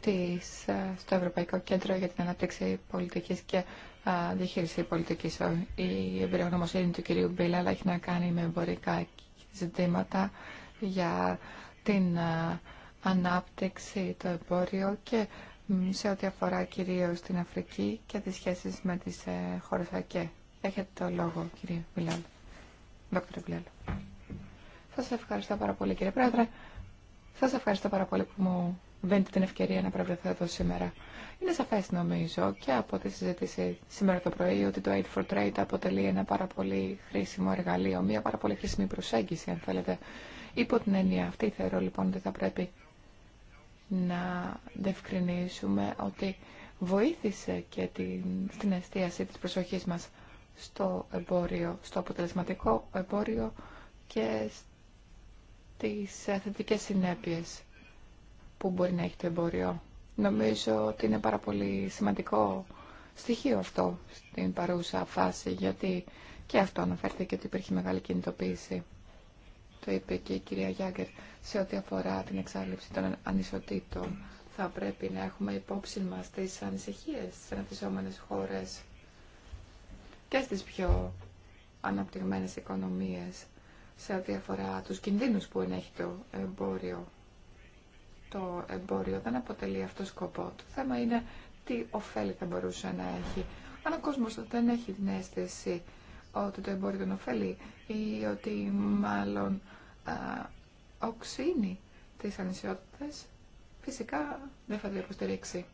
της, ε, στο Ευρωπαϊκό Κέντρο για την Ανάπτυξη Πολιτικής και ε, Διαχείριση Πολιτικής. Η εμπειρογνωμοσύνη του κυρίου πιλάλ έχει να κάνει με εμπορικά ζητήματα για την ανάπτυξη, το εμπόριο και σε ό,τι αφορά κυρίως την Αφρική και τις σχέσεις με τις χώρες ΑΚΕ. Έχετε το λόγο, κύριε Βιλάν. Δόκτωρ Βιλάν. Σας ευχαριστώ πάρα πολύ, κύριε Πρόεδρε. Σας ευχαριστώ πάρα πολύ που μου δίνετε την ευκαιρία να παρευρεθώ εδώ σήμερα. Είναι σαφές νομίζω και από τη συζήτηση σήμερα το πρωί ότι το Aid for Trade αποτελεί ένα πάρα πολύ χρήσιμο εργαλείο, μια πάρα πολύ χρήσιμη προσέγγιση αν θέλετε. Υπό την έννοια αυτή θεωρώ λοιπόν ότι θα πρέπει να δευκρινίσουμε ότι βοήθησε και την, στην εστίαση της προσοχής μας στο εμπόριο, στο αποτελεσματικό εμπόριο και στις ε, θετικέ συνέπειες που μπορεί να έχει το εμπόριο. Νομίζω ότι είναι πάρα πολύ σημαντικό στοιχείο αυτό στην παρούσα φάση, γιατί και αυτό αναφέρθηκε ότι υπήρχε μεγάλη κινητοποίηση. Το είπε και η κυρία Γιάγκερ σε ό,τι αφορά την εξάλληψη των ανισοτήτων. Θα πρέπει να έχουμε υπόψη μας τις ανησυχίες στις αναπτυσσόμενες χώρες και στις πιο αναπτυγμένες οικονομίες σε ό,τι αφορά τους κινδύνους που ενέχει το εμπόριο. Το εμπόριο δεν αποτελεί αυτό σκοπό. Το θέμα είναι τι ωφέλη θα μπορούσε να έχει. Αν ο κόσμος δεν έχει την αίσθηση ότι το εμπόριο τον ωφέλει ή ότι μάλλον α, οξύνει τις ανισιότητες, φυσικά δεν θα το υποστηρίξει.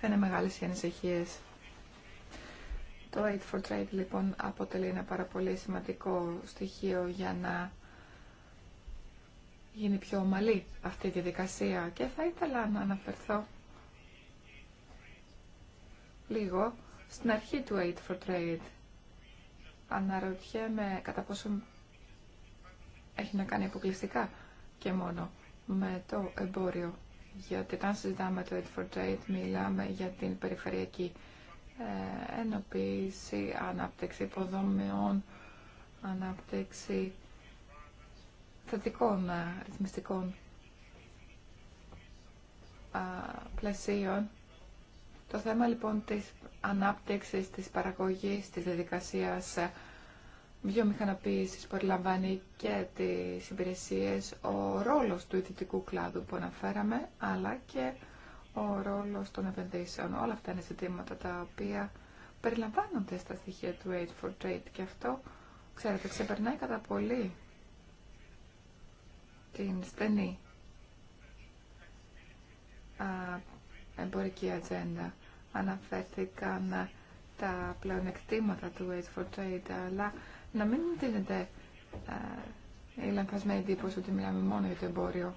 Θα είναι μεγάλες οι ανησυχίες το Aid for Trade λοιπόν αποτελεί ένα πάρα πολύ σημαντικό στοιχείο για να γίνει πιο ομαλή αυτή η διαδικασία και θα ήθελα να αναφερθώ λίγο στην αρχή του Aid for Trade. Αναρωτιέμαι κατά πόσο έχει να κάνει αποκλειστικά και μόνο με το εμπόριο. Γιατί όταν συζητάμε το Aid for Trade μιλάμε για την περιφερειακή ε, ενοποίηση, ανάπτυξη υποδομεών, ανάπτυξη θετικών ε, ρυθμιστικών πλαισίων. Το θέμα λοιπόν της ανάπτυξης, της παραγωγής, της διαδικασίας ε, βιομηχανοποίησης που περιλαμβάνει και τις υπηρεσίες, ο ρόλος του ιδιωτικού κλάδου που αναφέραμε, αλλά και ο ρόλος των επενδύσεων. Όλα αυτά είναι ζητήματα τα οποία περιλαμβάνονται στα στοιχεία του Aid for Trade και αυτό, ξέρετε, ξεπερνάει κατά πολύ την στενή εμπορική ατζέντα. Αναφέρθηκαν τα πλεονεκτήματα του Aid for Trade, αλλά να μην δίνεται η λανθασμένη εντύπωση ότι μιλάμε μόνο για το εμπόριο.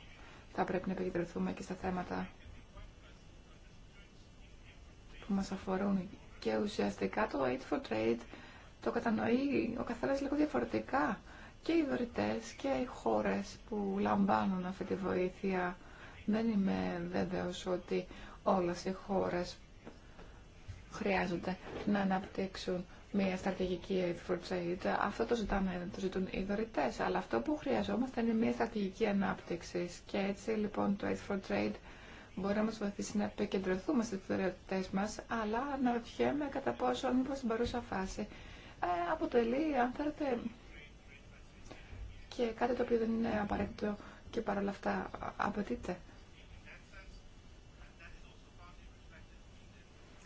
Θα πρέπει να επικεντρωθούμε και στα θέματα που μας αφορούν και ουσιαστικά το Aid for Trade το κατανοεί ο καθένας λίγο διαφορετικά και οι δωρητές και οι χώρες που λαμβάνουν αυτή τη βοήθεια. Δεν είμαι βέβαιος ότι όλες οι χώρες χρειάζονται να αναπτύξουν μια στρατηγική aid for trade. Αυτό το ζητάνε, το ζητούν οι δωρητέ. Αλλά αυτό που χρειαζόμαστε είναι μια στρατηγική ανάπτυξη. Και έτσι λοιπόν το aid for trade μπορεί να μας βοηθήσει να επικεντρωθούμε στι προτεραιότητες μας, αλλά αναρωτιέμαι κατά πόσο, μήπως στην παρούσα φάση, ε, αποτελεί, αν θέλετε, και κάτι το οποίο δεν είναι απαραίτητο και παρόλα αυτά απαιτείται.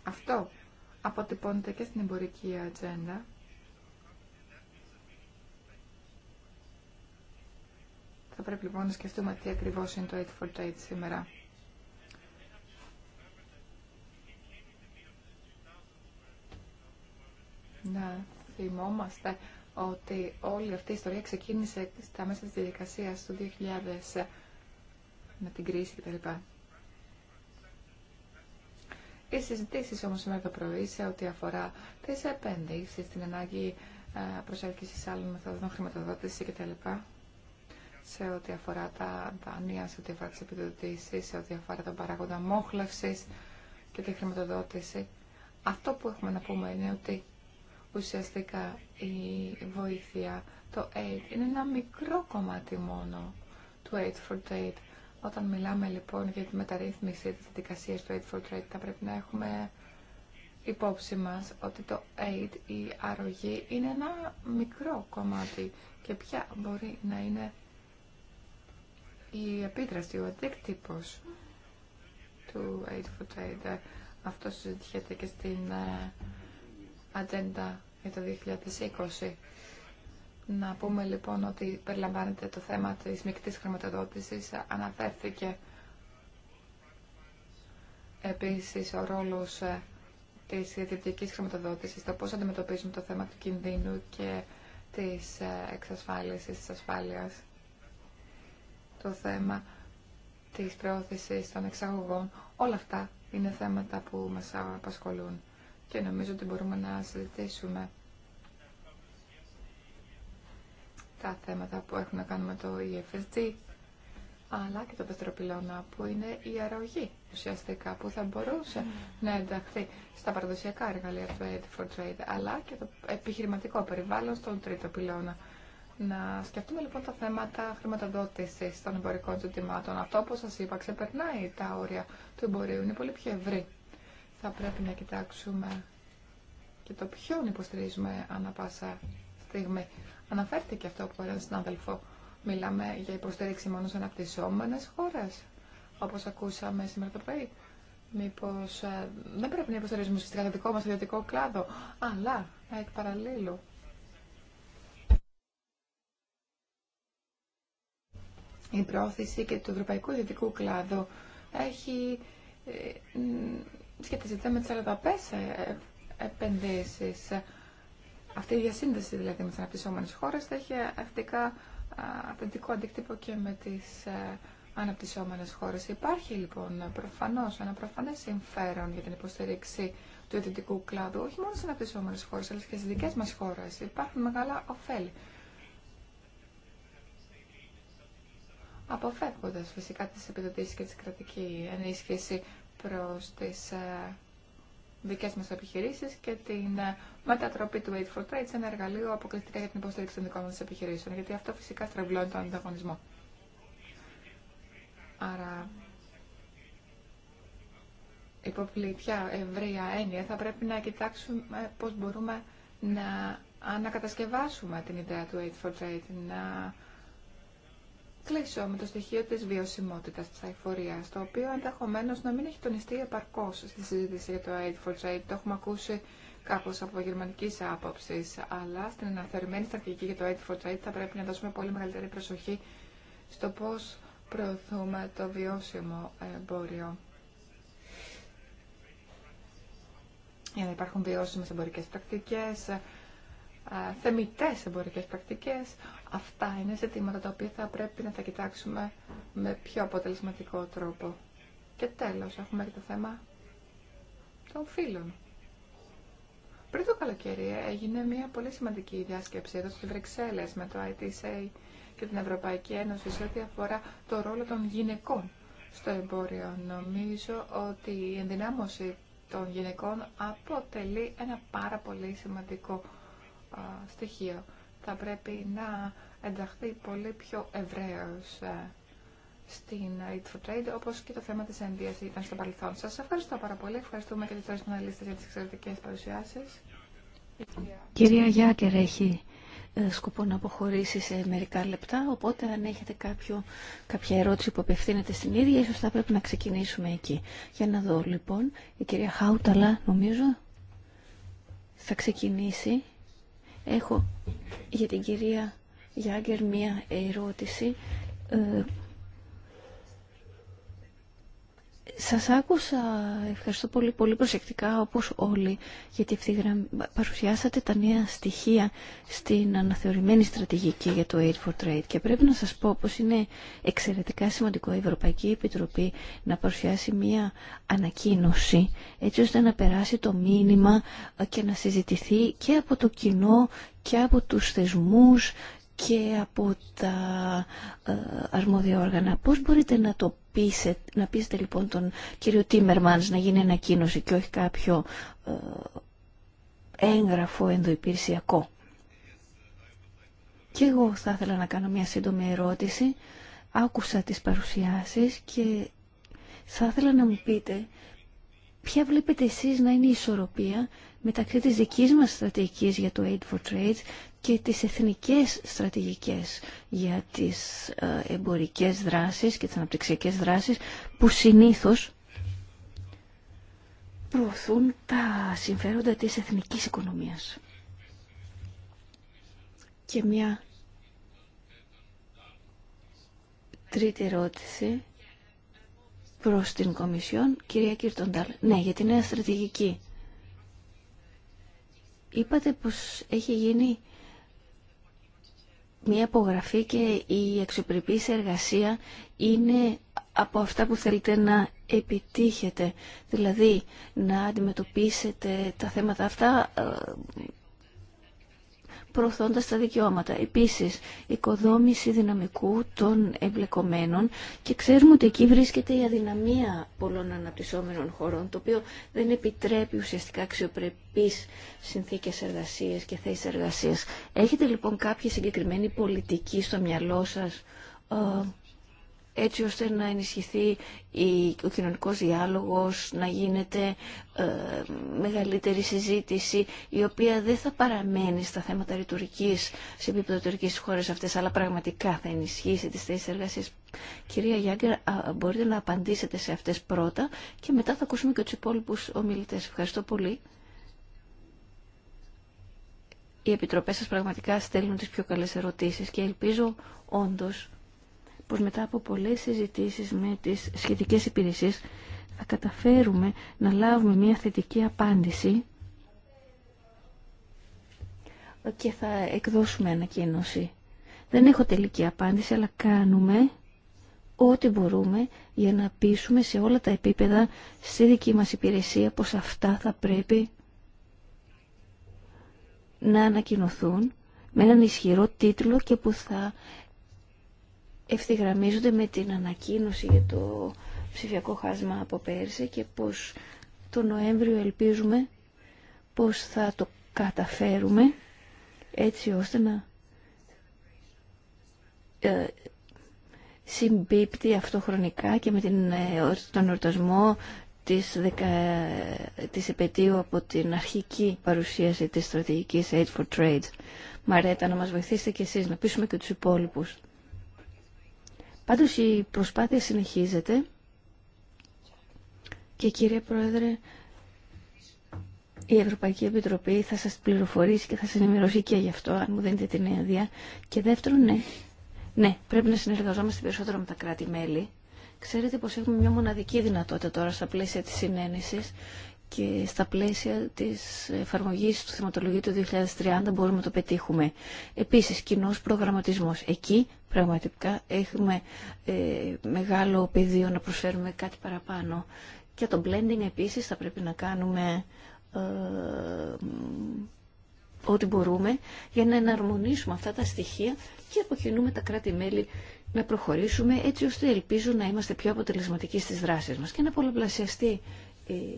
Αυτό αποτυπώνεται και στην εμπορική ατζέντα. Θα πρέπει λοιπόν να σκεφτούμε τι ακριβώ είναι το Aid for Trade σήμερα. να θυμόμαστε ότι όλη αυτή η ιστορία ξεκίνησε στα μέσα της διαδικασία του 2000 με την κρίση κτλ. Οι συζητήσει όμω σήμερα το πρωί σε ό,τι αφορά τι επενδύσει, την ανάγκη ε, προσέλκυση άλλων μεθόδων χρηματοδότηση κτλ. Σε ό,τι αφορά τα δάνεια, σε ό,τι αφορά τι επιδοτήσει, σε ό,τι αφορά τον παράγοντα μόχλευση και τη χρηματοδότηση. Αυτό που έχουμε να πούμε είναι ότι ουσιαστικά η βοήθεια, το aid, είναι ένα μικρό κομμάτι μόνο του aid for trade. Όταν μιλάμε λοιπόν για τη μεταρρύθμιση της δικασία του aid for trade, θα πρέπει να έχουμε υπόψη μας ότι το aid, η αρρωγή, είναι ένα μικρό κομμάτι και ποια μπορεί να είναι η επίδραση, ο αντίκτυπος του aid for trade. Αυτό συζητιέται και στην ε, ατζέντα για το 2020. Να πούμε λοιπόν ότι περιλαμβάνεται το θέμα της μεικτής χρηματοδότησης, αναφέρθηκε επίσης ο ρόλος ε, της ιδιωτικής χρηματοδότησης, το πώς αντιμετωπίζουμε το θέμα του κινδύνου και της ε, εξασφάλισης της ασφάλειας. Το θέμα της προώθησης των εξαγωγών, όλα αυτά είναι θέματα που μας απασχολούν και νομίζω ότι μπορούμε να συζητήσουμε τα θέματα που έχουν να κάνουν με το EFSD, αλλά και το δεύτερο πυλώνα που είναι η αρρωγή ουσιαστικά που θα μπορούσε mm. να ενταχθεί στα παραδοσιακά εργαλεία του Aid for Trade, αλλά και το επιχειρηματικό περιβάλλον στον τρίτο πυλώνα. Να σκεφτούμε λοιπόν τα θέματα χρηματοδότηση των εμπορικών ζητημάτων. Αυτό, όπω σα είπα, ξεπερνάει τα όρια του εμπορίου. Είναι πολύ πιο ευρύ θα πρέπει να κοιτάξουμε και το ποιον υποστηρίζουμε ανά πάσα στιγμή. Αναφέρθηκε αυτό από έναν συνάδελφο. Μιλάμε για υποστήριξη μόνο σε αναπτυσσόμενες χώρες, όπως ακούσαμε σήμερα το πρωί. Μήπως ε, δεν πρέπει να υποστηρίζουμε ουσιαστικά το δικό μας ιδιωτικό κλάδο, αλλά εκ παραλλήλου. Η πρόθεση και του ευρωπαϊκού ιδιωτικού κλάδου έχει ε, σχετίζεται με τι 45 ε, ε, επενδύσει, Αυτή η διασύνδεση δηλαδή με τι αναπτυσσόμενε χώρε θα έχει αρκετικά αυθεντικό αντίκτυπο και με τι ε, αναπτυσσόμενες χώρε. Υπάρχει λοιπόν προφανώ ένα προφανέ συμφέρον για την υποστήριξη του ιδιωτικού κλάδου, όχι μόνο στι αναπτυσσόμενες χώρε αλλά και στι δικέ μα χώρε. Υπάρχουν μεγάλα ωφέλη. Αποφεύγοντα φυσικά τι επιδοτήσει και τη κρατική ενίσχυση προς τις ε, δικές μας επιχειρήσεις και την ε, μετατροπή του Aid for Trade σε ένα εργαλείο αποκλειστικά για την υποστήριξη των δικών μας επιχειρήσεων, γιατί αυτό φυσικά στρεβλώνει τον ανταγωνισμό. Άρα, υπό πληθιά ευρεία έννοια, θα πρέπει να κοιτάξουμε πώς μπορούμε να ανακατασκευάσουμε την ιδέα του Aid for Trade, να κλείσω με το στοιχείο της βιωσιμότητας της αηφορίας, το οποίο ενδεχομένω να μην έχει τονιστεί επαρκώς στη συζήτηση για το Aid for Trade. Το έχουμε ακούσει κάπως από γερμανική άποψη. αλλά στην αναθεωρημένη στρατηγική για το Aid for Trade θα πρέπει να δώσουμε πολύ μεγαλύτερη προσοχή στο πώς προωθούμε το βιώσιμο εμπόριο. Για να υπάρχουν βιώσιμες εμπορικές πρακτικές, θεμητές εμπορικές πρακτικές. Αυτά είναι ζητήματα τα οποία θα πρέπει να τα κοιτάξουμε με πιο αποτελεσματικό τρόπο. Και τέλος, έχουμε και το θέμα των φίλων. Πριν το καλοκαίρι έγινε μια πολύ σημαντική διάσκεψη εδώ στις Βρυξέλλες με το ITSA και την Ευρωπαϊκή Ένωση σε ό,τι αφορά το ρόλο των γυναικών στο εμπόριο. Νομίζω ότι η ενδυνάμωση των γυναικών αποτελεί ένα πάρα πολύ σημαντικό στοιχείο. Θα πρέπει να ενταχθεί πολύ πιο ευρέως ε, στην Aid for Trade, όπως και το θέμα της Ενδίας ήταν στο παρελθόν. Σας ευχαριστώ πάρα πολύ. Ευχαριστούμε και τις τρεις μοναλίστες για τις εξαιρετικές παρουσιάσεις. Κυρία Γιάκερ έχει ε, σκοπό να αποχωρήσει σε μερικά λεπτά, οπότε αν έχετε κάποιο, κάποια ερώτηση που απευθύνεται στην ίδια, ίσως θα πρέπει να ξεκινήσουμε εκεί. Για να δω λοιπόν, η κυρία Χάουταλα νομίζω θα ξεκινήσει Έχω για την κυρία Γιάγκερ μία ερώτηση ε, σας άκουσα, ευχαριστώ πολύ, πολύ προσεκτικά όπως όλοι, γιατί παρουσιάσατε τα νέα στοιχεία στην αναθεωρημένη στρατηγική για το Aid for Trade και πρέπει να σας πω πως είναι εξαιρετικά σημαντικό η Ευρωπαϊκή Επιτροπή να παρουσιάσει μία ανακοίνωση έτσι ώστε να περάσει το μήνυμα και να συζητηθεί και από το κοινό και από τους θεσμούς και από τα ε, αρμόδια όργανα. Πώς μπορείτε να το πείσετε, να πείσετε λοιπόν τον κύριο Τίμερμανς να γίνει ανακοίνωση και όχι κάποιο ε, έγγραφο ενδοϊπηρσιακό. Και εγώ θα ήθελα να κάνω μια σύντομη ερώτηση. Άκουσα τις παρουσιάσεις και θα ήθελα να μου πείτε ποια βλέπετε εσείς να είναι η ισορροπία μεταξύ της δικής μας στρατηγικής για το Aid for Trade και τις εθνικές στρατηγικές για τις ε, εμπορικές δράσεις και τις αναπτυξιακές δράσεις που συνήθως προωθούν τα συμφέροντα της εθνικής οικονομίας. Και μια τρίτη ερώτηση προς την Κομισιόν, κυρία Κύρτονταλ. Ναι, για τη νέα στρατηγική Είπατε πως έχει γίνει μια απογραφή και η αξιοπρεπής εργασία είναι από αυτά που θέλετε να επιτύχετε. Δηλαδή να αντιμετωπίσετε τα θέματα αυτά ε, προωθώντας τα δικαιώματα. Επίσης, οικοδόμηση δυναμικού των εμπλεκομένων και ξέρουμε ότι εκεί βρίσκεται η αδυναμία πολλών αναπτυσσόμενων χωρών, το οποίο δεν επιτρέπει ουσιαστικά αξιοπρεπείς συνθήκες εργασίας και θέσεις εργασίας. Έχετε λοιπόν κάποια συγκεκριμένη πολιτική στο μυαλό σας, ε, έτσι ώστε να ενισχυθεί ο κοινωνικός διάλογος, να γίνεται ε, μεγαλύτερη συζήτηση, η οποία δεν θα παραμένει στα θέματα ρητορικής σε επίπεδο τουρκικής χώρες αυτές, αλλά πραγματικά θα ενισχύσει τις θέσεις εργασίας. Κυρία Γιάγκερ, μπορείτε να απαντήσετε σε αυτές πρώτα και μετά θα ακούσουμε και τους υπόλοιπους ομιλητές. Ευχαριστώ πολύ. Οι επιτροπές σας πραγματικά στέλνουν τις πιο καλές ερωτήσεις και ελπίζω όντως πως μετά από πολλές συζητήσεις με τις σχετικές υπηρεσίες θα καταφέρουμε να λάβουμε μια θετική απάντηση και θα εκδώσουμε ανακοίνωση. Δεν έχω τελική απάντηση, αλλά κάνουμε ό,τι μπορούμε για να πείσουμε σε όλα τα επίπεδα στη δική μας υπηρεσία πως αυτά θα πρέπει να ανακοινωθούν με έναν ισχυρό τίτλο και που θα ευθυγραμμίζονται με την ανακοίνωση για το ψηφιακό χάσμα από πέρσι και πως το Νοέμβριο ελπίζουμε πως θα το καταφέρουμε έτσι ώστε να ε, συμπίπτει αυτό χρονικά και με την, ε, τον εορτασμό της, της επαιτίου από την αρχική παρουσίαση της στρατηγικής Aid for Trade. Μαρέτα, να μας βοηθήσετε κι εσείς να πείσουμε και τους υπόλοιπους. Πάντως η προσπάθεια συνεχίζεται και κύριε Πρόεδρε, η Ευρωπαϊκή Επιτροπή θα σας πληροφορήσει και θα σας ενημερώσει και γι' αυτό, αν μου δίνετε την άδεια. Και δεύτερον, ναι, ναι, πρέπει να συνεργαζόμαστε περισσότερο με τα κράτη-μέλη. Ξέρετε πως έχουμε μια μοναδική δυνατότητα τώρα στα πλαίσια της συνένεσης και στα πλαίσια της εφαρμογής του θεματολογίου του 2030 μπορούμε να το πετύχουμε. Επίσης, κοινό προγραμματισμός. Εκεί πραγματικά έχουμε ε, μεγάλο πεδίο να προσφέρουμε κάτι παραπάνω. Και το blending επίσης θα πρέπει να κάνουμε ε, ό,τι μπορούμε για να εναρμονίσουμε αυτά τα στοιχεία και αποκοινούμε τα κράτη-μέλη να προχωρήσουμε έτσι ώστε ελπίζω να είμαστε πιο αποτελεσματικοί στις δράσεις μας και να πολλαπλασιαστεί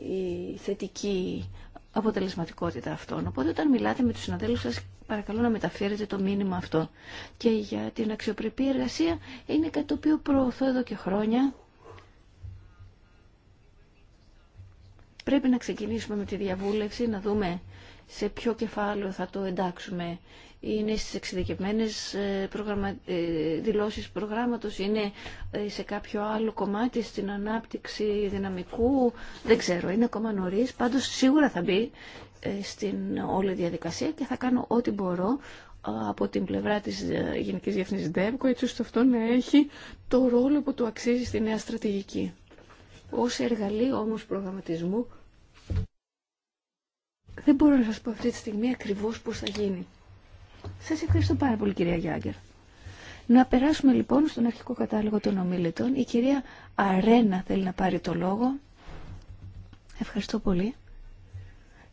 η θετική αποτελεσματικότητα αυτών. Οπότε όταν μιλάτε με τους συναδέλφους σας παρακαλώ να μεταφέρετε το μήνυμα αυτό. Και για την αξιοπρεπή εργασία είναι κάτι το οποίο προωθώ εδώ και χρόνια. Πρέπει να ξεκινήσουμε με τη διαβούλευση, να δούμε σε ποιο κεφάλαιο θα το εντάξουμε είναι στις εξειδικευμένες ε, προγραμμα... Ε, δηλώσεις προγράμματος, είναι ε, σε κάποιο άλλο κομμάτι στην ανάπτυξη δυναμικού, δεν ξέρω, είναι ακόμα νωρίς, πάντως σίγουρα θα μπει στην όλη διαδικασία και θα κάνω ό,τι μπορώ από την πλευρά της Γενικής Διεθνής ΔΕΒΚΟ έτσι ώστε αυτό να έχει το ρόλο που του αξίζει στη νέα στρατηγική. Ως εργαλείο όμως προγραμματισμού δεν μπορώ να σας πω αυτή τη στιγμή ακριβώς πώς θα γίνει. Σας ευχαριστώ πάρα πολύ κυρία Γιάγκερ. Να περάσουμε λοιπόν στον αρχικό κατάλογο των ομιλητών. Η κυρία Αρένα θέλει να πάρει το λόγο. Ευχαριστώ πολύ.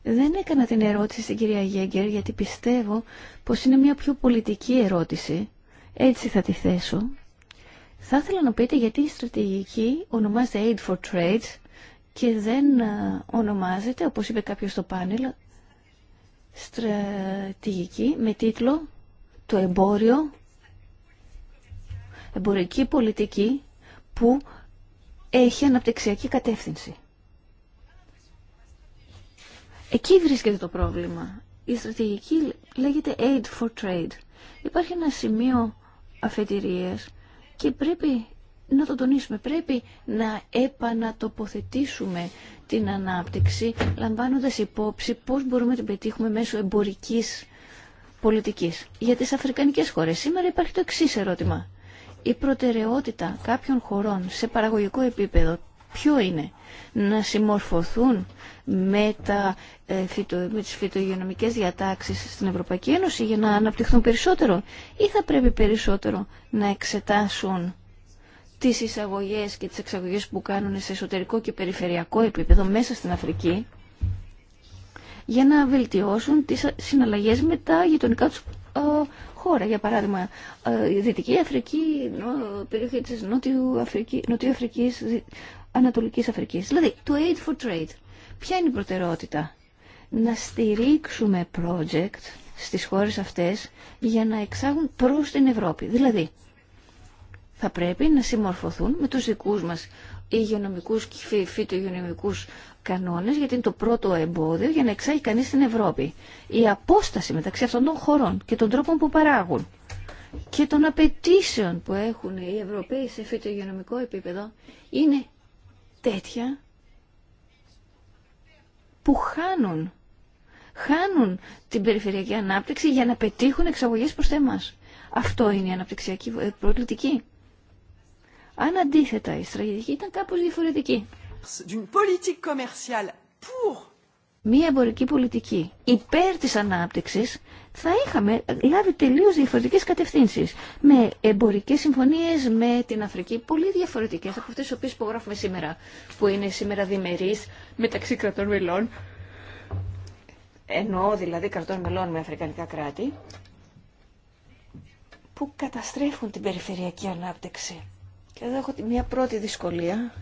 Δεν έκανα την ερώτηση στην κυρία Γέγκερ γιατί πιστεύω πως είναι μια πιο πολιτική ερώτηση. Έτσι θα τη θέσω. Θα ήθελα να πείτε γιατί η στρατηγική ονομάζεται Aid for Trade και δεν ε, ονομάζεται, όπως είπε κάποιος στο πάνελ, στρατηγική με τίτλο «Το εμπόριο, εμπορική πολιτική που έχει αναπτυξιακή κατεύθυνση». Εκεί βρίσκεται το πρόβλημα. Η στρατηγική λέγεται Aid for Trade. Υπάρχει ένα σημείο αφετηρίας και πρέπει να το τονίσουμε. Πρέπει να επανατοποθετήσουμε την ανάπτυξη, λαμβάνοντας υπόψη πώς μπορούμε να την πετύχουμε μέσω εμπορικής πολιτικής. Για τις αφρικανικές χώρες σήμερα υπάρχει το εξή ερώτημα. Η προτεραιότητα κάποιων χωρών σε παραγωγικό επίπεδο ποιο είναι να συμμορφωθούν με, τα, ε, φυτο, τις φυτογειονομικές στην Ευρωπαϊκή Ένωση για να αναπτυχθούν περισσότερο ή θα πρέπει περισσότερο να εξετάσουν τις εισαγωγές και τις εξαγωγές που κάνουν σε εσωτερικό και περιφερειακό επίπεδο μέσα στην Αφρική για να βελτιώσουν τις συναλλαγές με τα γειτονικά τους ε, χώρα. Για παράδειγμα, ε, η Δυτική Αφρική, η περιοχή της Νότιου Αφρική, Νότιου Αφρικής, Ανατολικής Αφρικής. Δηλαδή, το Aid for Trade. Ποια είναι η προτεραιότητα? Να στηρίξουμε project στις χώρες αυτές για να εξάγουν προς την Ευρώπη. Δηλαδή, θα πρέπει να συμμορφωθούν με τους δικούς μας υγειονομικούς και φυτογειονομικούς κανόνες γιατί είναι το πρώτο εμπόδιο για να εξάγει κανείς στην Ευρώπη. Η απόσταση μεταξύ αυτών των χωρών και των τρόπων που παράγουν και των απαιτήσεων που έχουν οι Ευρωπαίοι σε φυτογειονομικό επίπεδο είναι τέτοια που χάνουν χάνουν την περιφερειακή ανάπτυξη για να πετύχουν εξαγωγές προς εμάς. Αυτό είναι η αναπτυξιακή ε, προκλητική. Αν αντίθετα η στρατηγική ήταν κάπω διαφορετική. Μία εμπορική πολιτική υπέρ τη ανάπτυξης θα είχαμε λάβει τελείω διαφορετικέ κατευθύνσεις με εμπορικές συμφωνίες με την Αφρική πολύ διαφορετικέ από αυτές τι οποίες υπογράφουμε σήμερα που είναι σήμερα διμερεί μεταξύ κρατών μελών εννοώ δηλαδή κρατών μελών με αφρικανικά κράτη που καταστρέφουν την περιφερειακή ανάπτυξη και εδώ έχω μια πρώτη δυσκολία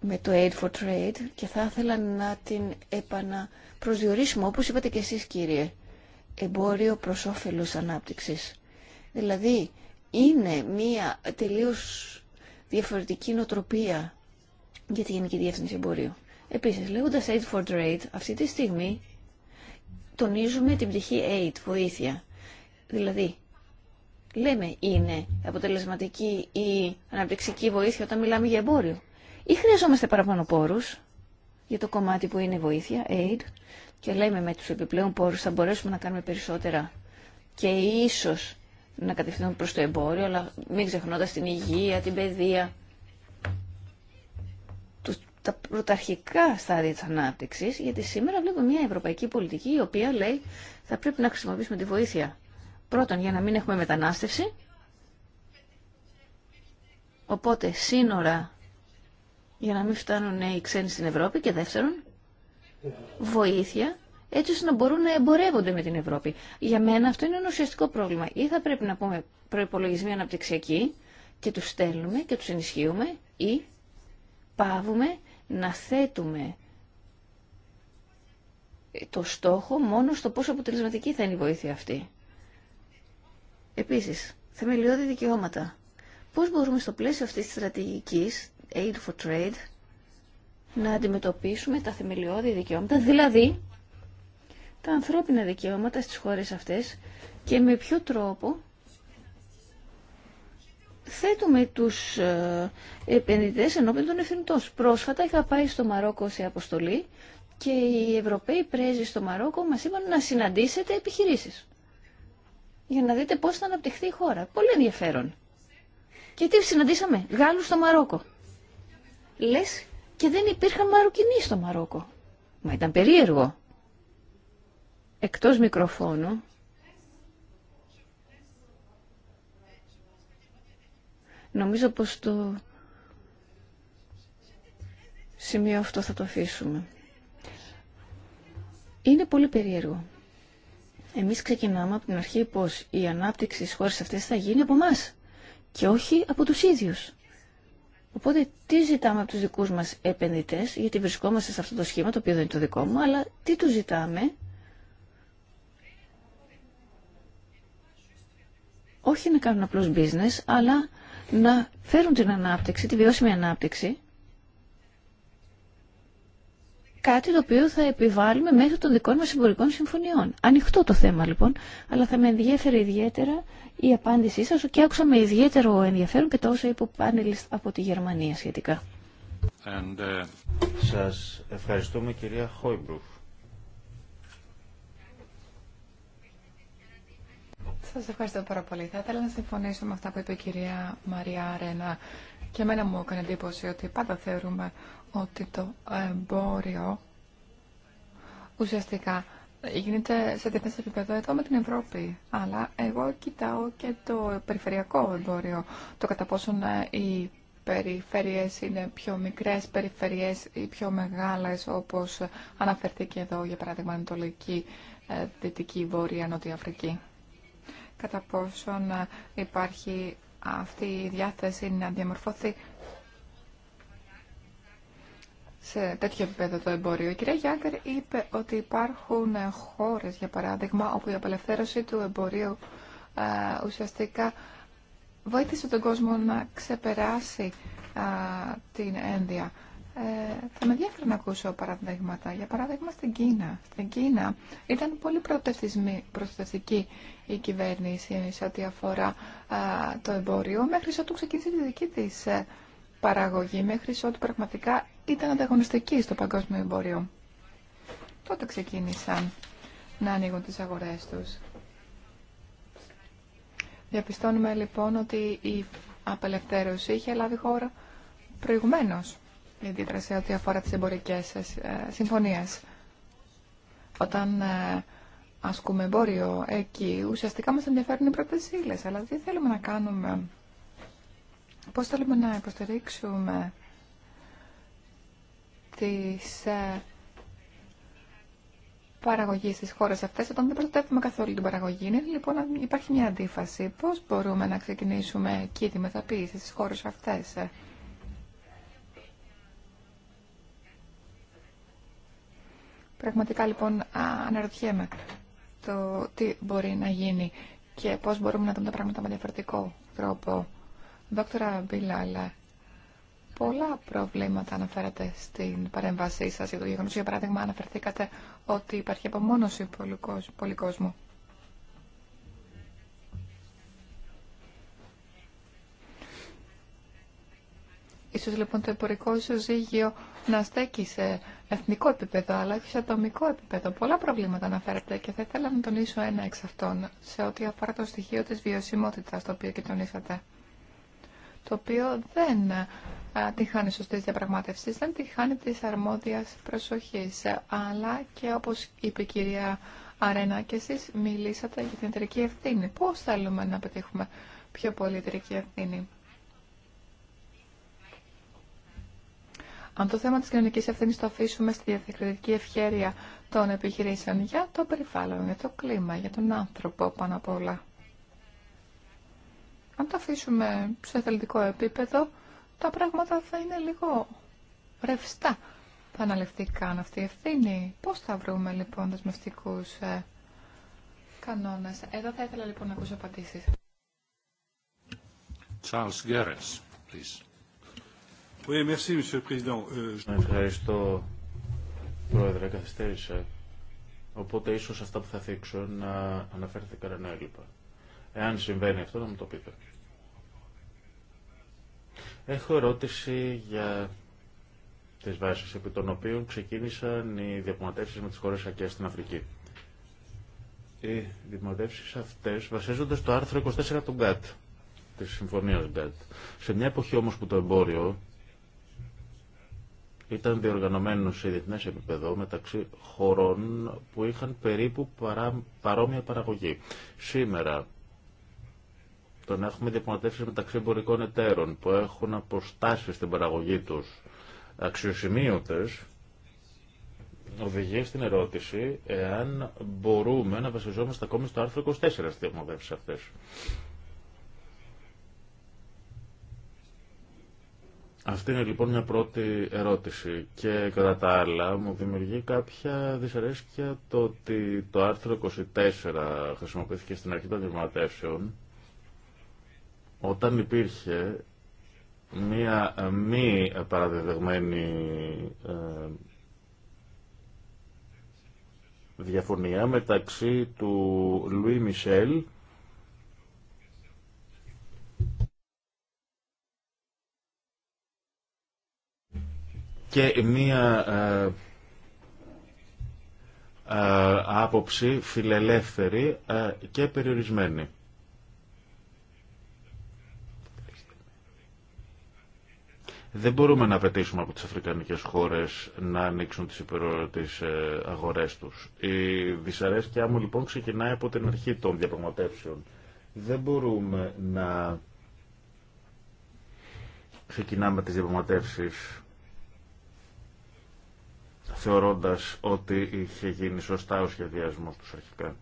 με το Aid for Trade και θα ήθελα να την επαναπροσδιορίσουμε όπως είπατε και εσείς κύριε εμπόριο προς όφελος ανάπτυξης. Δηλαδή είναι μια τελείως διαφορετική νοτροπία για τη Γενική Διεύθυνση Εμπορίου. Επίσης, λέγοντας Aid for Trade, αυτή τη στιγμή τονίζουμε την πτυχή Aid, βοήθεια. Δηλαδή, λέμε είναι αποτελεσματική η αναπτυξική βοήθεια όταν μιλάμε για εμπόριο. Ή χρειαζόμαστε παραπάνω πόρου για το κομμάτι που είναι βοήθεια, aid, και λέμε με του επιπλέον πόρους θα μπορέσουμε να κάνουμε περισσότερα και ίσως να κατευθύνουμε προς το εμπόριο, αλλά μην ξεχνώντα την υγεία, την παιδεία, τα πρωταρχικά στάδια τη ανάπτυξης, γιατί σήμερα βλέπουμε μια ευρωπαϊκή πολιτική η οποία λέει θα πρέπει να χρησιμοποιήσουμε τη βοήθεια Πρώτον, για να μην έχουμε μετανάστευση. Οπότε, σύνορα για να μην φτάνουν οι ξένοι στην Ευρώπη. Και δεύτερον, βοήθεια έτσι ώστε να μπορούν να εμπορεύονται με την Ευρώπη. Για μένα αυτό είναι ένα ουσιαστικό πρόβλημα. Ή θα πρέπει να πούμε προπολογισμοί αναπτυξιακοί και τους στέλνουμε και τους ενισχύουμε ή πάβουμε να θέτουμε το στόχο μόνο στο πόσο αποτελεσματική θα είναι η βοήθεια αυτή. Επίσης, θεμελιώδη δικαιώματα. Πώς μπορούμε στο πλαίσιο αυτή τη στρατηγική, Aid for Trade να αντιμετωπίσουμε τα θεμελιώδη δικαιώματα, δηλαδή τα ανθρώπινα δικαιώματα στις χώρες αυτές και με ποιο τρόπο θέτουμε τους ε, επενδυτές ενώπιον των ευθυνητών. Πρόσφατα είχα πάει στο Μαρόκο σε αποστολή και οι Ευρωπαίοι πρέσβοι στο Μαρόκο μας είπαν να συναντήσετε επιχειρήσεις για να δείτε πώς θα αναπτυχθεί η χώρα. Πολύ ενδιαφέρον. Και τι συναντήσαμε, Γάλλους στο Μαρόκο. Λες και δεν υπήρχαν Μαροκινοί στο Μαρόκο. Μα ήταν περίεργο. Εκτός μικροφώνου. Νομίζω πως το σημείο αυτό θα το αφήσουμε. Είναι πολύ περίεργο. Εμείς ξεκινάμε από την αρχή πως η ανάπτυξη στις χώρες αυτές θα γίνει από εμά και όχι από τους ίδιους. Οπότε τι ζητάμε από τους δικούς μας επενδυτές, γιατί βρισκόμαστε σε αυτό το σχήμα, το οποίο δεν είναι το δικό μου, αλλά τι τους ζητάμε, όχι να κάνουν απλώς business, αλλά να φέρουν την ανάπτυξη, τη βιώσιμη ανάπτυξη, κάτι το οποίο θα επιβάλλουμε μέσω των δικών μας εμπορικών συμφωνιών. Ανοιχτό το θέμα λοιπόν, αλλά θα με ενδιαφέρει ιδιαίτερα η απάντησή σας και άκουσα με ιδιαίτερο ενδιαφέρον και τόσο είπε ο πάνελιστ από τη Γερμανία σχετικά. And, ε, Σας ευχαριστούμε κυρία Χόιμπρουφ. Σας ευχαριστώ πάρα πολύ. Θα ήθελα να συμφωνήσω με αυτά που είπε η κυρία Μαρία Αρένα και εμένα μου έκανε εντύπωση ότι πάντα θεωρούμε ότι το εμπόριο ουσιαστικά γίνεται σε διεθνές επίπεδο εδώ με την Ευρώπη. Αλλά εγώ κοιτάω και το περιφερειακό εμπόριο, το κατά πόσον ε, οι περιφέρειες είναι πιο μικρές περιφερειές ή πιο μεγάλες όπως και εδώ για παράδειγμα Ανατολική, ε, Δυτική, Βόρεια, Νότια Αφρική. Κατά πόσον ε, υπάρχει αυτή η διάθεση να διαμορφώθει σε τέτοιο επίπεδο το εμπόριο. Η κυρία Γιάνκερ είπε ότι υπάρχουν χώρες, για παράδειγμα, όπου η απελευθέρωση του εμπορίου ε, ουσιαστικά βοήθησε τον κόσμο να ξεπεράσει ε, την ένδια. Ε, θα με ενδιαφέρει να ακούσω παραδείγματα. Για παράδειγμα στην Κίνα. Στην Κίνα ήταν πολύ προστατευτική η κυβέρνηση σε ό,τι αφορά το εμπόριο μέχρι ότου ξεκίνησε τη δική της ε, παραγωγή, μέχρι ότου πραγματικά ήταν ανταγωνιστική στο παγκόσμιο εμπόριο. Τότε ξεκίνησαν να ανοίγουν τις αγορές τους. Διαπιστώνουμε λοιπόν ότι η απελευθέρωση είχε λάβει χώρα προηγουμένως η σε ό,τι αφορά τις εμπορικές ε, ε, συμφωνίες. Όταν ε, ασκούμε εμπόριο εκεί, ουσιαστικά μας ενδιαφέρουν οι πρώτες ύλες, αλλά τι θέλουμε να κάνουμε, πώς θέλουμε να υποστηρίξουμε τις παραγωγή στις χώρες αυτές, όταν δεν προστατεύουμε καθόλου την παραγωγή. Είναι λοιπόν υπάρχει μια αντίφαση. Πώς μπορούμε να ξεκινήσουμε εκεί τη μεταποίηση στις χώρες αυτές. Πραγματικά λοιπόν αναρωτιέμαι το τι μπορεί να γίνει και πώς μπορούμε να δούμε τα πράγματα με διαφορετικό τρόπο. Δόκτωρα Μπιλάλα, πολλά προβλήματα αναφέρατε στην παρέμβασή σας για το γεγονός. Για παράδειγμα, αναφερθήκατε ότι υπάρχει απομόνωση πολυκόσμου. κόσμου. Ίσως λοιπόν το εμπορικό ισοζύγιο να στέκει σε εθνικό επίπεδο, αλλά και σε ατομικό επίπεδο. Πολλά προβλήματα αναφέρεται και θα ήθελα να τονίσω ένα εξ αυτών σε ό,τι αφορά το στοιχείο της βιωσιμότητας, το οποίο και τονίσατε. Το οποίο δεν τη χάνει σωστή διαπραγμάτευση, δεν τη χάνει τη αρμόδια προσοχή. Αλλά και όπω είπε η κυρία Αρένα, και εσεί μιλήσατε για την εταιρική ευθύνη. Πώ θέλουμε να πετύχουμε πιο πολύ εταιρική ευθύνη. Αν το θέμα τη κοινωνική ευθύνη το αφήσουμε στη διακριτική ευχέρεια των επιχειρήσεων για το περιβάλλον, για το κλίμα, για τον άνθρωπο πάνω απ' όλα. Αν το αφήσουμε σε εθελοντικό επίπεδο, τα πράγματα θα είναι λίγο ρευστά. Θα αναλυφθεί καν αυτή η ευθύνη. Πώ θα βρούμε λοιπόν δεσμευτικού ε, κανόνες. Εδώ θα ήθελα λοιπόν να ακούσω απαντήσει. Charles please. Euh, Ευχαριστώ, Πρόεδρε. Καθυστέρησα. Οπότε ίσως αυτά που θα θίξω να αναφέρθηκα κανένα έλλειπα Εάν συμβαίνει αυτό, να μου το πείτε. Έχω ερώτηση για τις βάσεις επί των οποίων ξεκίνησαν οι διαπραγματεύσεις με τις χώρες ΑΚΕΑ στην Αφρική. Οι διαπραγματεύσεις αυτές βασίζονται στο άρθρο 24 του ΓΚΑΤ, της Συμφωνίας ΓΚΑΤ. Σε μια εποχή όμως που το εμπόριο ήταν διοργανωμένο σε διεθνέ επίπεδο μεταξύ χωρών που είχαν περίπου παρόμοια παραγωγή. Σήμερα τον να έχουμε διαπραγματεύσει μεταξύ εμπορικών εταίρων που έχουν αποστάσει στην παραγωγή τους αξιοσημείωτες οδηγεί στην ερώτηση εάν μπορούμε να βασιζόμαστε ακόμη στο άρθρο 24 στι διαπραγματεύσει αυτές. Αυτή είναι λοιπόν μια πρώτη ερώτηση και κατά τα άλλα μου δημιουργεί κάποια δυσαρέσκεια το ότι το άρθρο 24 χρησιμοποιήθηκε στην αρχή των δημοκρατήσεων όταν υπήρχε μια μη παραδεδεγμένη ε, διαφωνία μεταξύ του Λουί Μισελ και μία ε, ε, άποψη φιλελεύθερη ε, και περιορισμένη. Δεν μπορούμε να απαιτήσουμε από τις αφρικανικές χώρες να ανοίξουν τις, υπερο... τις αγορές τους. Η δυσαρέσκειά μου λοιπόν ξεκινάει από την αρχή των διαπραγματεύσεων. Δεν μπορούμε να ξεκινάμε τις διαπραγματεύσεις θεωρώντας ότι είχε γίνει σωστά ο σχεδιασμός του αρχικά.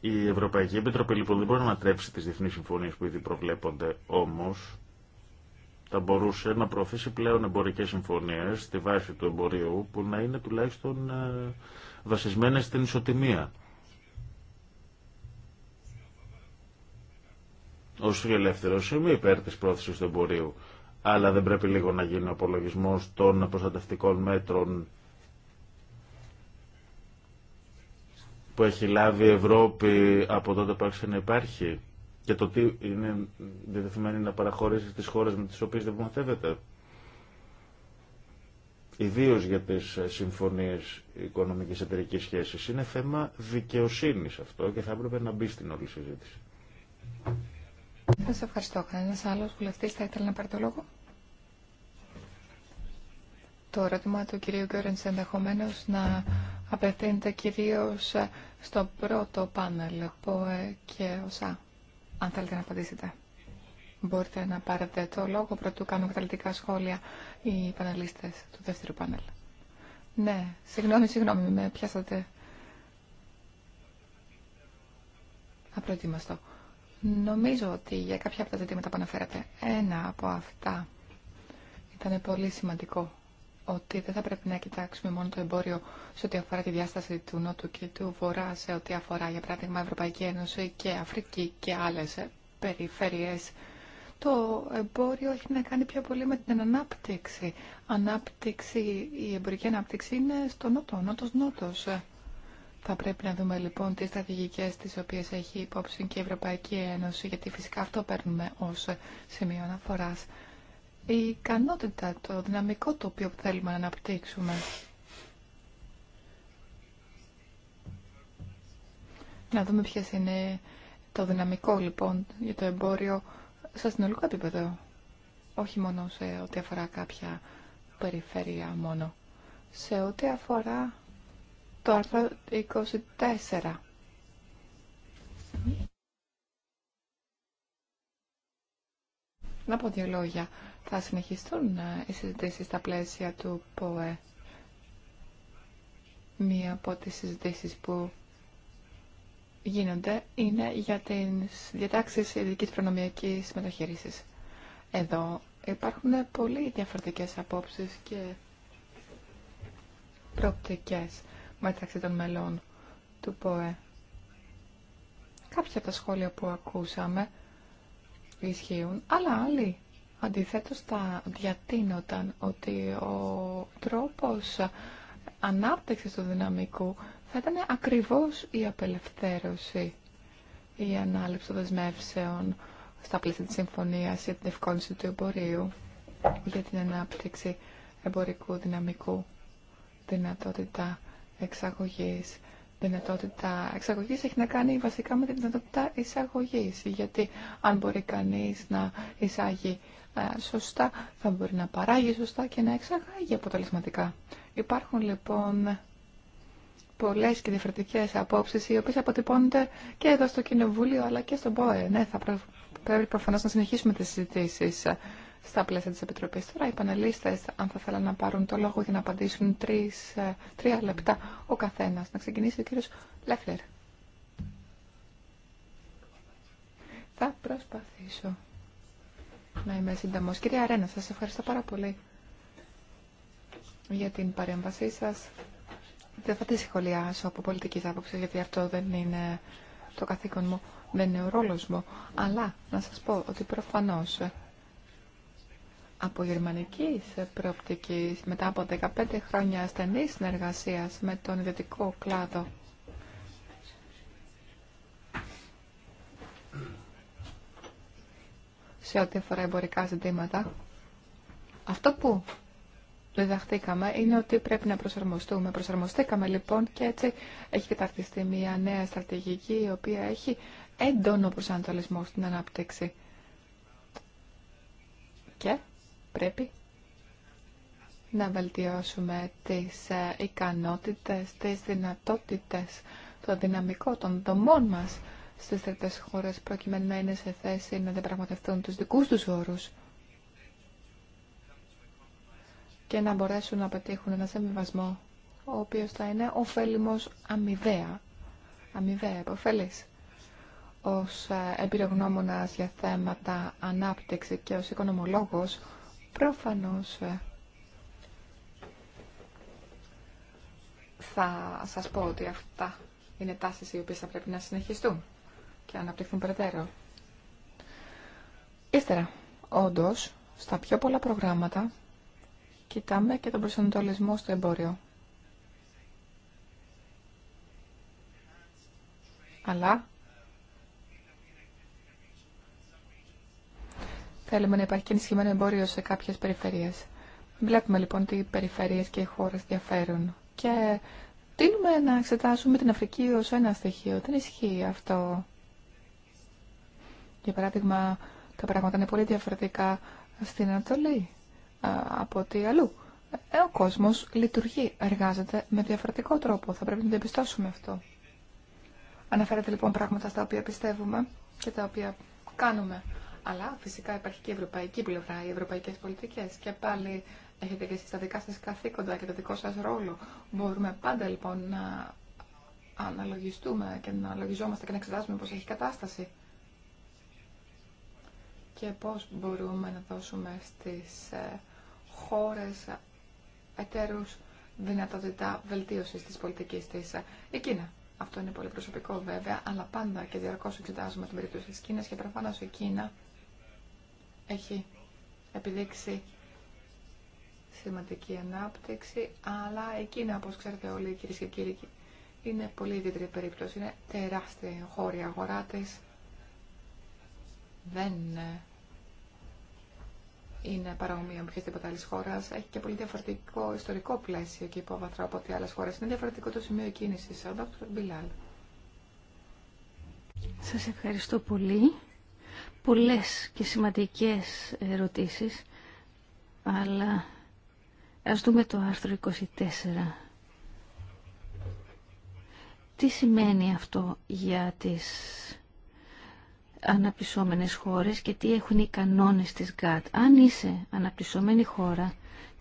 Η Ευρωπαϊκή Επιτροπή λοιπόν δεν μπορεί να ανατρέψει τις διεθνείς συμφωνίες που ήδη προβλέπονται, όμως θα μπορούσε να προωθήσει πλέον εμπορικές συμφωνίες στη βάση του εμπορίου που να είναι τουλάχιστον ε, βασισμένες στην ισοτιμία. Ως φιλελεύθερο είμαι υπέρ της προθεση του εμπορίου, αλλά δεν πρέπει λίγο να γίνει ο απολογισμός των προστατευτικών μέτρων που έχει λάβει η Ευρώπη από τότε που άρχισε να υπάρχει και το τι είναι διδεθειμένη να παραχωρήσει στις χώρες με τις οποίες διαπραγματεύεται. Ιδίω για τι συμφωνίε οικονομική εταιρική σχέση. Είναι θέμα δικαιοσύνη αυτό και θα έπρεπε να μπει στην όλη συζήτηση. Σας ευχαριστώ. Κανένας άλλος βουλευτής θα ήθελε να πάρει το λόγο. Το ερώτημα του κυρίου Γκέρενς ενδεχομένω να απευθύνεται κυρίως στο πρώτο πάνελ, ΠΟΕ και ΟΣΑ. Αν θέλετε να απαντήσετε. Μπορείτε να πάρετε το λόγο πρωτού κάνουν καταλητικά σχόλια οι πανελίστες του δεύτερου πάνελ. Ναι, συγγνώμη, συγγνώμη, με πιάσατε. Απροετοίμαστο. Νομίζω ότι για κάποια από τα ζητήματα που αναφέρατε, ένα από αυτά ήταν πολύ σημαντικό. Ότι δεν θα πρέπει να κοιτάξουμε μόνο το εμπόριο σε ό,τι αφορά τη διάσταση του Νότου και του Βορρά, σε ό,τι αφορά για παράδειγμα Ευρωπαϊκή Ένωση και Αφρική και άλλε περιφέρειε. Το εμπόριο έχει να κάνει πιο πολύ με την ανάπτυξη. ανάπτυξη η εμπορική ανάπτυξη είναι στο Νότο, Νότος-Νότος. Θα πρέπει να δούμε λοιπόν τις στρατηγικέ τις οποίες έχει υπόψη και η Ευρωπαϊκή Ένωση, γιατί φυσικά αυτό παίρνουμε ω σημείο αναφορά. Η ικανότητα, το δυναμικό το οποίο θέλουμε να αναπτύξουμε. Να δούμε ποιες είναι το δυναμικό λοιπόν για το εμπόριο σε συνολικό επίπεδο. Όχι μόνο σε ό,τι αφορά κάποια περιφέρεια μόνο. Σε ό,τι αφορά το άρθρο 24. Να πω δύο λόγια. Θα συνεχιστούν ε, οι συζητήσεις στα πλαίσια του ΠΟΕ. Μία από τις συζητήσεις που γίνονται είναι για την διατάξεις ειδικής προνομιακής μεταχείρισης. Εδώ υπάρχουν πολύ διαφορετικές απόψεις και προοπτικές μεταξύ των μελών του ΠΟΕ. Κάποια από τα σχόλια που ακούσαμε ισχύουν, αλλά άλλοι αντιθέτως τα διατείνονταν ότι ο τρόπος ανάπτυξης του δυναμικού θα ήταν ακριβώς η απελευθέρωση, η ανάληψη των δεσμεύσεων στα πλαίσια της συμφωνίας για την ευκόνιση του εμπορίου, για την ανάπτυξη εμπορικού δυναμικού δυνατότητα εξαγωγής. Δυνατότητα εξαγωγής έχει να κάνει βασικά με τη δυνατότητα εισαγωγής, γιατί αν μπορεί κανείς να εισάγει ε, σωστά, θα μπορεί να παράγει σωστά και να εξαγάγει αποτελεσματικά. Υπάρχουν λοιπόν πολλές και διαφορετικές απόψεις, οι οποίες αποτυπώνονται και εδώ στο Κοινοβούλιο, αλλά και στον ΠΟΕ. Ναι, θα πρέπει προφανώς να συνεχίσουμε τις συζητήσεις στα πλαίσια της Επιτροπής. Τώρα οι πανελίστες, αν θα θέλουν να πάρουν το λόγο για να απαντήσουν τρεις, ε, τρία λεπτά ο καθένας. Να ξεκινήσει ο κύριος Λέφλερ. Θα προσπαθήσω να είμαι σύντομος. Κυρία Αρένα, σας ευχαριστώ πάρα πολύ για την παρέμβασή σας. Δεν θα τη σχολιάσω από πολιτική άποψη, γιατί αυτό δεν είναι το καθήκον μου, δεν είναι ο ρόλος μου. Αλλά να σας πω ότι προφανώς από γερμανική προοπτική μετά από 15 χρόνια ασθενή συνεργασίας με τον ιδιωτικό κλάδο. Σε ό,τι αφορά εμπορικά ζητήματα, αυτό που διδαχτήκαμε είναι ότι πρέπει να προσαρμοστούμε. Προσαρμοστήκαμε λοιπόν και έτσι έχει καταρτιστεί μια νέα στρατηγική η οποία έχει έντονο προσανατολισμό στην ανάπτυξη. Και πρέπει να βελτιώσουμε τις ε, ικανότητες, τις δυνατότητες, το δυναμικό των δομών μας στις τρίτες χώρες προκειμένου να είναι σε θέση να διαπραγματευτούν τους δικούς τους όρους και να μπορέσουν να πετύχουν ένα συμβιβασμό ο οποίος θα είναι ωφέλιμος αμοιβαία, αμοιβαία επωφέλης ως ε, εμπειρογνώμονας για θέματα ανάπτυξη και ως οικονομολόγος Προφανώς ε. θα σας πω ότι αυτά είναι τάσεις οι οποίες θα πρέπει να συνεχιστούν και να αναπτυχθούν περαιτέρω. Ύστερα, όντως, στα πιο πολλά προγράμματα κοιτάμε και τον προσανατολισμό στο εμπόριο. Αλλά Θέλουμε να υπάρχει και ενισχυμένο εμπόριο σε κάποιες περιφερειές. Βλέπουμε λοιπόν τι περιφερειές και οι χώρες διαφέρουν. Και τίνουμε να εξετάσουμε την Αφρική ως ένα στοιχείο. Δεν ισχύει αυτό. Για παράδειγμα, τα πράγματα είναι πολύ διαφορετικά στην Ανατολή από ό,τι αλλού. Ε, ο κόσμος λειτουργεί, εργάζεται με διαφορετικό τρόπο. Θα πρέπει να το εμπιστώσουμε αυτό. Αναφέρεται λοιπόν πράγματα στα οποία πιστεύουμε και τα οποία κάνουμε. Αλλά φυσικά υπάρχει και η ευρωπαϊκή πλευρά, οι ευρωπαϊκές πολιτικέ και πάλι έχετε και εσεί τα δικά σα καθήκοντα και το δικό σα ρόλο. Μπορούμε πάντα λοιπόν να αναλογιστούμε και να αναλογιζόμαστε και να εξετάζουμε πώ έχει κατάσταση και πώ μπορούμε να δώσουμε στις ε, χώρε εταίρου δυνατότητα βελτίωση τη πολιτική τη. η Κίνα. Αυτό είναι πολύ προσωπικό βέβαια, αλλά πάντα και διαρκώ εξετάζουμε την περίπτωση τη Κίνα και προφανώ η Κίνα έχει επιδείξει σημαντική ανάπτυξη, αλλά εκείνα, Κίνα, όπως ξέρετε όλοι κυρίες και κύριοι, είναι πολύ ιδιαίτερη περίπτωση. Είναι τεράστια χώρη αγορά τη. Δεν είναι παραγωγή οποιασδήποτε άλλη χώρα. Έχει και πολύ διαφορετικό ιστορικό πλαίσιο και υπόβαθρο από ό,τι άλλε χώρε. Είναι διαφορετικό το σημείο κίνηση. Ο Σα ευχαριστώ πολύ πολλές και σημαντικές ερωτήσεις, αλλά ας δούμε το άρθρο 24. Τι σημαίνει αυτό για τις αναπτυσσόμενες χώρες και τι έχουν οι κανόνες της ΓΑΤ. Αν είσαι αναπτυσσόμενη χώρα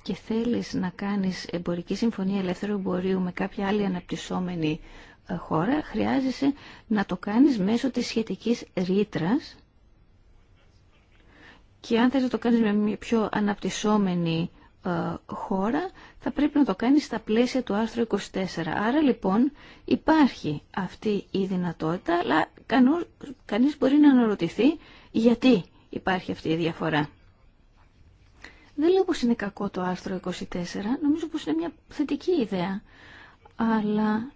και θέλεις να κάνεις εμπορική συμφωνία ελεύθερου εμπορίου με κάποια άλλη αναπτυσσόμενη ε, χώρα, χρειάζεσαι να το κάνεις μέσω της σχετικής ρήτρα και αν θες να το κάνεις με μια πιο αναπτυσσόμενη ε, χώρα θα πρέπει να το κάνεις στα πλαίσια του άρθρου 24. Άρα λοιπόν υπάρχει αυτή η δυνατότητα, αλλά κανείς μπορεί να αναρωτηθεί γιατί υπάρχει αυτή η διαφορά. Δεν λέω πως είναι κακό το άρθρο 24, νομίζω πως είναι μια θετική ιδέα, αλλά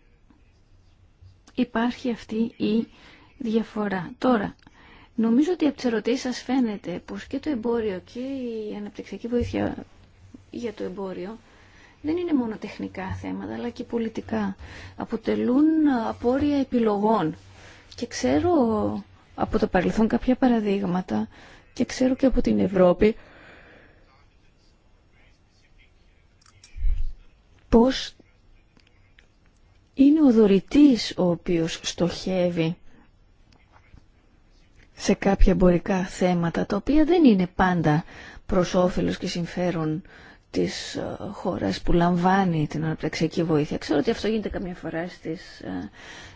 υπάρχει αυτή η διαφορά. Τώρα, Νομίζω ότι από τι ερωτήσει σας φαίνεται πως και το εμπόριο και η αναπτυξιακή βοήθεια για το εμπόριο δεν είναι μόνο τεχνικά θέματα αλλά και πολιτικά. Αποτελούν απόρρια επιλογών. Και ξέρω από το παρελθόν κάποια παραδείγματα και ξέρω και από την Ευρώπη πως είναι ο δωρητής ο οποίος στοχεύει σε κάποια εμπορικά θέματα, τα οποία δεν είναι πάντα προς όφελος και συμφέρον της ε, χώρας που λαμβάνει την αναπτυξιακή βοήθεια. Ξέρω ότι αυτό γίνεται καμιά φορά στις ε,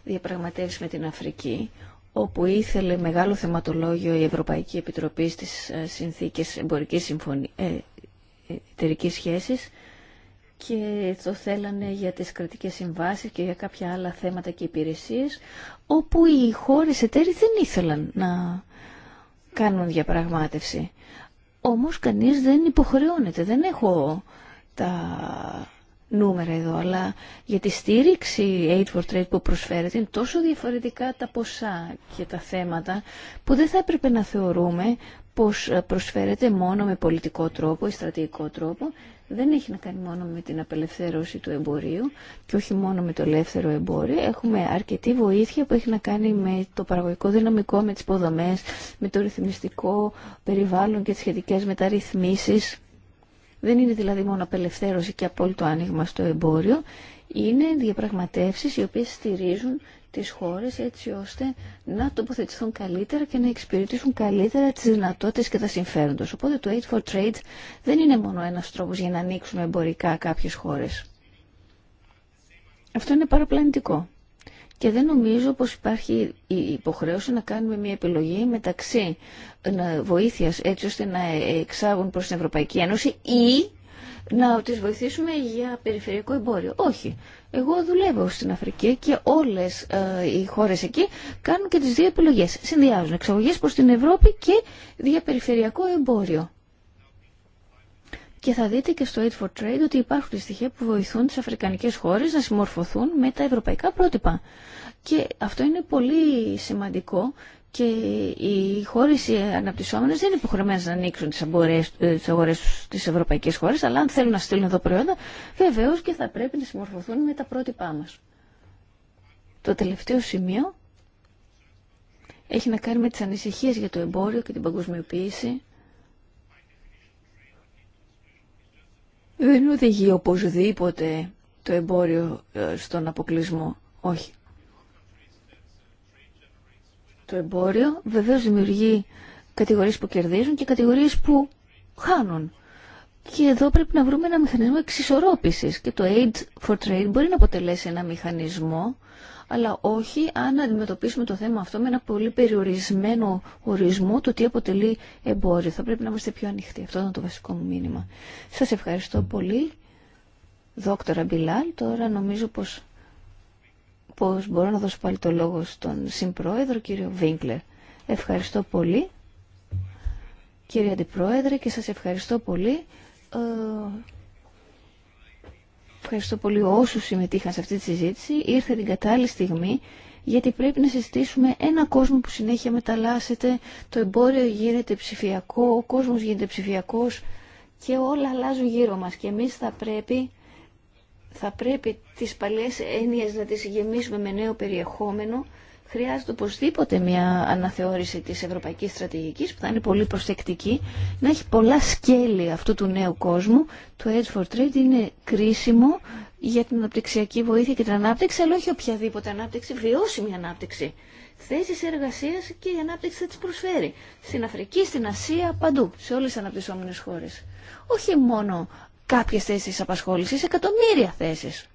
διαπραγματεύσεις με την Αφρική, όπου ήθελε μεγάλο θεματολόγιο η Ευρωπαϊκή Επιτροπή στις ε, συνθήκες εμπορικής συμφωνίας, ε, εταιρικής και το θέλανε για τις κρατικές συμβάσεις και για κάποια άλλα θέματα και υπηρεσίες, όπου οι χώρες εταίροι δεν ήθελαν να κάνουν διαπραγμάτευση. Όμως κανείς δεν υποχρεώνεται, δεν έχω τα νούμερα εδώ, αλλά για τη στήριξη Aid for Trade που προσφέρεται είναι τόσο διαφορετικά τα ποσά και τα θέματα που δεν θα έπρεπε να θεωρούμε πως προσφέρεται μόνο με πολιτικό τρόπο ή στρατηγικό τρόπο δεν έχει να κάνει μόνο με την απελευθέρωση του εμπορίου και όχι μόνο με το ελεύθερο εμπόριο. Έχουμε αρκετή βοήθεια που έχει να κάνει με το παραγωγικό δυναμικό, με τις υποδομές, με το ρυθμιστικό περιβάλλον και τις σχετικές μεταρρυθμίσεις. Δεν είναι δηλαδή μόνο απελευθέρωση και απόλυτο άνοιγμα στο εμπόριο. Είναι διαπραγματεύσεις οι οποίες στηρίζουν τις χώρες έτσι ώστε να τοποθετηθούν καλύτερα και να εξυπηρετήσουν καλύτερα τις δυνατότητες και τα συμφέροντος. Οπότε το Aid for Trade δεν είναι μόνο ένας τρόπος για να ανοίξουμε εμπορικά κάποιες χώρες. Αυτό είναι παραπλανητικό. Και δεν νομίζω πως υπάρχει η υποχρέωση να κάνουμε μια επιλογή μεταξύ ε, βοήθειας έτσι ώστε να εξάγουν προς την Ευρωπαϊκή Ένωση ή να τις βοηθήσουμε για περιφερειακό εμπόριο. Όχι. Εγώ δουλεύω στην Αφρική και όλες ε, οι χώρες εκεί κάνουν και τι δύο επιλογέ. Συνδυάζουν εξαγωγέ προς την Ευρώπη και διαπεριφερειακό εμπόριο. Και θα δείτε και στο Aid for Trade ότι υπάρχουν στοιχεία που βοηθούν τις αφρικανικές χώρες να συμμορφωθούν με τα ευρωπαϊκά πρότυπα. Και αυτό είναι πολύ σημαντικό και οι χώρε αναπτυσσόμενε δεν είναι υποχρεωμένε να ανοίξουν τι αγορέ στι ευρωπαϊκέ χώρε, αλλά αν θέλουν να στείλουν εδώ προϊόντα, βεβαίω και θα πρέπει να συμμορφωθούν με τα πρότυπά μα. Το τελευταίο σημείο έχει να κάνει με τις ανησυχίε για το εμπόριο και την παγκοσμιοποίηση. Δεν οδηγεί οπωσδήποτε το εμπόριο ε, στον αποκλεισμό. Όχι το εμπόριο βεβαίως δημιουργεί κατηγορίες που κερδίζουν και κατηγορίες που χάνουν. Και εδώ πρέπει να βρούμε ένα μηχανισμό εξισορρόπησης και το Aid for Trade μπορεί να αποτελέσει ένα μηχανισμό αλλά όχι αν αντιμετωπίσουμε το θέμα αυτό με ένα πολύ περιορισμένο ορισμό του τι αποτελεί εμπόριο. Θα πρέπει να είμαστε πιο ανοιχτοί. Αυτό ήταν το βασικό μου μήνυμα. Σας ευχαριστώ πολύ. Δόκτωρα Μπιλάλ, τώρα νομίζω πως πως μπορώ να δώσω πάλι το λόγο στον συμπρόεδρο κύριο Βίγκλερ. Ευχαριστώ πολύ κύριε Αντιπρόεδρε και σας ευχαριστώ πολύ ε, ευχαριστώ πολύ όσους συμμετείχαν σε αυτή τη συζήτηση. Ήρθε την κατάλληλη στιγμή γιατί πρέπει να συζητήσουμε ένα κόσμο που συνέχεια μεταλλάσσεται, το εμπόριο γίνεται ψηφιακό, ο κόσμος γίνεται ψηφιακός και όλα αλλάζουν γύρω μας και εμείς θα πρέπει θα πρέπει τις παλιές έννοιες να τις γεμίσουμε με νέο περιεχόμενο. Χρειάζεται οπωσδήποτε μια αναθεώρηση της ευρωπαϊκής στρατηγικής που θα είναι πολύ προσεκτική, να έχει πολλά σκέλη αυτού του νέου κόσμου. Το Edge for Trade είναι κρίσιμο για την αναπτυξιακή βοήθεια και την ανάπτυξη, αλλά όχι οποιαδήποτε ανάπτυξη, βιώσιμη ανάπτυξη. Θέσει εργασία και η ανάπτυξη θα τι προσφέρει. Στην Αφρική, στην Ασία, παντού, σε όλε τι αναπτυσσόμενε χώρε. Όχι μόνο κάποιες θέσεις απασχόλησης, εκατομμύρια θέσεις.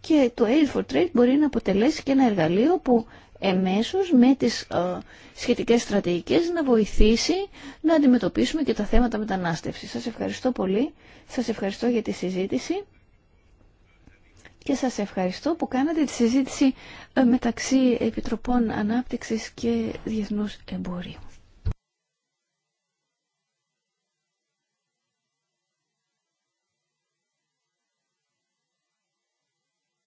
Και το Aid for Trade μπορεί να αποτελέσει και ένα εργαλείο που εμέσως με τις ε, σχετικές στρατηγικές να βοηθήσει να αντιμετωπίσουμε και τα θέματα μετανάστευσης. Σας ευχαριστώ πολύ, σας ευχαριστώ για τη συζήτηση και σας ευχαριστώ που κάνατε τη συζήτηση ε, μεταξύ Επιτροπών Ανάπτυξης και Διεθνούς Εμπορίου.